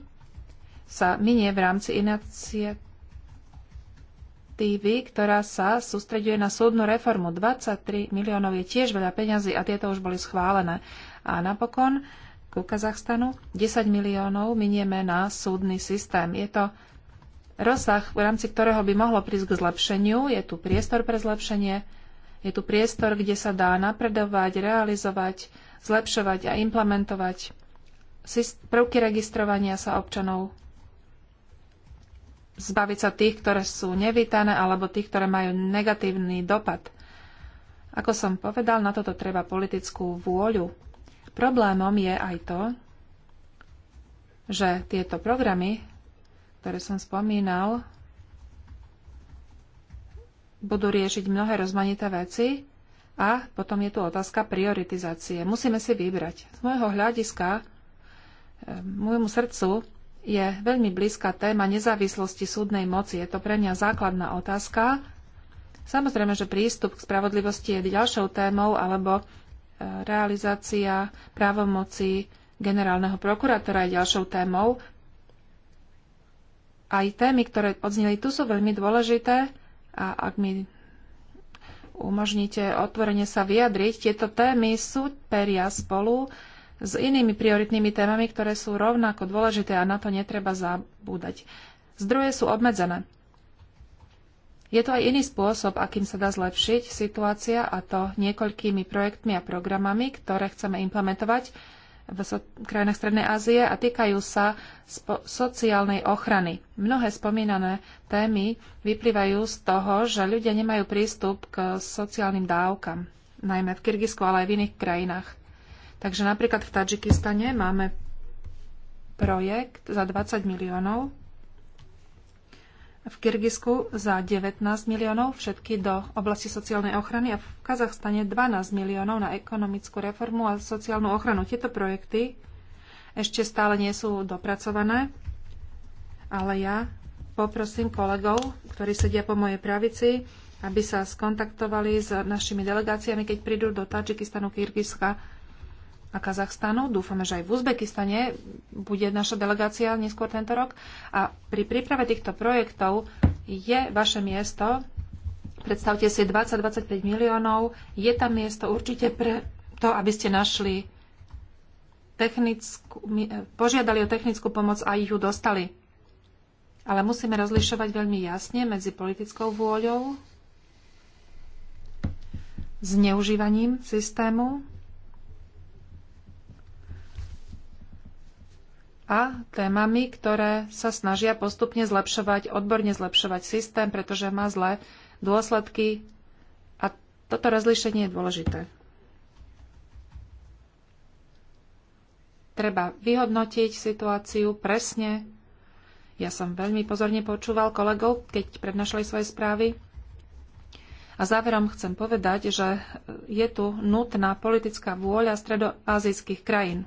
sa minie v rámci iniciatívy, ktorá sa sústreďuje na súdnu reformu. 23 miliónov je tiež veľa peňazí a tieto už boli schválené. A napokon ku Kazachstanu 10 miliónov minieme na súdny systém. Je to rozsah, v rámci ktorého by mohlo prísť k zlepšeniu. Je tu priestor pre zlepšenie, je tu priestor, kde sa dá napredovať, realizovať, zlepšovať a implementovať prvky registrovania sa občanov, zbaviť sa tých, ktoré sú nevítané alebo tých, ktoré majú negatívny dopad. Ako som povedal, na toto treba politickú vôľu. Problémom je aj to, že tieto programy ktoré som spomínal, budú riešiť mnohé rozmanité veci a potom je tu otázka prioritizácie. Musíme si vybrať. Z môjho hľadiska, eh, môjmu srdcu je veľmi blízka téma nezávislosti súdnej moci. Je to pre mňa základná otázka. Samozrejme, že prístup k spravodlivosti je ďalšou témou, alebo eh, realizácia právomoci generálneho prokurátora je ďalšou témou aj témy, ktoré odzneli tu, sú veľmi dôležité a ak mi umožníte otvorene sa vyjadriť, tieto témy sú peria spolu s inými prioritnými témami, ktoré sú rovnako dôležité a na to netreba zabúdať. Zdroje sú obmedzené. Je to aj iný spôsob, akým sa dá zlepšiť situácia a to niekoľkými projektmi a programami, ktoré chceme implementovať v krajinách Strednej Ázie a týkajú sa sociálnej ochrany. Mnohé spomínané témy vyplývajú z toho, že ľudia nemajú prístup k sociálnym dávkam, najmä v Kyrgyzsku, ale aj v iných krajinách. Takže napríklad v Tadžikistane máme projekt za 20 miliónov, v Kyrgyzsku za 19 miliónov, všetky do oblasti sociálnej ochrany a v Kazachstane 12 miliónov na ekonomickú reformu a sociálnu ochranu. Tieto projekty ešte stále nie sú dopracované, ale ja poprosím kolegov, ktorí sedia po mojej pravici, aby sa skontaktovali s našimi delegáciami, keď prídu do Tadžikistanu, Kyrgyzska a Kazachstanu. Dúfame, že aj v Uzbekistane bude naša delegácia neskôr tento rok. A pri príprave týchto projektov je vaše miesto. Predstavte si 20-25 miliónov. Je tam miesto určite pre to, aby ste našli technickú, e, požiadali o technickú pomoc a ich ju dostali. Ale musíme rozlišovať veľmi jasne medzi politickou vôľou, zneužívaním systému a témami, ktoré sa snažia postupne zlepšovať, odborne zlepšovať systém, pretože má zlé dôsledky a toto rozlíšenie je dôležité. Treba vyhodnotiť situáciu presne. Ja som veľmi pozorne počúval kolegov, keď prednášali svoje správy. A záverom chcem povedať, že je tu nutná politická vôľa stredoazijských krajín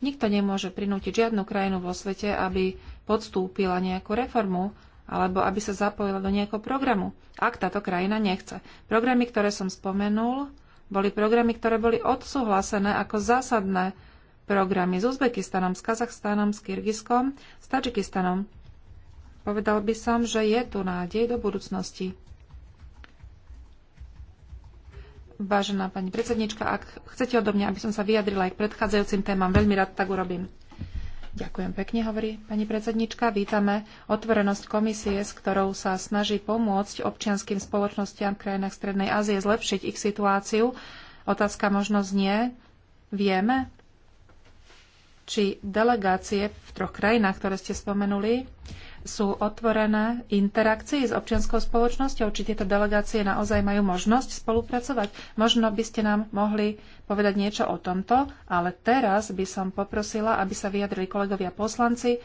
Nikto nemôže prinútiť žiadnu krajinu vo svete, aby podstúpila nejakú reformu alebo aby sa zapojila do nejakého programu, ak táto krajina nechce. Programy, ktoré som spomenul, boli programy, ktoré boli odsúhlasené ako zásadné programy s Uzbekistanom, s Kazachstanom, s Kyrgyzskom, s Tadžikistanom. Povedal by som, že je tu nádej do budúcnosti. Vážená pani predsednička, ak chcete odo mňa, aby som sa vyjadrila aj k predchádzajúcim témam, veľmi rád tak urobím. Ďakujem pekne, hovorí pani predsednička. Vítame otvorenosť komisie, s ktorou sa snaží pomôcť občianským spoločnostiam v krajinách Strednej Ázie zlepšiť ich situáciu. Otázka možno znie, vieme, či delegácie v troch krajinách, ktoré ste spomenuli, sú otvorené interakcii s občianskou spoločnosťou? Či tieto delegácie naozaj majú možnosť spolupracovať? Možno by ste nám mohli povedať niečo o tomto, ale teraz by som poprosila, aby sa vyjadrili kolegovia poslanci.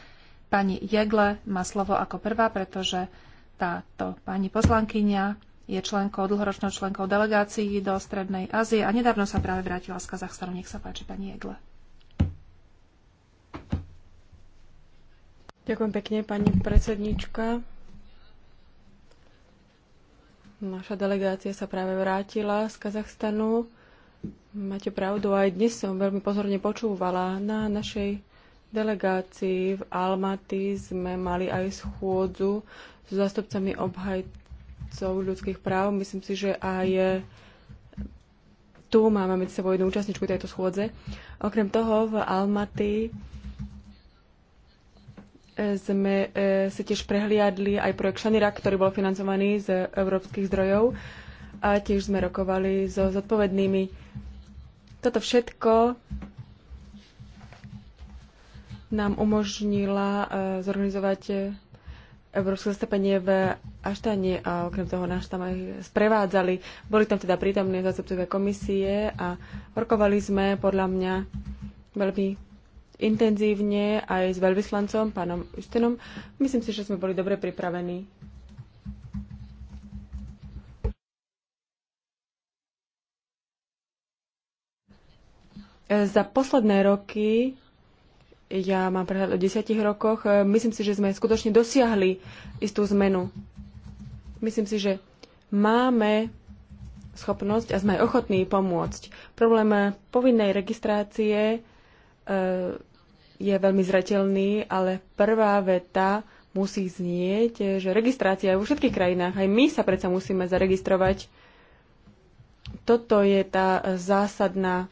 Pani Jegle má slovo ako prvá, pretože táto pani poslankyňa je členkou, dlhoročnou členkou delegácií do Strednej Ázie a nedávno sa práve vrátila z Kazachstanu. Nech sa páči, pani Jegle. Ďakujem pekne, pani predsednička. Naša delegácia sa práve vrátila z Kazachstanu. Máte pravdu, aj dnes som veľmi pozorne počúvala. Na našej delegácii v Almaty sme mali aj schôdzu s zástupcami obhajcov ľudských práv. Myslím si, že aj tu máme medzi sebou jednu účastničku tejto schôdze. Okrem toho v Almaty sme e, si tiež prehliadli aj projekt Šanira, ktorý bol financovaný z európskych zdrojov a tiež sme rokovali so zodpovednými. Toto všetko nám umožnila e, zorganizovať e, Európske zastúpenie v Aštane a okrem toho nás tam aj sprevádzali. Boli tam teda prítomné zástupcovia komisie a rokovali sme podľa mňa veľmi intenzívne aj s veľvyslancom, pánom Ustenom. Myslím si, že sme boli dobre pripravení. E, za posledné roky, ja mám prehľad o desiatich rokoch, e, myslím si, že sme skutočne dosiahli istú zmenu. Myslím si, že máme schopnosť a sme aj ochotní pomôcť. Problém povinnej registrácie E, je veľmi zretelný, ale prvá veta musí znieť, že registrácia je vo všetkých krajinách. Aj my sa predsa musíme zaregistrovať. Toto je tá zásadná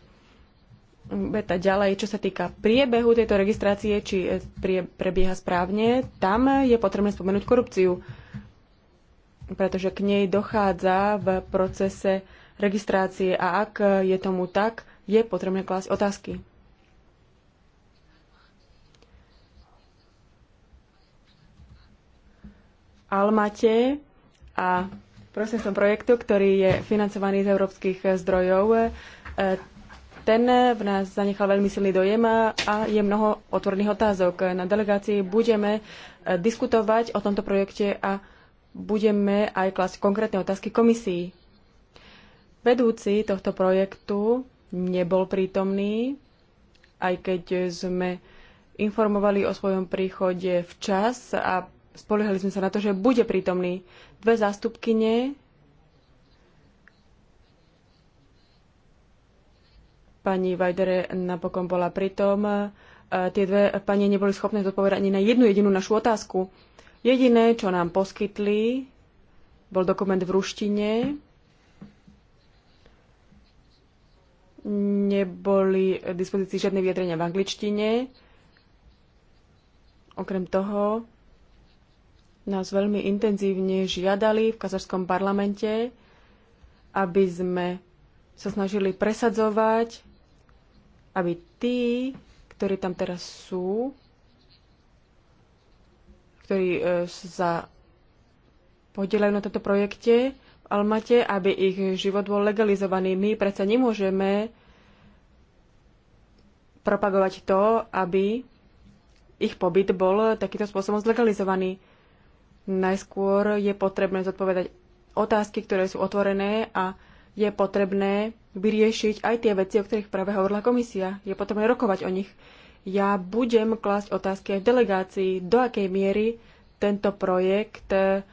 veta ďalej, čo sa týka priebehu tejto registrácie, či e, prie, prebieha správne, tam je potrebné spomenúť korupciu, pretože k nej dochádza v procese registrácie a ak je tomu tak, je potrebné klásť otázky. Almate a som projektu, ktorý je financovaný z európskych zdrojov. E, ten v nás zanechal veľmi silný dojem a je mnoho otvorných otázok. Na delegácii budeme e, diskutovať o tomto projekte a budeme aj klasť konkrétne otázky komisii. Vedúci tohto projektu nebol prítomný, aj keď sme informovali o svojom príchode včas a spoliehali sme sa na to, že bude prítomný. Dve zástupkyne pani Vajdere napokon bola pritom. E, tie dve pani neboli schopné zodpovedať ani na jednu jedinú našu otázku. Jediné, čo nám poskytli, bol dokument v ruštine. Neboli k dispozícii žiadne vyjadrenia v angličtine. Okrem toho, nás veľmi intenzívne žiadali v kazašskom parlamente, aby sme sa snažili presadzovať, aby tí, ktorí tam teraz sú, ktorí e, sa podielajú na tomto projekte v Almate, aby ich život bol legalizovaný. My predsa nemôžeme propagovať to, aby ich pobyt bol takýmto spôsobom zlegalizovaný. Najskôr je potrebné zodpovedať otázky, ktoré sú otvorené a je potrebné vyriešiť aj tie veci, o ktorých práve hovorila komisia. Je potrebné rokovať o nich. Ja budem klásť otázky aj v delegácii, do akej miery tento projekt e,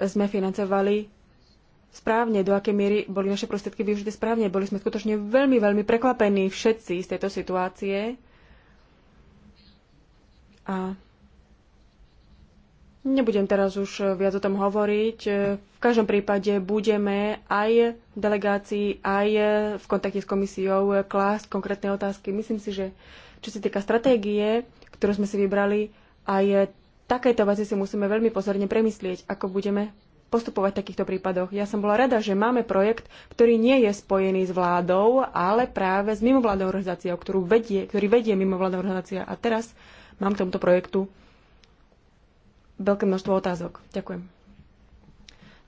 sme financovali správne, do akej miery boli naše prostriedky využité správne. Boli sme skutočne veľmi, veľmi prekvapení všetci z tejto situácie. A Nebudem teraz už eh, viac o tom hovoriť. Eh, v každom prípade budeme aj v delegácii, aj eh, v kontakte s komisiou klásť konkrétne otázky. Myslím si, že čo sa týka stratégie, ktorú sme si vybrali, aj takéto veci si musíme veľmi pozorne premyslieť, ako budeme postupovať v takýchto prípadoch. Ja som bola rada, že máme projekt, ktorý nie je spojený s vládou, ale práve s mimovládnou organizáciou, ktorú vedie, ktorý vedie mimovládna organizácia. A teraz mám k tomuto projektu veľké množstvo otázok. Ďakujem.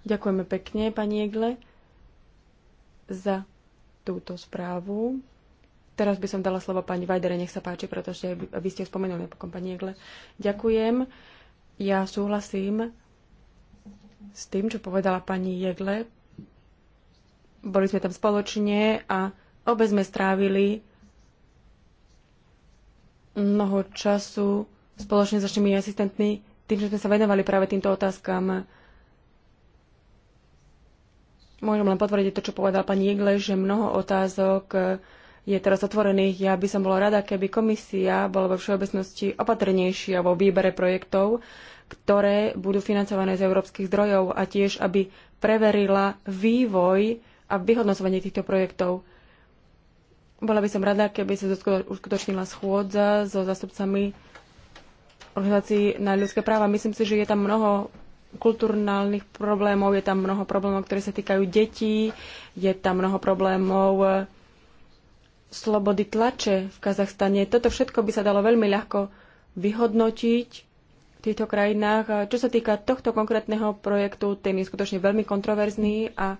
Ďakujeme pekne, pani Egle, za túto správu. Teraz by som dala slovo pani Vajdere, nech sa páči, pretože vy ste spomenuli napokon pani Egle. Ďakujem. Ja súhlasím s tým, čo povedala pani Jegle. Boli sme tam spoločne a obe sme strávili mnoho času spoločne s našimi asistentmi tým, že sme sa venovali práve týmto otázkam, môžem len potvrdiť to, čo povedal pani Igle, že mnoho otázok je teraz otvorených. Ja by som bola rada, keby komisia bola vo všeobecnosti opatrnejšia vo výbere projektov, ktoré budú financované z európskych zdrojov a tiež, aby preverila vývoj a vyhodnocovanie týchto projektov. Bola by som rada, keby sa uskutočnila schôdza so zastupcami organizácií na ľudské práva. Myslím si, že je tam mnoho kulturálnych problémov, je tam mnoho problémov, ktoré sa týkajú detí, je tam mnoho problémov e, slobody tlače v Kazachstane. Toto všetko by sa dalo veľmi ľahko vyhodnotiť v týchto krajinách. Čo sa týka tohto konkrétneho projektu, ten je skutočne veľmi kontroverzný a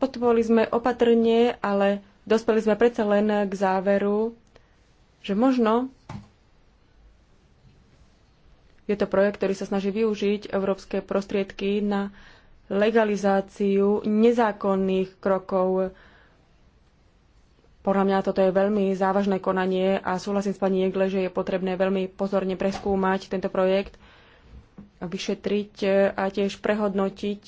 podporili sme opatrne, ale dospeli sme predsa len k záveru, že možno je to projekt, ktorý sa snaží využiť európske prostriedky na legalizáciu nezákonných krokov. Podľa mňa toto je veľmi závažné konanie a súhlasím s pani Jegle, že je potrebné veľmi pozorne preskúmať tento projekt, vyšetriť a tiež prehodnotiť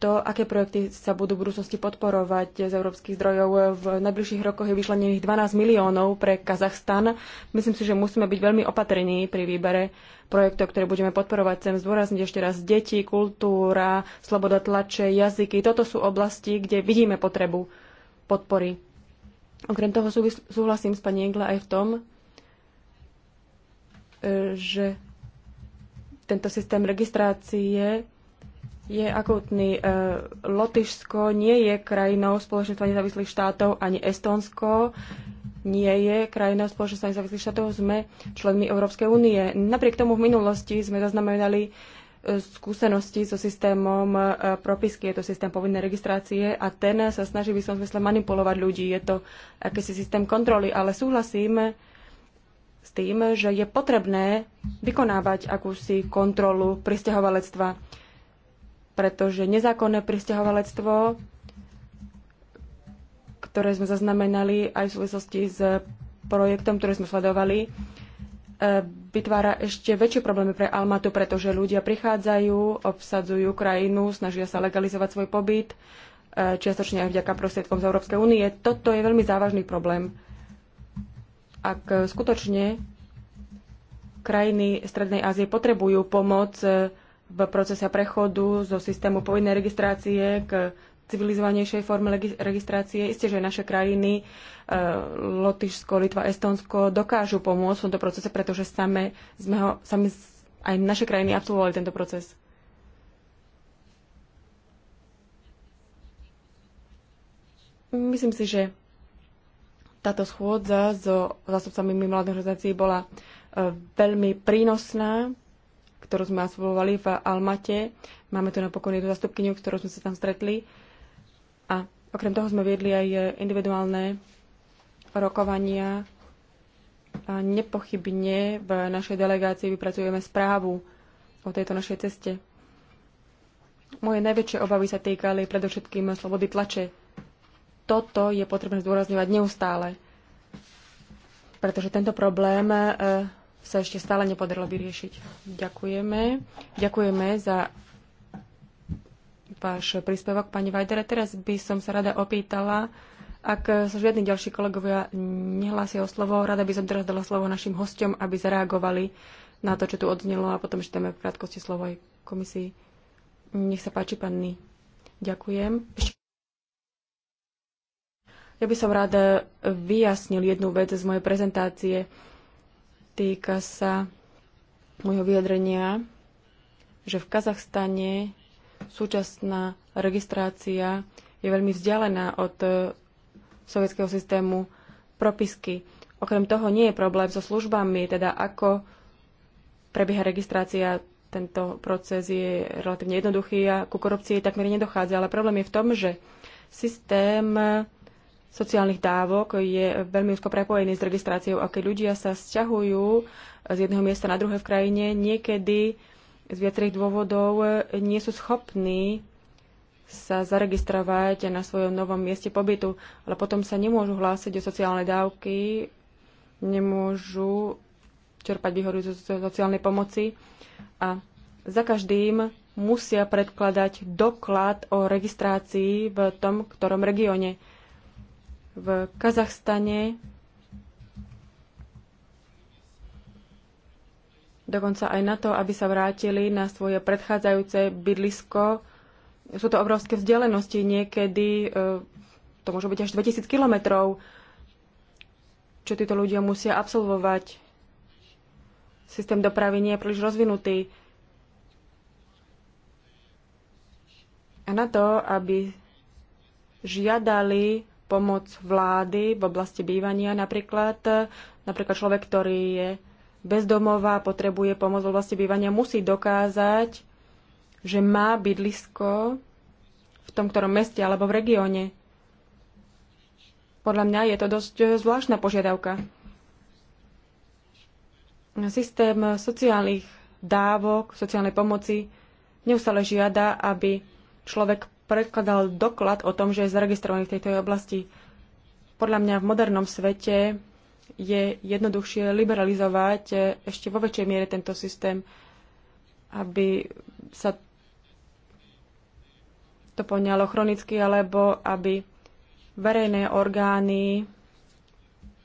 to, aké projekty sa budú v budúcnosti podporovať z európskych zdrojov. V najbližších rokoch je vyšlenených 12 miliónov pre Kazachstan. Myslím si, že musíme byť veľmi opatrní pri výbere projektov, ktoré budeme podporovať. Chcem zdôrazniť ešte raz deti, kultúra, sloboda tlače, jazyky. Toto sú oblasti, kde vidíme potrebu podpory. Okrem toho súhlasím s pani Engla aj v tom, e, že tento systém registrácie je akútny. E, Lotyšsko nie je krajinou spoločenstva nezávislých štátov, ani Estonsko nie je krajinou spoločenstva nezávislých štátov. Sme členmi Európskej únie. Napriek tomu v minulosti sme zaznamenali e, skúsenosti so systémom e, propisky. Je to systém povinnej registrácie a ten sa snaží v istom zmysle manipulovať ľudí. Je to akýsi systém kontroly, ale súhlasím s tým, že je potrebné vykonávať akúsi kontrolu pristahovalectva pretože nezákonné pristahovalectvo, ktoré sme zaznamenali aj v súvislosti s projektom, ktorý sme sledovali, e, vytvára ešte väčšie problémy pre Almatu, pretože ľudia prichádzajú, obsadzujú krajinu, snažia sa legalizovať svoj pobyt, e, čiastočne aj vďaka prostriedkom z Európskej únie. Toto je veľmi závažný problém. Ak skutočne krajiny Strednej Ázie potrebujú pomoc e, v procese prechodu zo systému povinnej registrácie k civilizovanejšej forme registrácie. Isté, že naše krajiny, e, Lotyšsko, Litva, Estonsko, dokážu pomôcť v tomto procese, pretože same sme ho, sami aj naše krajiny absolvovali tento proces. Myslím si, že táto schôdza so zástupcami mimovládnych organizácií bola e, veľmi prínosná ktorú sme absolvovali v Almate. Máme tu napokon jednu zastupkyniu, ktorú sme sa tam stretli. A okrem toho sme viedli aj individuálne rokovania. A nepochybne v našej delegácii vypracujeme správu o tejto našej ceste. Moje najväčšie obavy sa týkali predovšetkým slobody tlače. Toto je potrebné zdôrazňovať neustále, pretože tento problém eh, sa ešte stále nepodarilo vyriešiť. Ďakujeme. Ďakujeme za váš príspevok, pani Vajdere. Teraz by som sa rada opýtala, ak sa žiadni ďalší kolegovia nehlásia o slovo, rada by som teraz dala slovo našim hostom, aby zareagovali na to, čo tu odznelo a potom dáme v krátkosti slovo aj komisii. Nech sa páči, panny. Ďakujem. Ja by som rada vyjasnil jednu vec z mojej prezentácie. Týka sa môjho vyjadrenia, že v Kazachstane súčasná registrácia je veľmi vzdialená od e, sovietského systému propisky. Okrem toho nie je problém so službami, teda ako prebieha registrácia. Tento proces je relatívne jednoduchý a ku korupcii takmer nedochádza. Ale problém je v tom, že systém sociálnych dávok je veľmi úzko prepojený s registráciou a keď ľudia sa sťahujú eh, z jedného miesta na druhé v krajine, niekedy z viacerých dôvodov eh, nie sú schopní sa zaregistrovať na svojom novom mieste pobytu, ale potom sa nemôžu hlásiť o sociálne dávky, nemôžu čerpať výhodu zo sociálnej pomoci a za každým musia predkladať doklad o registrácii v tom ktorom regióne v Kazachstane dokonca aj na to, aby sa vrátili na svoje predchádzajúce bydlisko. Sú to obrovské vzdialenosti, niekedy e, to môže byť až 2000 kilometrov, čo títo ľudia musia absolvovať. Systém dopravy nie je príliš rozvinutý. A na to, aby žiadali pomoc vlády v oblasti bývania napríklad. Napríklad človek, ktorý je bezdomová, potrebuje pomoc v oblasti bývania, musí dokázať, že má bydlisko v tom ktorom meste alebo v regióne. Podľa mňa je to dosť zvláštna požiadavka. Systém sociálnych dávok, sociálnej pomoci neustále žiada, aby človek prekladal doklad o tom, že je zaregistrovaný v tejto oblasti. Podľa mňa v modernom svete je jednoduchšie liberalizovať e, ešte vo väčšej miere tento systém, aby sa to poňalo chronicky, alebo aby verejné orgány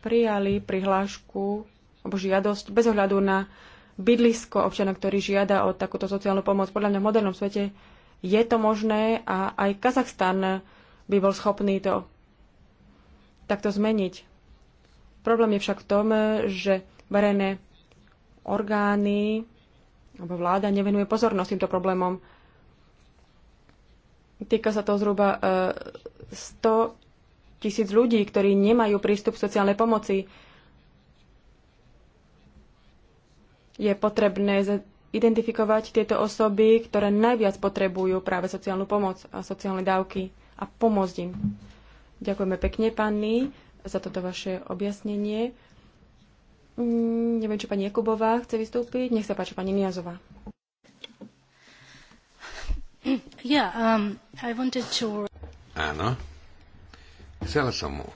prijali prihlášku alebo žiadosť bez ohľadu na bydlisko občana, ktorý žiada o takúto sociálnu pomoc. Podľa mňa v modernom svete je to možné a aj Kazachstan by bol schopný to takto zmeniť. Problém je však v tom, že verejné orgány alebo vláda nevenuje pozornosť týmto problémom. Týka sa to zhruba 100 e, tisíc ľudí, ktorí nemajú prístup k sociálnej pomoci. Je potrebné identifikovať tieto osoby, ktoré najviac potrebujú práve sociálnu pomoc a sociálne dávky a pomôcť im. Ďakujeme pekne, panny, za toto vaše objasnenie. Mm, neviem, či pani Jakubová chce vystúpiť. Nech sa páči, pani Niazová. Yeah, um, I wanted to... Áno. Chcela som mu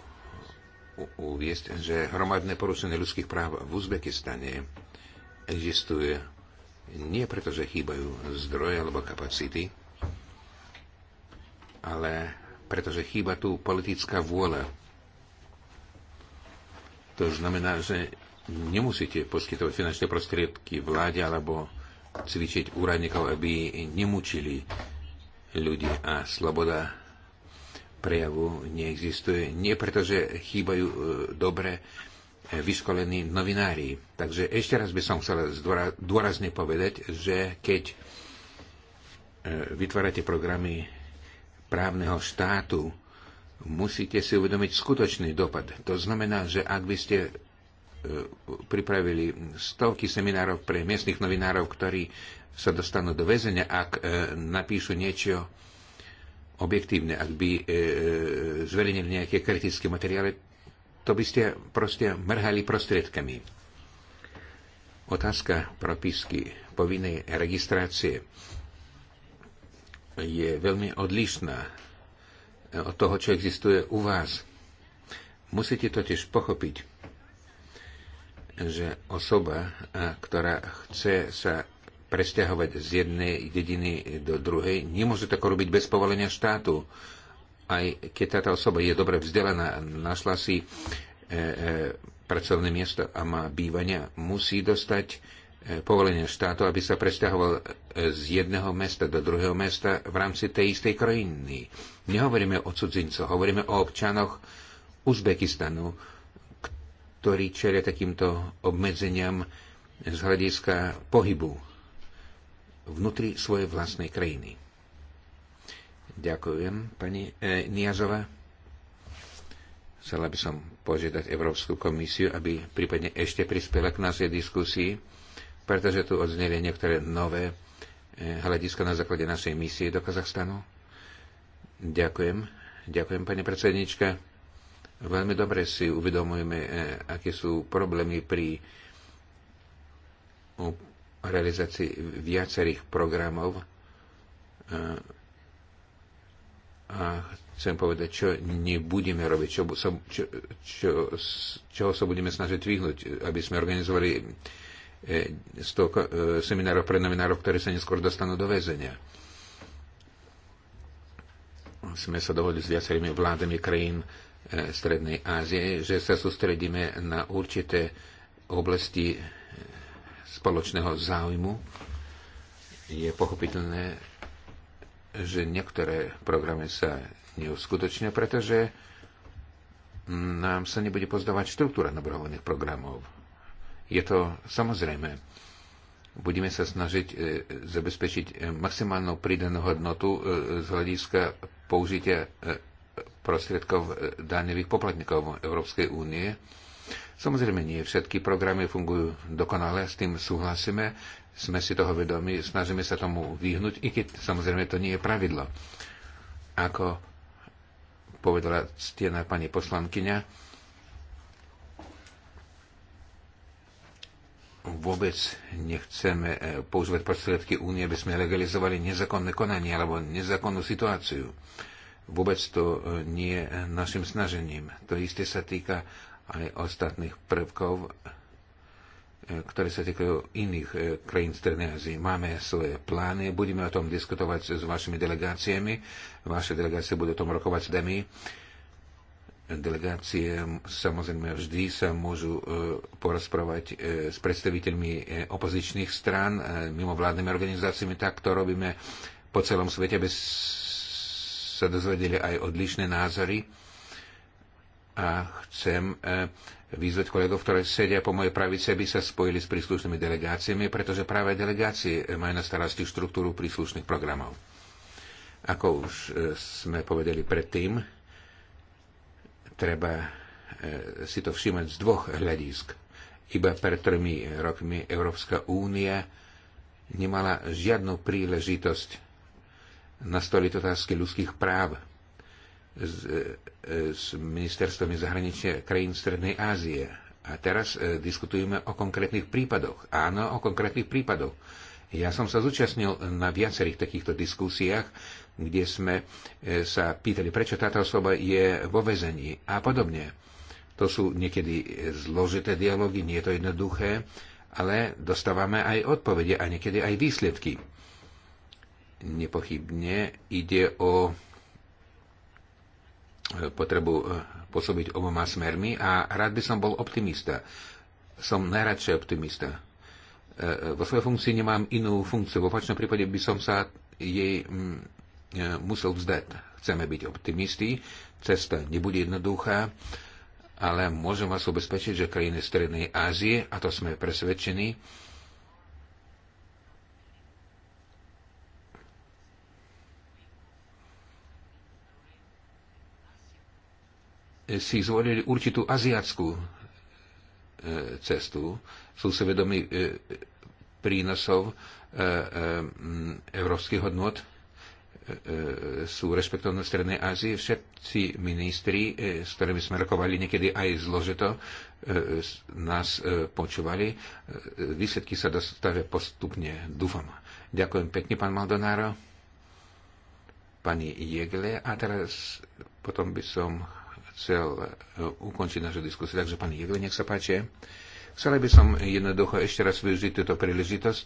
uviesť, že hromadné porušenie ľudských práv v Uzbekistane existuje nie preto, že chýbajú zdroje alebo kapacity, ale preto, že chýba tu politická vôľa. To znamená, že nemusíte poskytovať finančné prostriedky vláde alebo cvičiť úradníkov, aby nemučili ľudí a sloboda prejavu neexistuje. Nie preto, že chýbajú e, dobre vyškolení novinári. Takže ešte raz by som chcel dôrazne povedať, že keď e, vytvárate programy právneho štátu, musíte si uvedomiť skutočný dopad. To znamená, že ak by ste e, pripravili stovky seminárov pre miestnych novinárov, ktorí sa dostanú do väzenia, ak e, napíšu niečo objektívne, ak by zverejnili nejaké kritické materiály, to by ste proste mrhali prostriedkami. Otázka propisky povinnej registrácie je veľmi odlišná od toho, čo existuje u vás. Musíte totiž pochopiť, že osoba, ktorá chce sa presťahovať z jednej dediny do druhej, nemôže to robiť bez povolenia štátu aj keď táto osoba je dobre vzdelaná, našla si e, e, pracovné miesto a má bývania, musí dostať e, povolenie štátu, aby sa presťahoval e, z jedného mesta do druhého mesta v rámci tej istej krajiny. Nehovoríme o cudzincoch, hovoríme o občanoch Uzbekistanu, ktorí čelia takýmto obmedzeniam z hľadiska pohybu vnútri svojej vlastnej krajiny. Ďakujem, pani e, Niazová. Chcela by som požiadať Európsku komisiu, aby prípadne ešte prispela k našej diskusii, pretože tu odzneli niektoré nové e, hľadiska na základe našej misie do Kazachstanu. Ďakujem. Ďakujem, pani predsednička. Veľmi dobre si uvedomujeme, e, aké sú problémy pri realizácii viacerých programov e, a chcem povedať, čo nebudeme robiť, čo, sa, čo, čo, čoho sa budeme snažiť vyhnúť, aby sme organizovali 100 e, e, seminárov pre novinárov, ktorí sa neskôr dostanú do väzenia. Sme sa dohodli s viacerými vládami krajín e, Strednej Ázie, že sa sústredíme na určité oblasti spoločného záujmu. Je pochopiteľné, že niektoré programy sa neuskutočnia, pretože nám sa nebude pozdávať štruktúra navrhovaných programov. Je to samozrejme. Budeme sa snažiť e, zabezpečiť e, maximálnu pridanú hodnotu e, z hľadiska použitia prostriedkov daňových poplatníkov Európskej únie. Samozrejme, nie všetky programy fungujú dokonale, s tým súhlasíme sme si toho vedomi, snažíme sa tomu vyhnúť, i keď samozrejme to nie je pravidlo. Ako povedala ctená pani poslankyňa, vôbec nechceme eh, používať prostriedky únie, aby sme legalizovali nezákonné konanie alebo nezákonnú situáciu. Vôbec to eh, nie je našim snažením. To isté sa týka aj ostatných prvkov ktoré sa týkajú iných e, krajín Strednej Ázie. Máme svoje plány, budeme o tom diskutovať s vašimi delegáciami. Vaše delegácie budú o tom rokovať s demi. Delegácie samozrejme vždy sa môžu e, porozprávať e, s predstaviteľmi opozičných strán, mimovládnymi organizáciami. Tak to robíme po celom svete, aby sa dozvedeli aj odlišné názory. A chcem eh, vyzvať kolegov, ktoré sedia po mojej pravici, aby sa spojili s príslušnými delegáciami, pretože práve delegácie majú na starosti štruktúru príslušných programov. Ako už e, sme povedali predtým, treba e, si to všímať z dvoch hľadisk. Iba pred tromi rokmi Európska únia nemala žiadnu príležitosť nastoliť otázky ľudských práv s, e, s ministerstvami zahraničia krajín Strednej Ázie. A teraz e, diskutujeme o konkrétnych prípadoch. Áno, o konkrétnych prípadoch. Ja som sa zúčastnil na viacerých takýchto diskusiách, kde sme e, sa pýtali, prečo táto osoba je vo vezení a podobne. To sú niekedy e, zložité dialógy, nie je to jednoduché, ale dostávame aj odpovede a niekedy aj výsledky. Nepochybne ide o potrebu e, pôsobiť oboma smermi a rád by som bol optimista. Som najradšej optimista. E, e, vo svojej funkcii nemám inú funkciu. V opačnom prípade by som sa jej mm, musel vzdať. Chceme byť optimisti, cesta nebude jednoduchá, ale môžem vás ubezpečiť, že krajiny Strednej Ázie, a to sme presvedčení, si zvolili určitú aziatskú e, cestu. Sú si vedomi e, prínosov e, európskych hodnot sú rešpektované v Strednej Ázii. Všetci ministri, s ktorými sme rokovali niekedy aj zložito, nás počúvali. Výsledky sa dostavia postupne, dúfam. Ďakujem pekne, pán Maldonáro, pani Jegle. A teraz potom by som chcel e, ukončiť našu diskusiu. Takže, pani Jegli, nech sa páči. Chcel by som jednoducho ešte raz využiť túto príležitosť,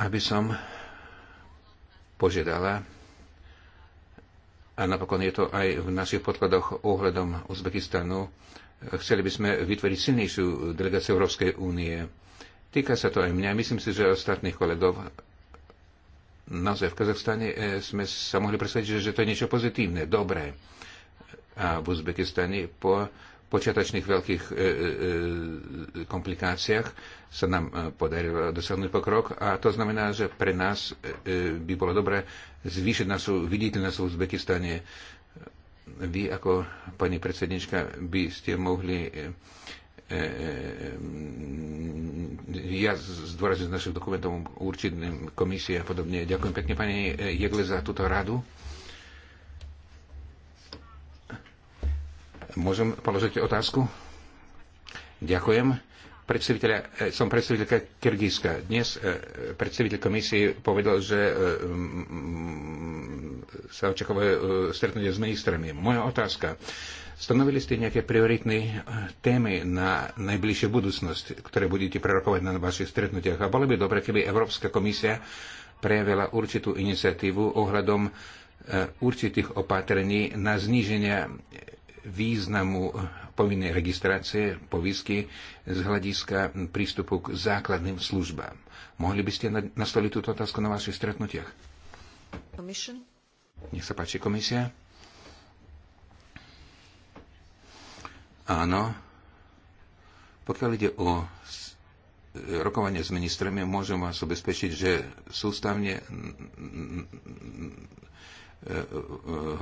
aby som požiadala, a napokon je to aj v našich podkladoch ohľadom Uzbekistanu, chceli by sme vytvoriť silnejšiu delegáciu Európskej únie. Týka sa to aj mňa, myslím si, že ostatných kolegov. Naozaj v Kazachstane e, sme sa mohli presvedčiť, že to je niečo pozitívne, dobré a v Uzbekistane po počiatočných veľkých e, e, e komplikáciách sa nám e, podarilo dosiahnuť pokrok a to znamená, že pre nás e, e, by bolo dobré zvýšiť našu viditeľnosť v Uzbekistane. Vy ako pani predsednička by ste mohli ja zdôrazňujem z našich dokumentov určitým komisie a podobne. Ďakujem pekne pani Jegle za túto radu. Môžem položiť otázku? Ďakujem. Predstaviteľa, e, som predstaviteľka Kyrgyzska. Dnes e, predstaviteľ komisie povedal, že e, sa očakávajú stretnutie s ministrami. Moja otázka. Stanovili ste nejaké prioritné témy na najbližšiu budúcnosť, ktoré budete prerokovať na vašich stretnutiach? A bolo by dobre, keby Európska komisia prejavila určitú iniciatívu ohľadom určitých opatrení na zníženie významu povinnej registrácie povisky z hľadiska prístupu k základným službám. Mohli by ste nastoliť túto otázku na vašich stretnutiach? Commission? Nech sa páči, komisia. Áno. Pokiaľ ide o rokovanie s ministrami, môžem vás ubezpečiť, že sústavne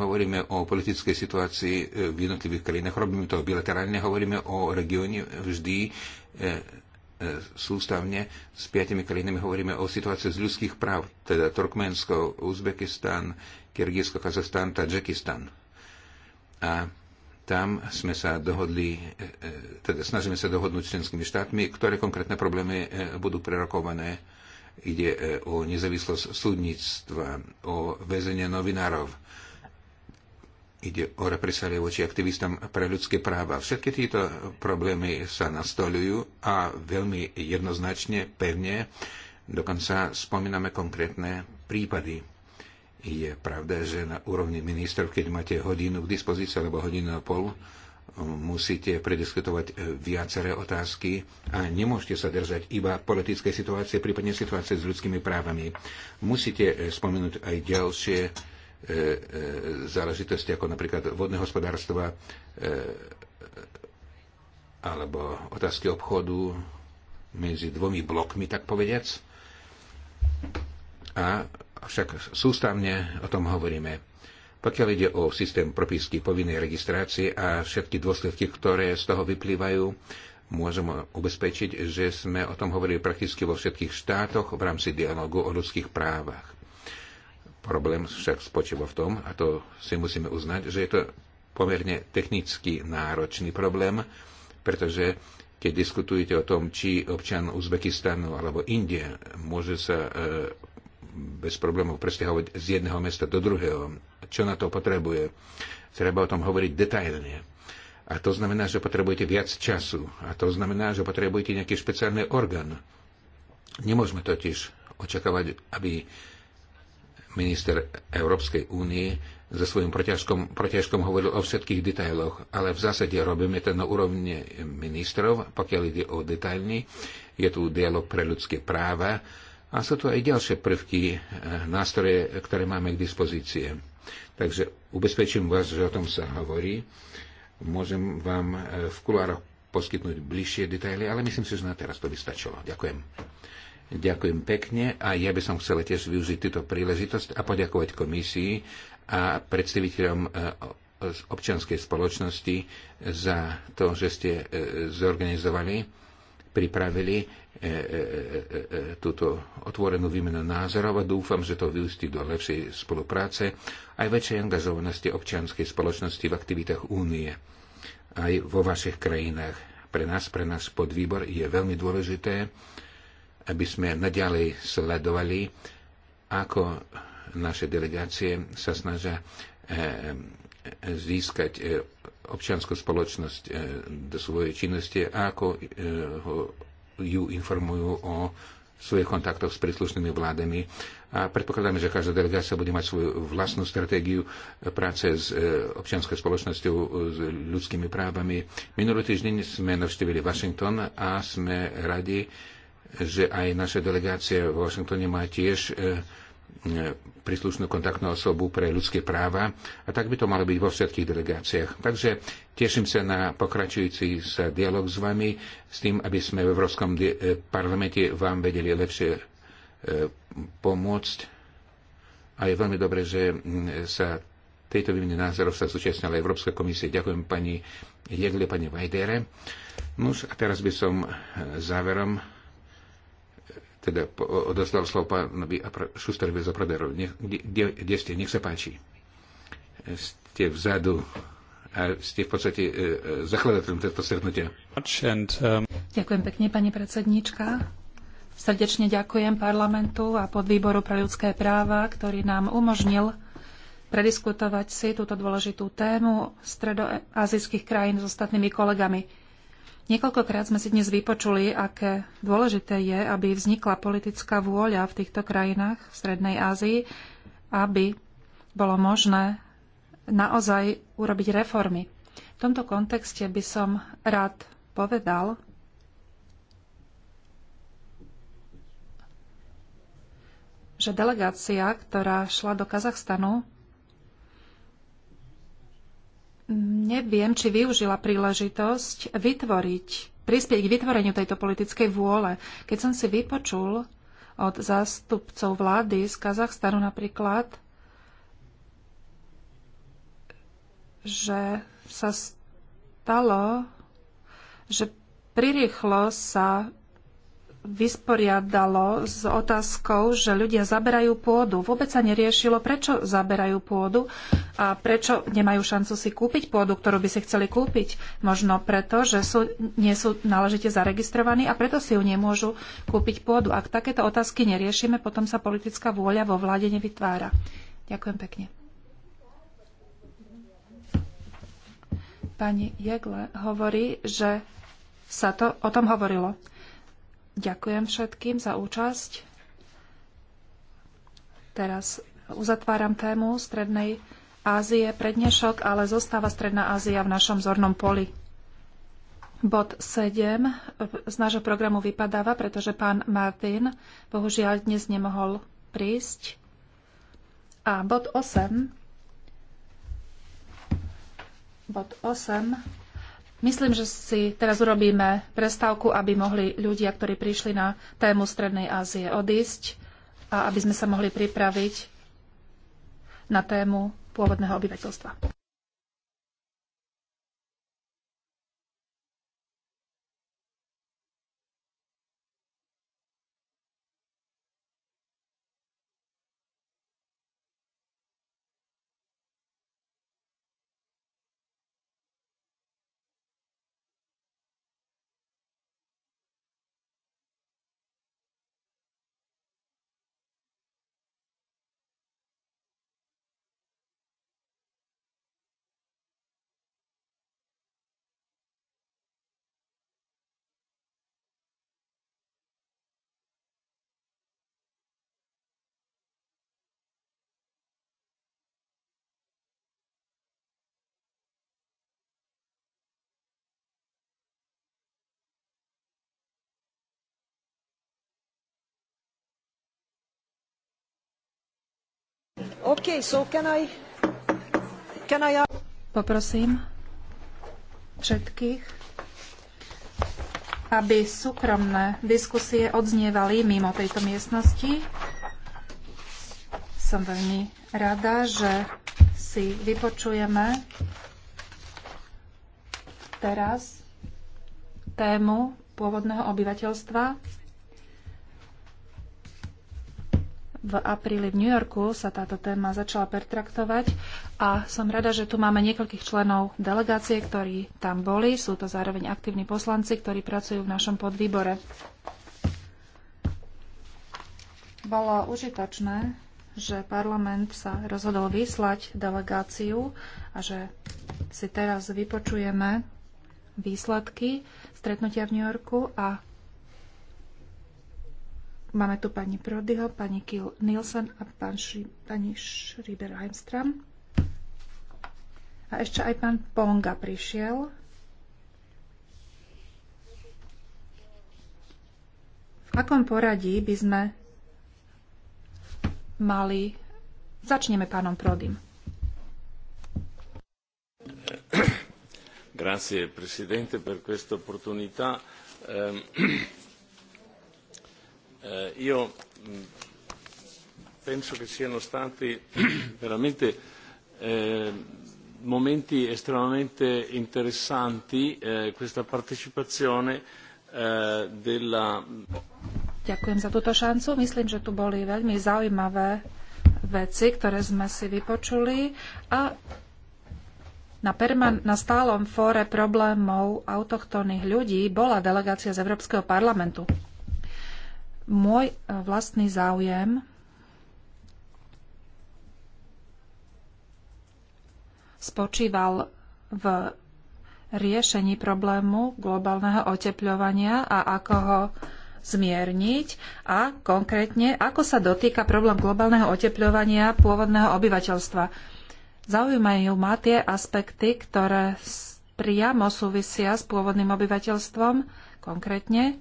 hovoríme o politickej situácii v jednotlivých krajinách, robíme to bilaterálne, hovoríme o regióne vždy e, e, sústavne s piatimi krajinami, hovoríme o situácii z ľudských práv, teda Turkmensko, Uzbekistan, Kyrgyzsko, Kazachstan, Tadžikistan. A tam sme sa dohodli, e, teda snažíme sa dohodnúť s členskými štátmi, ktoré konkrétne problémy budú prerokované Ide e, o nezávislosť súdnictva, o väzenie novinárov. Ide o represálie voči aktivistom pre ľudské práva. Všetky tieto problémy sa nastolujú a veľmi jednoznačne, pevne, dokonca spomíname konkrétne prípady. Je pravda, že na úrovni ministrov, keď máte hodinu k dispozícii alebo hodinu a pol, musíte prediskutovať e, viaceré otázky a nemôžete sa držať iba politickej situácie, prípadne situácie s ľudskými právami. Musíte e, spomenúť aj ďalšie e, záležitosti, ako napríklad vodné hospodárstva alebo otázky obchodu medzi dvomi blokmi, tak povediac. A však sústavne o tom hovoríme. Pokiaľ ide o systém propisky povinnej registrácie a všetky dôsledky, ktoré z toho vyplývajú, môžem ubezpečiť, že sme o tom hovorili prakticky vo všetkých štátoch v rámci dialogu o ľudských právach. Problém však spočíva v tom, a to si musíme uznať, že je to pomerne technicky náročný problém, pretože keď diskutujete o tom, či občan Uzbekistanu alebo Indie môže sa e, bez problémov presťahovať z jedného mesta do druhého. Čo na to potrebuje? Treba o tom hovoriť detailne. A to znamená, že potrebujete viac času. A to znamená, že potrebujete nejaký špeciálny orgán. Nemôžeme totiž očakávať, aby minister Európskej únie so svojím protiažkom, protiažkom hovoril o všetkých detailoch, ale v zásade robíme to na úrovni ministrov, pokiaľ ide o detailný, Je tu dialog pre ľudské práva, a sú to aj ďalšie prvky, e, nástroje, ktoré máme k dispozície. Takže ubezpečím vás, že o tom sa hovorí. Môžem vám e, v kulároch poskytnúť bližšie detaily, ale myslím si, že na teraz to by stačilo. Ďakujem. Ďakujem pekne a ja by som chcel tiež využiť túto príležitosť a poďakovať komisii a predstaviteľom e, občianskej spoločnosti za to, že ste zorganizovali pripravili e e, e, e, e, túto otvorenú výmenu názorov a dúfam, že to vyústi do lepšej spolupráce aj väčšej angažovanosti občianskej spoločnosti v aktivitách únie aj vo vašich krajinách. Pre nás, pre nás podvýbor je veľmi dôležité, aby sme naďalej sledovali, ako naše delegácie sa snažia Eh, získať eh, občianskú spoločnosť eh, do svojej činnosti a ako ju informujú o svojich kontaktoch s príslušnými vládami. A predpokladáme, že každá delegácia bude mať svoju vlastnú stratégiu práce s občianskou spoločnosťou, s ľudskými právami. Minulý týždeň sme navštívili Washington a sme radi, že aj naša delegácia v Washingtone má tiež E, príslušnú kontaktnú osobu pre ľudské práva a tak by to malo byť vo všetkých delegáciách. Takže teším sa na pokračujúci sa dialog s vami s tým, aby sme v Európskom e, parlamente vám vedeli lepšie e, pomôcť. A je veľmi dobré, že sa tejto výmene názorov sa zúčastnila Európska komisia. Ďakujem pani Jegle, pani Vajdere. No a teraz by som záverom teda odozdal slovo pánovi Šusterovi za Proderovi. Kde ste? Nech sa páči. Ste vzadu a ste v podstate e, e zakladateľom tohto stretnutia. Um, ďakujem pekne, pani predsednička. Srdečne ďakujem parlamentu a podvýboru pre ľudské práva, ktorý nám umožnil prediskutovať si túto dôležitú tému stredoazijských krajín s ostatnými kolegami. Niekoľkokrát sme si dnes vypočuli, aké dôležité je, aby vznikla politická vôľa v týchto krajinách v Strednej Ázii, aby bolo možné naozaj urobiť reformy. V tomto kontexte by som rád povedal, že delegácia, ktorá šla do Kazachstanu, neviem, či využila príležitosť vytvoriť, prispieť k vytvoreniu tejto politickej vôle. Keď som si vypočul od zástupcov vlády z Kazachstanu napríklad, že sa stalo, že prirýchlo sa vysporiadalo s otázkou, že ľudia zaberajú pôdu. Vôbec sa neriešilo, prečo zaberajú pôdu a prečo nemajú šancu si kúpiť pôdu, ktorú by si chceli kúpiť. Možno preto, že sú, nie sú náležite zaregistrovaní a preto si ju nemôžu kúpiť pôdu. Ak takéto otázky neriešime, potom sa politická vôľa vo vláde nevytvára. Ďakujem pekne. Pani Jegle hovorí, že sa to o tom hovorilo. Ďakujem všetkým za účasť. Teraz uzatváram tému Strednej Ázie pre dnešok, ale zostáva Stredná Ázia v našom zornom poli. Bod 7 z nášho programu vypadáva, pretože pán Martin bohužiaľ dnes nemohol prísť. A bod 8 bod 8 Myslím, že si teraz urobíme prestávku, aby mohli ľudia, ktorí prišli na tému Strednej Ázie, odísť a aby sme sa mohli pripraviť na tému pôvodného obyvateľstva. Okay, so can I, can I... Poprosím všetkých, aby súkromné diskusie odznievali mimo tejto miestnosti. Som veľmi rada, že si vypočujeme teraz tému pôvodného obyvateľstva V apríli v New Yorku sa táto téma začala pertraktovať a som rada, že tu máme niekoľkých členov delegácie, ktorí tam boli. Sú to zároveň aktívni poslanci, ktorí pracujú v našom podvýbore. Bolo užitočné, že parlament sa rozhodol vyslať delegáciu a že si teraz vypočujeme výsledky stretnutia v New Yorku a Máme tu pani Prodyho, pani Kiel Nielsen a pán Šri, pani Schrieder Heimstram. A ešte aj pán Ponga prišiel. V akom poradí by sme mali... Začneme pánom Prodym. Grazie Presidente per questa opportunità. Eh, Eh, io penso che siano stati [clears throat] veramente eh, momenti estremamente interessanti eh, questa partecipazione eh, della. Ďakujem za túto šancu. Myslím, že tu boli veľmi zaujímavé veci, ktoré sme si vypočuli a na, perman- na stálom fóre problémov autochtónnych ľudí bola delegácia z Európskeho parlamentu môj e, vlastný záujem spočíval v riešení problému globálneho oteplovania a ako ho zmierniť a konkrétne, ako sa dotýka problém globálneho oteplovania pôvodného obyvateľstva. Zaujímajú ma tie aspekty, ktoré priamo súvisia s pôvodným obyvateľstvom, konkrétne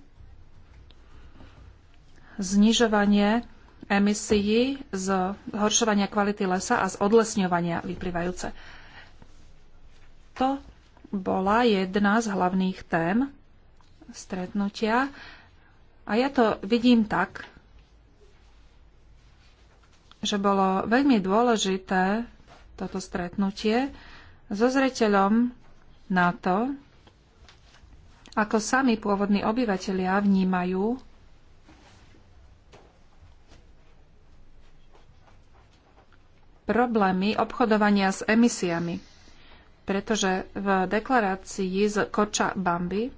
znižovanie emisií z horšovania kvality lesa a z odlesňovania vyplývajúce. To bola jedna z hlavných tém stretnutia a ja to vidím tak, že bolo veľmi dôležité toto stretnutie so zreteľom na to, ako sami pôvodní obyvateľia vnímajú problémy obchodovania s emisiami. Pretože v deklarácii z Koča Bamby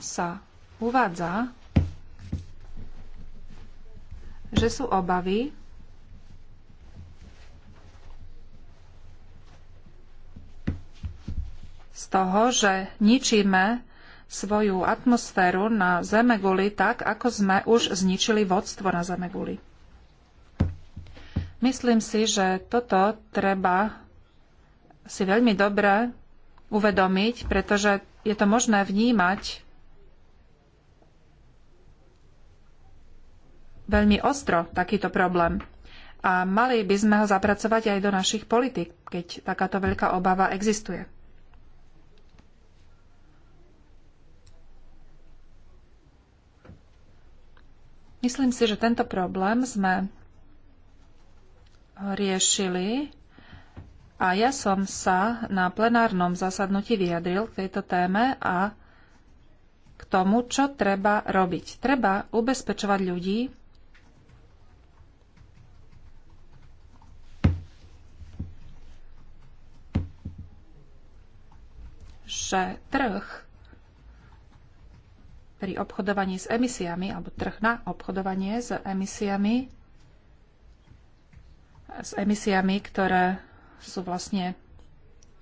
sa uvádza, že sú obavy, z toho, že ničíme svoju atmosféru na Zemeguli tak, ako sme už zničili vodstvo na Zemeguli. Myslím si, že toto treba si veľmi dobre uvedomiť, pretože je to možné vnímať veľmi ostro, takýto problém. A mali by sme ho zapracovať aj do našich politik, keď takáto veľká obava existuje. Myslím si, že tento problém sme riešili a ja som sa na plenárnom zasadnutí vyjadril k tejto téme a k tomu, čo treba robiť. Treba ubezpečovať ľudí, že trh pri obchodovaní s emisiami, alebo trh na obchodovanie s emisiami, s emisiami, ktoré sú vlastne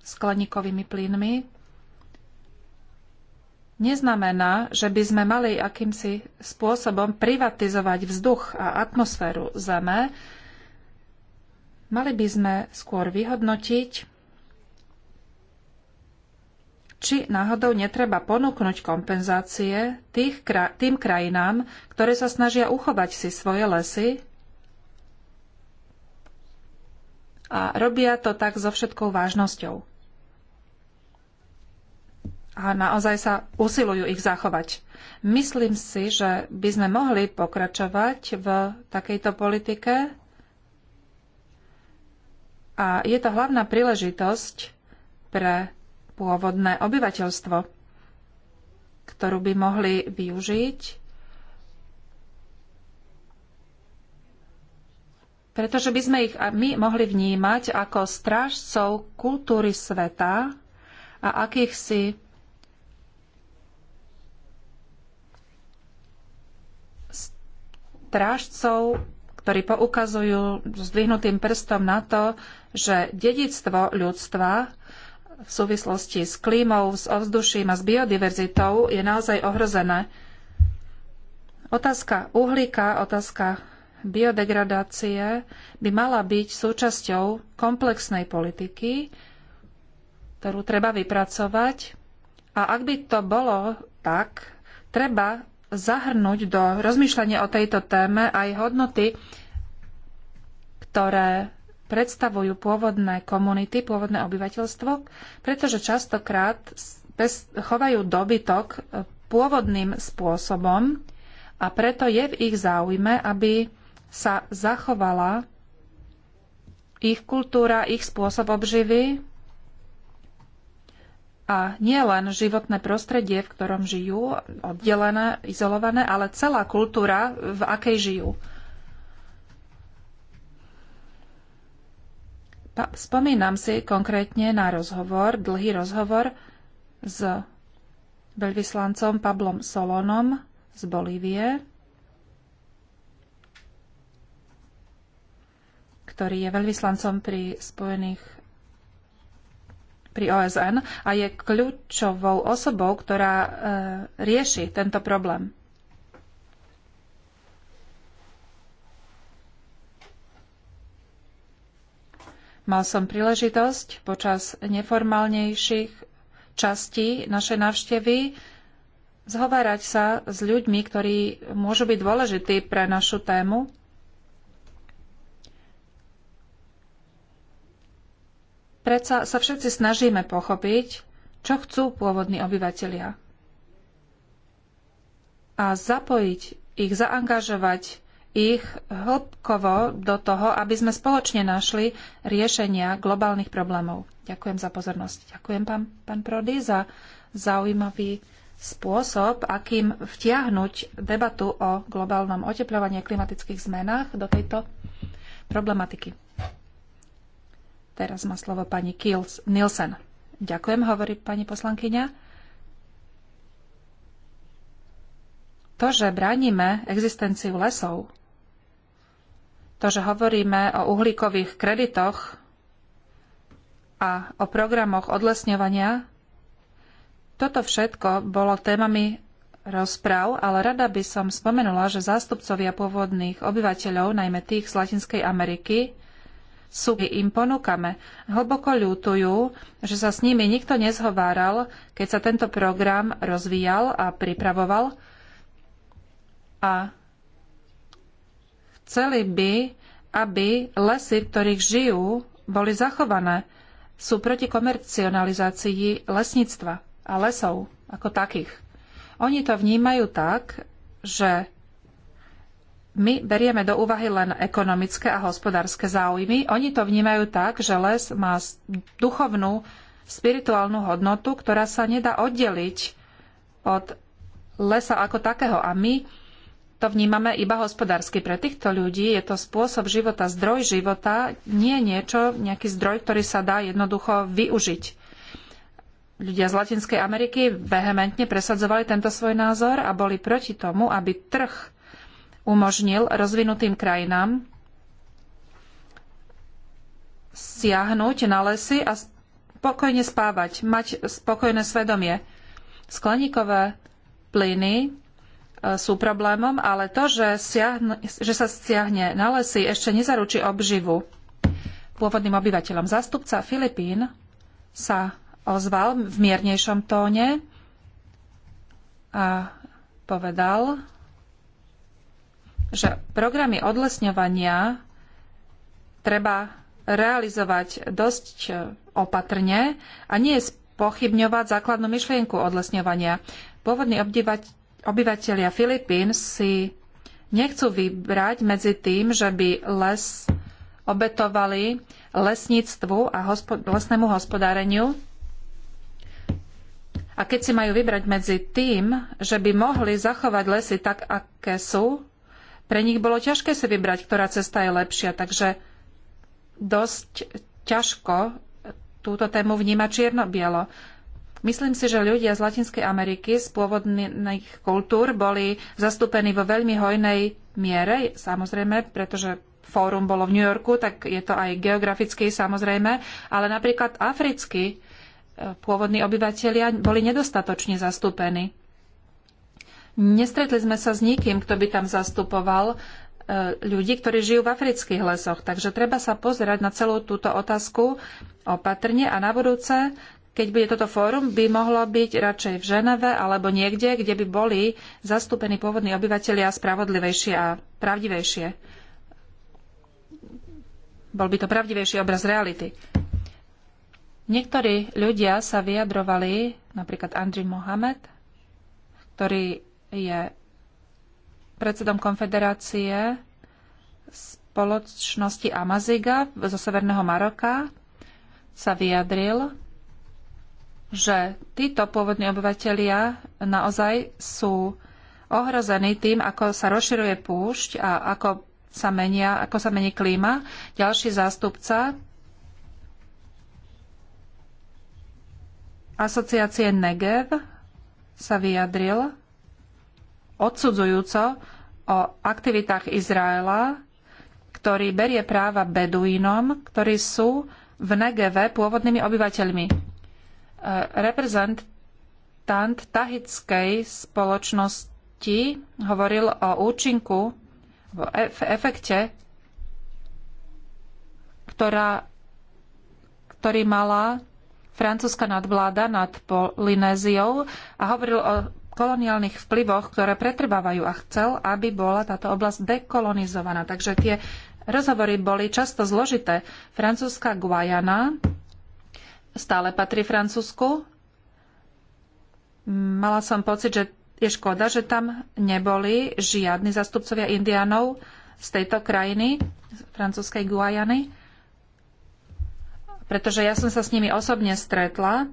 skleníkovými plynmi, neznamená, že by sme mali akýmsi spôsobom privatizovať vzduch a atmosféru Zeme. Mali by sme skôr vyhodnotiť, či náhodou netreba ponúknuť kompenzácie tých, tým krajinám, ktoré sa snažia uchovať si svoje lesy a robia to tak so všetkou vážnosťou. A naozaj sa usilujú ich zachovať. Myslím si, že by sme mohli pokračovať v takejto politike. A je to hlavná príležitosť pre pôvodné obyvateľstvo, ktorú by mohli využiť pretože by sme ich my mohli vnímať ako strážcov kultúry sveta a akýchsi strážcov, ktorí poukazujú zdvihnutým prstom na to, že dedictvo ľudstva v súvislosti s klímou, s ovzduším a s biodiverzitou je naozaj ohrozené. Otázka uhlíka, otázka biodegradácie by mala byť súčasťou komplexnej politiky, ktorú treba vypracovať. A ak by to bolo tak, treba zahrnúť do rozmýšľania o tejto téme aj hodnoty, ktoré predstavujú pôvodné komunity, pôvodné obyvateľstvo, pretože častokrát chovajú dobytok pôvodným spôsobom a preto je v ich záujme, aby sa zachovala ich kultúra, ich spôsob obživy a nie len životné prostredie, v ktorom žijú, oddelené, izolované, ale celá kultúra, v akej žijú. Spomínam si konkrétne na rozhovor, dlhý rozhovor s veľvyslancom Pablom Solonom z Bolívie, ktorý je veľvyslancom pri Spojených pri OSN a je kľúčovou osobou, ktorá e, rieši tento problém. Mal som príležitosť počas neformálnejších častí našej návštevy zhovárať sa s ľuďmi, ktorí môžu byť dôležití pre našu tému Predsa sa všetci snažíme pochopiť, čo chcú pôvodní obyvatelia. A zapojiť ich, zaangažovať ich hĺbkovo do toho, aby sme spoločne našli riešenia globálnych problémov. Ďakujem za pozornosť. Ďakujem, pán, pán Prody, za zaujímavý spôsob, akým vtiahnuť debatu o globálnom oteplovaní a klimatických zmenách do tejto problematiky. Teraz má slovo pani Kils, Nielsen. Ďakujem, hovorí pani poslankyňa. To, že bránime existenciu lesov, to, že hovoríme o uhlíkových kreditoch a o programoch odlesňovania, toto všetko bolo témami rozpráv, ale rada by som spomenula, že zástupcovia pôvodných obyvateľov, najmä tých z Latinskej Ameriky, súdy im ponúkame. Hlboko ľutujú, že sa s nimi nikto nezhováral, keď sa tento program rozvíjal a pripravoval a chceli by, aby lesy, v ktorých žijú, boli zachované. Sú proti komercionalizácii lesníctva a lesov ako takých. Oni to vnímajú tak, že my berieme do úvahy len ekonomické a hospodárske záujmy. Oni to vnímajú tak, že les má duchovnú, spirituálnu hodnotu, ktorá sa nedá oddeliť od lesa ako takého. A my to vnímame iba hospodársky. Pre týchto ľudí je to spôsob života, zdroj života, nie niečo, nejaký zdroj, ktorý sa dá jednoducho využiť ľudia z Latinskej Ameriky vehementne presadzovali tento svoj názor a boli proti tomu, aby trh umožnil rozvinutým krajinám siahnuť na lesy a spokojne spávať, mať spokojné svedomie. Skleníkové plyny e, sú problémom, ale to, že, siahn, že sa stiahne na lesy, ešte nezaručí obživu pôvodným obyvateľom. Zástupca Filipín sa ozval v miernejšom tóne a povedal, že programy odlesňovania treba realizovať dosť e, opatrne a nie pochybňovať základnú myšlienku odlesňovania. Pôvodní obyvateľia Filipín si nechcú vybrať medzi tým, že by les obetovali lesníctvu a hospo- lesnému hospodáreniu. A keď si majú vybrať medzi tým, že by mohli zachovať lesy tak, aké sú, pre nich bolo ťažké si vybrať, ktorá cesta je lepšia. Takže dosť ťažko túto tému vníma čierno-bielo. Myslím si, že ľudia z Latinskej Ameriky, z pôvodných kultúr, boli zastúpení vo veľmi hojnej miere, samozrejme, pretože fórum bolo v New Yorku, tak je to aj geograficky samozrejme, ale napríklad africky eh, pôvodní obyvatelia boli nedostatočne zastúpení. Nestretli sme sa s nikým, kto by tam zastupoval e, ľudí, ktorí žijú v afrických lesoch. Takže treba sa pozerať na celú túto otázku opatrne a na budúce, keď bude toto fórum, by mohlo byť radšej v Ženeve alebo niekde, kde by boli zastúpení pôvodní obyvateľia spravodlivejšie a pravdivejšie. Bol by to pravdivejší obraz reality. Niektorí ľudia sa vyjadrovali, napríklad Andri Mohamed, ktorý je predsedom Konfederácie spoločnosti Amaziga zo Severného Maroka, sa vyjadril, že títo pôvodní obyvateľia naozaj sú ohrození tým, ako sa rozširuje púšť a ako sa, menia, ako sa mení klíma. Ďalší zástupca asociácie Negev sa vyjadril, odsudzujúco o aktivitách Izraela, ktorý berie práva beduínom, ktorí sú v Negeve pôvodnými obyvateľmi. E, reprezentant tahickej spoločnosti hovoril o účinku, e-, v efekte, ktorá, ktorý mala francúzska nadvláda nad Polynéziou a hovoril o koloniálnych vplyvoch, ktoré pretrvávajú a chcel, aby bola táto oblasť dekolonizovaná. Takže tie rozhovory boli často zložité. Francúzska Guajana stále patrí Francúzsku. Mala som pocit, že je škoda, že tam neboli žiadni zastupcovia indiánov z tejto krajiny, z francúzskej Guajany, pretože ja som sa s nimi osobne stretla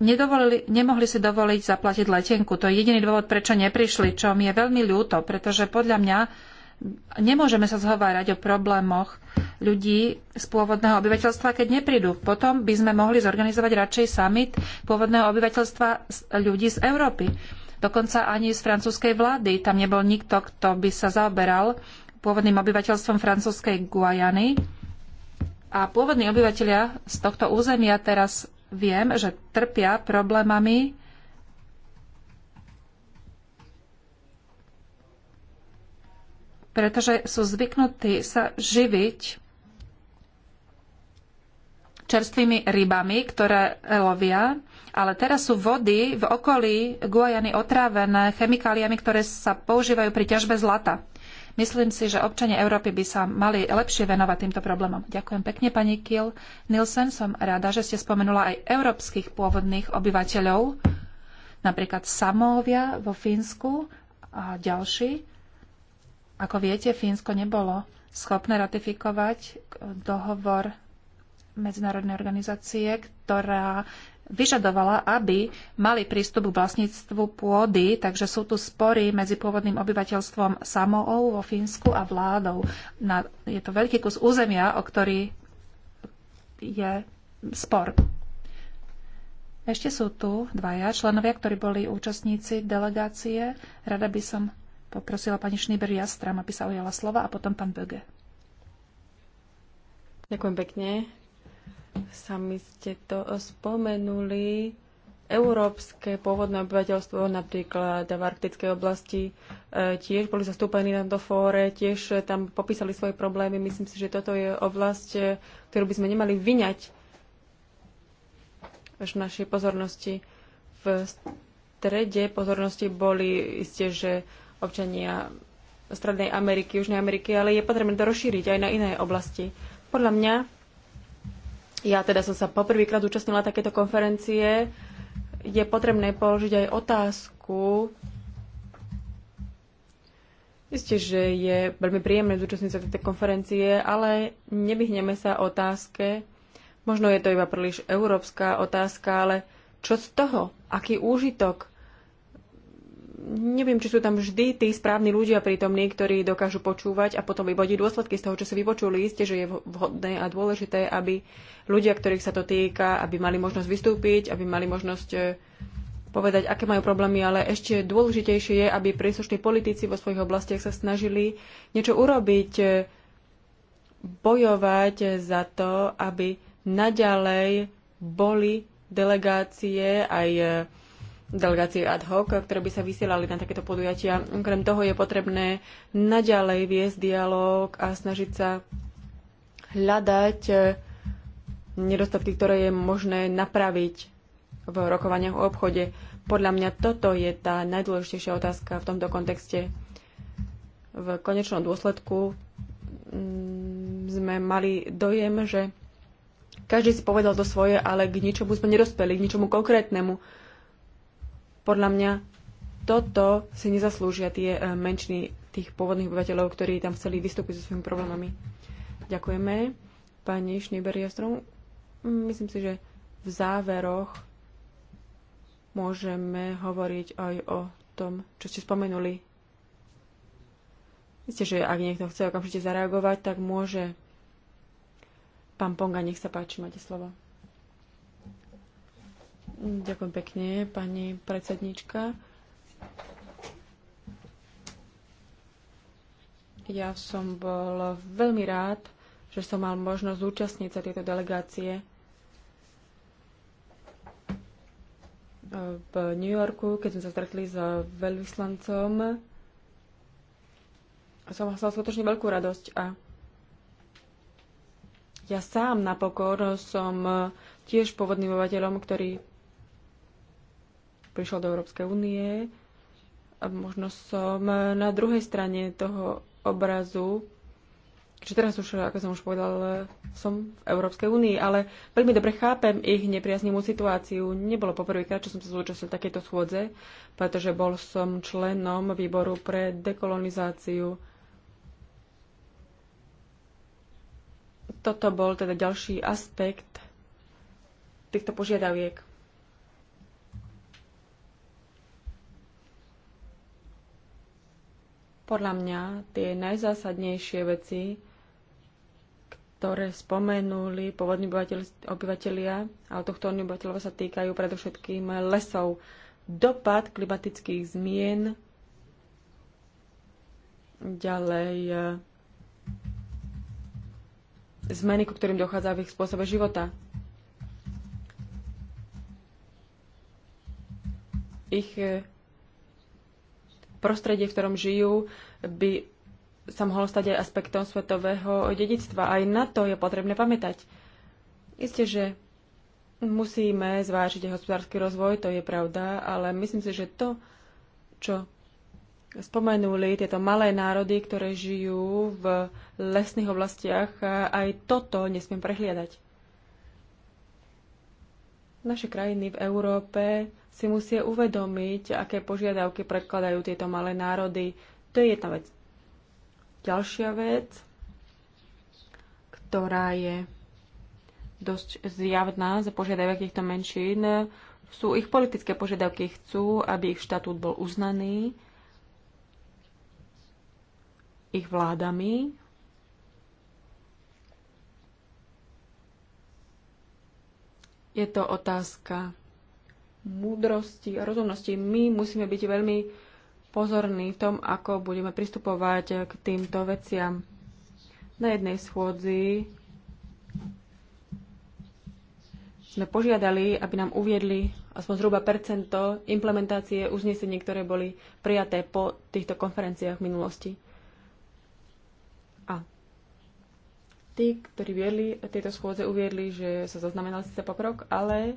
nedovolili, nemohli si dovoliť zaplatiť letenku. To je jediný dôvod, prečo neprišli, čo mi je veľmi ľúto, pretože podľa mňa nemôžeme sa zhovárať o problémoch ľudí z pôvodného obyvateľstva, keď neprídu. Potom by sme mohli zorganizovať radšej summit pôvodného obyvateľstva ľudí z Európy. Dokonca ani z francúzskej vlády. Tam nebol nikto, kto by sa zaoberal pôvodným obyvateľstvom francúzskej Guajany. A pôvodní obyvateľia z tohto územia teraz viem, že trpia problémami pretože sú zvyknutí sa živiť čerstvými rybami, ktoré lovia, ale teraz sú vody v okolí Guajany otrávené chemikáliami, ktoré sa používajú pri ťažbe zlata. Myslím si, že občania Európy by sa mali lepšie venovať týmto problémom. Ďakujem pekne, pani Kiel. Nilsen, som rada, že ste spomenula aj európskych pôvodných obyvateľov, napríklad Samovia vo Fínsku a ďalší. Ako viete, Fínsko nebolo schopné ratifikovať dohovor medzinárodnej organizácie, ktorá vyžadovala, aby mali prístup k vlastníctvu pôdy, takže sú tu spory medzi pôvodným obyvateľstvom Samoou vo Fínsku a vládou. Na, je to veľký kus územia, o ktorý je spor. Ešte sú tu dvaja členovia, ktorí boli účastníci delegácie. Rada by som poprosila pani Šníber Jastram, aby sa ujala slova a potom pán Böge. Ďakujem pekne, Sami ste to spomenuli. Európske pôvodné obyvateľstvo, napríklad v arktickej oblasti, e, tiež boli zastúpení na to fóre, tiež tam popísali svoje problémy. Myslím si, že toto je oblasť, e, ktorú by sme nemali vyňať v našej pozornosti. V strede pozornosti boli isté, že občania Strednej Ameriky, Južnej Ameriky, ale je potrebné to rozšíriť aj na iné oblasti. Podľa mňa ja teda som sa poprvýkrát účastnila takéto konferencie. Je potrebné položiť aj otázku. Isté, že je veľmi príjemné zúčastniť sa tejto konferencie, ale nevyhneme sa otázke, možno je to iba príliš európska otázka, ale čo z toho? Aký úžitok neviem, či sú tam vždy tí správni ľudia prítomní, ktorí dokážu počúvať a potom vyvodiť dôsledky z toho, čo si vypočuli. Isté, že je vhodné a dôležité, aby ľudia, ktorých sa to týka, aby mali možnosť vystúpiť, aby mali možnosť e, povedať, aké majú problémy, ale ešte dôležitejšie je, aby príslušní politici vo svojich oblastiach sa snažili niečo urobiť, e, bojovať za to, aby naďalej boli delegácie aj e, delegácie ad hoc, ktoré by sa vysielali na takéto podujatia. Okrem toho je potrebné naďalej viesť dialog a snažiť sa hľadať eh, nedostatky, ktoré je možné napraviť v rokovaniach o obchode. Podľa mňa toto je tá najdôležitejšia otázka v tomto kontexte. V konečnom dôsledku mm, sme mali dojem, že každý si povedal to svoje, ale k ničomu sme nedospeli, k ničomu konkrétnemu podľa mňa toto si nezaslúžia tie e, menšiny tých pôvodných obyvateľov, ktorí tam chceli vystúpiť so svojimi problémami. Ďakujeme. Pani Šnýber-Jastrom, mm, myslím si, že v záveroch môžeme hovoriť aj o tom, čo ste spomenuli. Myslíte, že ak niekto chce okamžite zareagovať, tak môže. Pán Ponga, nech sa páči, máte slovo. Ďakujem pekne, pani predsednička. Ja som bol veľmi rád, že som mal možnosť zúčastniť sa tieto delegácie v New Yorku, keď sme sa stretli s veľvyslancom. Som mal skutočne veľkú radosť a ja sám napokon som tiež pôvodným obyvateľom, ktorý prišla do Európskej únie, a možno som na druhej strane toho obrazu, že teraz už, ako som už povedal, som v Európskej únii, ale veľmi dobre chápem ich nepriaznivú situáciu. Nebolo poprvýkrát, čo som sa zúčastnil takéto schôdze, pretože bol som členom výboru pre dekolonizáciu. Toto bol teda ďalší aspekt týchto požiadaviek. Podľa mňa tie najzásadnejšie veci, ktoré spomenuli pôvodní obyvateľia a tohto obyvateľov sa týkajú predovšetkým lesov. Dopad klimatických zmien, ďalej e, zmeny, ku ktorým dochádza v ich spôsobe života. Ich e, prostredie, v ktorom žijú, by sa mohlo stať aj aspektom svetového dedictva. Aj na to je potrebné pamätať. Isté, že musíme zvážiť aj hospodársky rozvoj, to je pravda, ale myslím si, že to, čo spomenuli tieto malé národy, ktoré žijú v lesných oblastiach, aj toto nesmiem prehliadať. Naše krajiny v Európe si musia uvedomiť, aké požiadavky predkladajú tieto malé národy. To je jedna vec. Ďalšia vec, ktorá je dosť zjavná za požiadavky týchto menšín, sú ich politické požiadavky. Chcú, aby ich štatút bol uznaný ich vládami, Je to otázka múdrosti a rozumnosti. My musíme byť veľmi pozorní v tom, ako budeme pristupovať k týmto veciam. Na jednej schôdzi sme požiadali, aby nám uviedli aspoň zhruba percento implementácie uznesení, ktoré boli prijaté po týchto konferenciách v minulosti. A tí, ktorí viedli tieto schôdze, uviedli, že sa zaznamenal síce pokrok, ale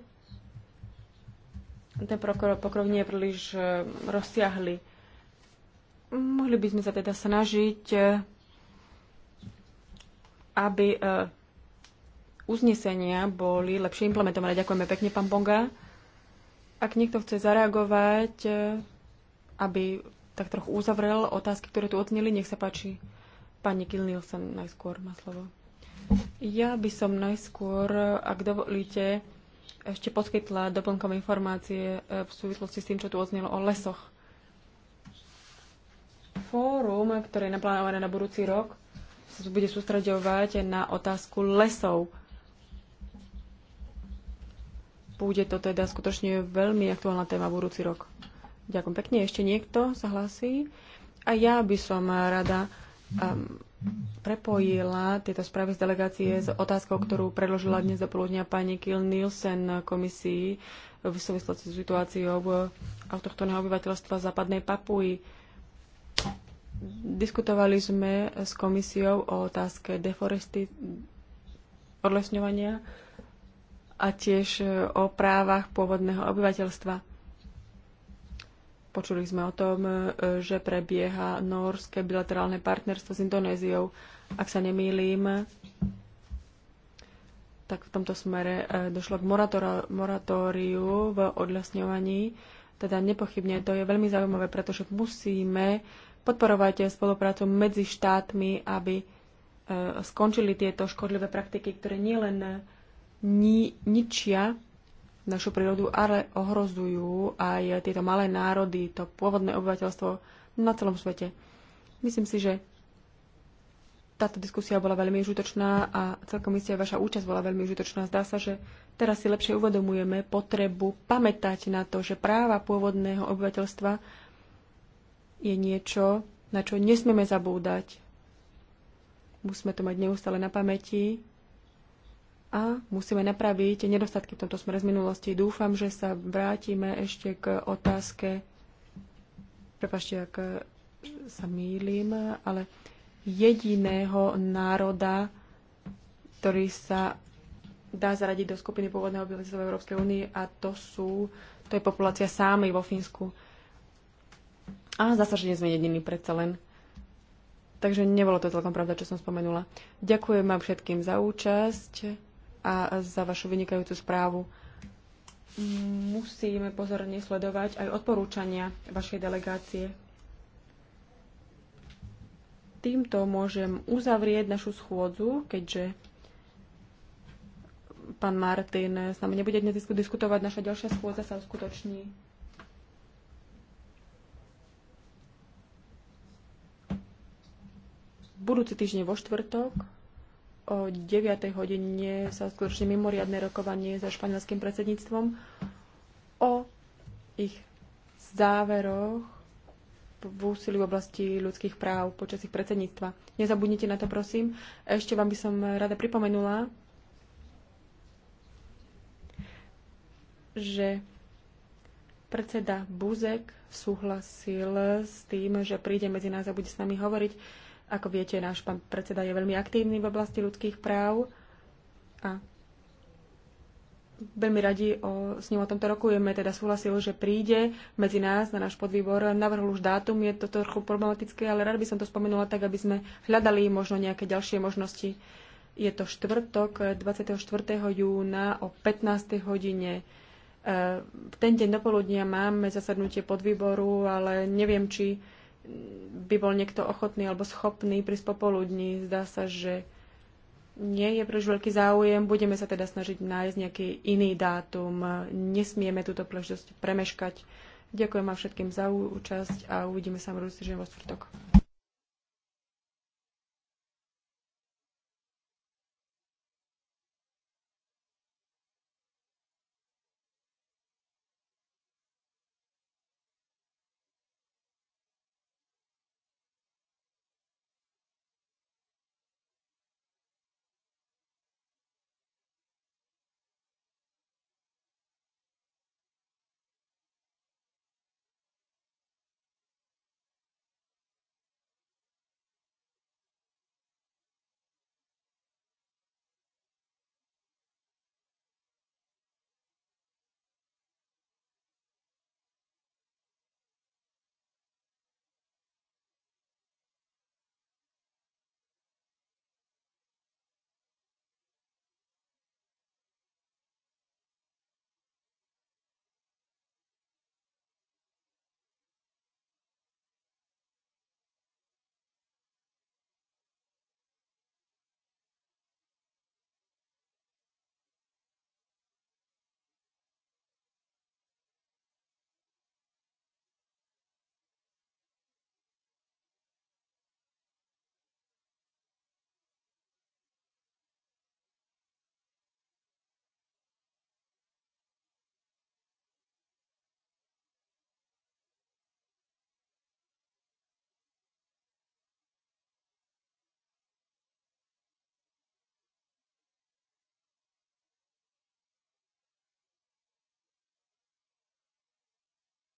ten pokrok nie je príliš e, rozsiahly. Mohli by sme sa teda snažiť, e, aby e, uznesenia boli lepšie implementované. Ďakujeme pekne, pán Bonga. Ak niekto chce zareagovať, aby tak trochu uzavrel otázky, ktoré tu odzneli, nech sa páči. Pani Kill najskôr má slovo. Ja by som najskôr, ak dovolíte, ešte poskytla doplnkové informácie e, v súvislosti s tým, čo tu odznelo o lesoch. Fórum, ktoré je naplánované na budúci rok, sa bude sústredovať na otázku lesov. Bude to teda skutočne veľmi aktuálna téma budúci rok. Ďakujem pekne. Ešte niekto sa hlasí? A ja by som rada um, prepojila tieto správy z delegácie s otázkou, ktorú predložila dnes do poludnia pani Kiel Nielsen komisii v súvislosti s situáciou autochtónneho obyvateľstva západnej Papuji. Diskutovali sme s komisiou o otázke deforesty odlesňovania a tiež o právach pôvodného obyvateľstva. Počuli sme o tom, e, že prebieha norské bilaterálne partnerstvo s Indonéziou. Ak sa nemýlim, tak v tomto smere e, došlo k moratóriu v odlasňovaní. Teda nepochybne to je veľmi zaujímavé, pretože musíme podporovať spoluprácu medzi štátmi, aby e, skončili tieto škodlivé praktiky, ktoré nielen ni- ničia našu prírodu, ale ohrozujú aj tieto malé národy, to pôvodné obyvateľstvo na celom svete. Myslím si, že táto diskusia bola veľmi užitočná a celkom isté vaša účasť bola veľmi užitočná. Zdá sa, že teraz si lepšie uvedomujeme potrebu pamätať na to, že práva pôvodného obyvateľstva je niečo, na čo nesmieme zabúdať. Musíme to mať neustále na pamäti a musíme napraviť nedostatky v tomto smere z minulosti. Dúfam, že sa vrátime ešte k otázke, prepašte, ak sa mýlim, ale jediného národa, ktorý sa dá zaradiť do skupiny pôvodného obyvateľstva Európskej únie a to sú, to je populácia sámy vo Fínsku. A zase, že nie sme jediní, predsa len. Takže nebolo to celkom pravda, čo som spomenula. Ďakujem vám všetkým za účasť a za vašu vynikajúcu správu. Musíme pozorne sledovať aj odporúčania vašej delegácie. Týmto môžem uzavrieť našu schôdzu, keďže pán Martin s nami nebude dnes diskutovať. Naša ďalšia schôdza sa uskutoční budúci týždeň vo štvrtok o 9. hodine sa skutočne mimoriadne rokovanie za španielským predsedníctvom o ich záveroch v úsilí v oblasti ľudských práv počas ich predsedníctva. Nezabudnite na to, prosím. Ešte vám by som rada pripomenula, že predseda Buzek súhlasil s tým, že príde medzi nás a bude s nami hovoriť ako viete, náš pán predseda je veľmi aktívny v oblasti ľudských práv a veľmi radi o, s ním o tomto rokujeme, teda súhlasil, že príde medzi nás na náš podvýbor. Navrhol už dátum, je to trochu problematické, ale rád by som to spomenula tak, aby sme hľadali možno nejaké ďalšie možnosti. Je to štvrtok 24. júna o 15. hodine. E, v ten deň dopoludnia máme zasadnutie podvýboru, ale neviem, či by bol niekto ochotný alebo schopný prísť popoludní. Zdá sa, že nie je príliš veľký záujem. Budeme sa teda snažiť nájsť nejaký iný dátum. Nesmieme túto príležitosť premeškať. Ďakujem vám všetkým za účasť a uvidíme sa budúci že vo štvrtok.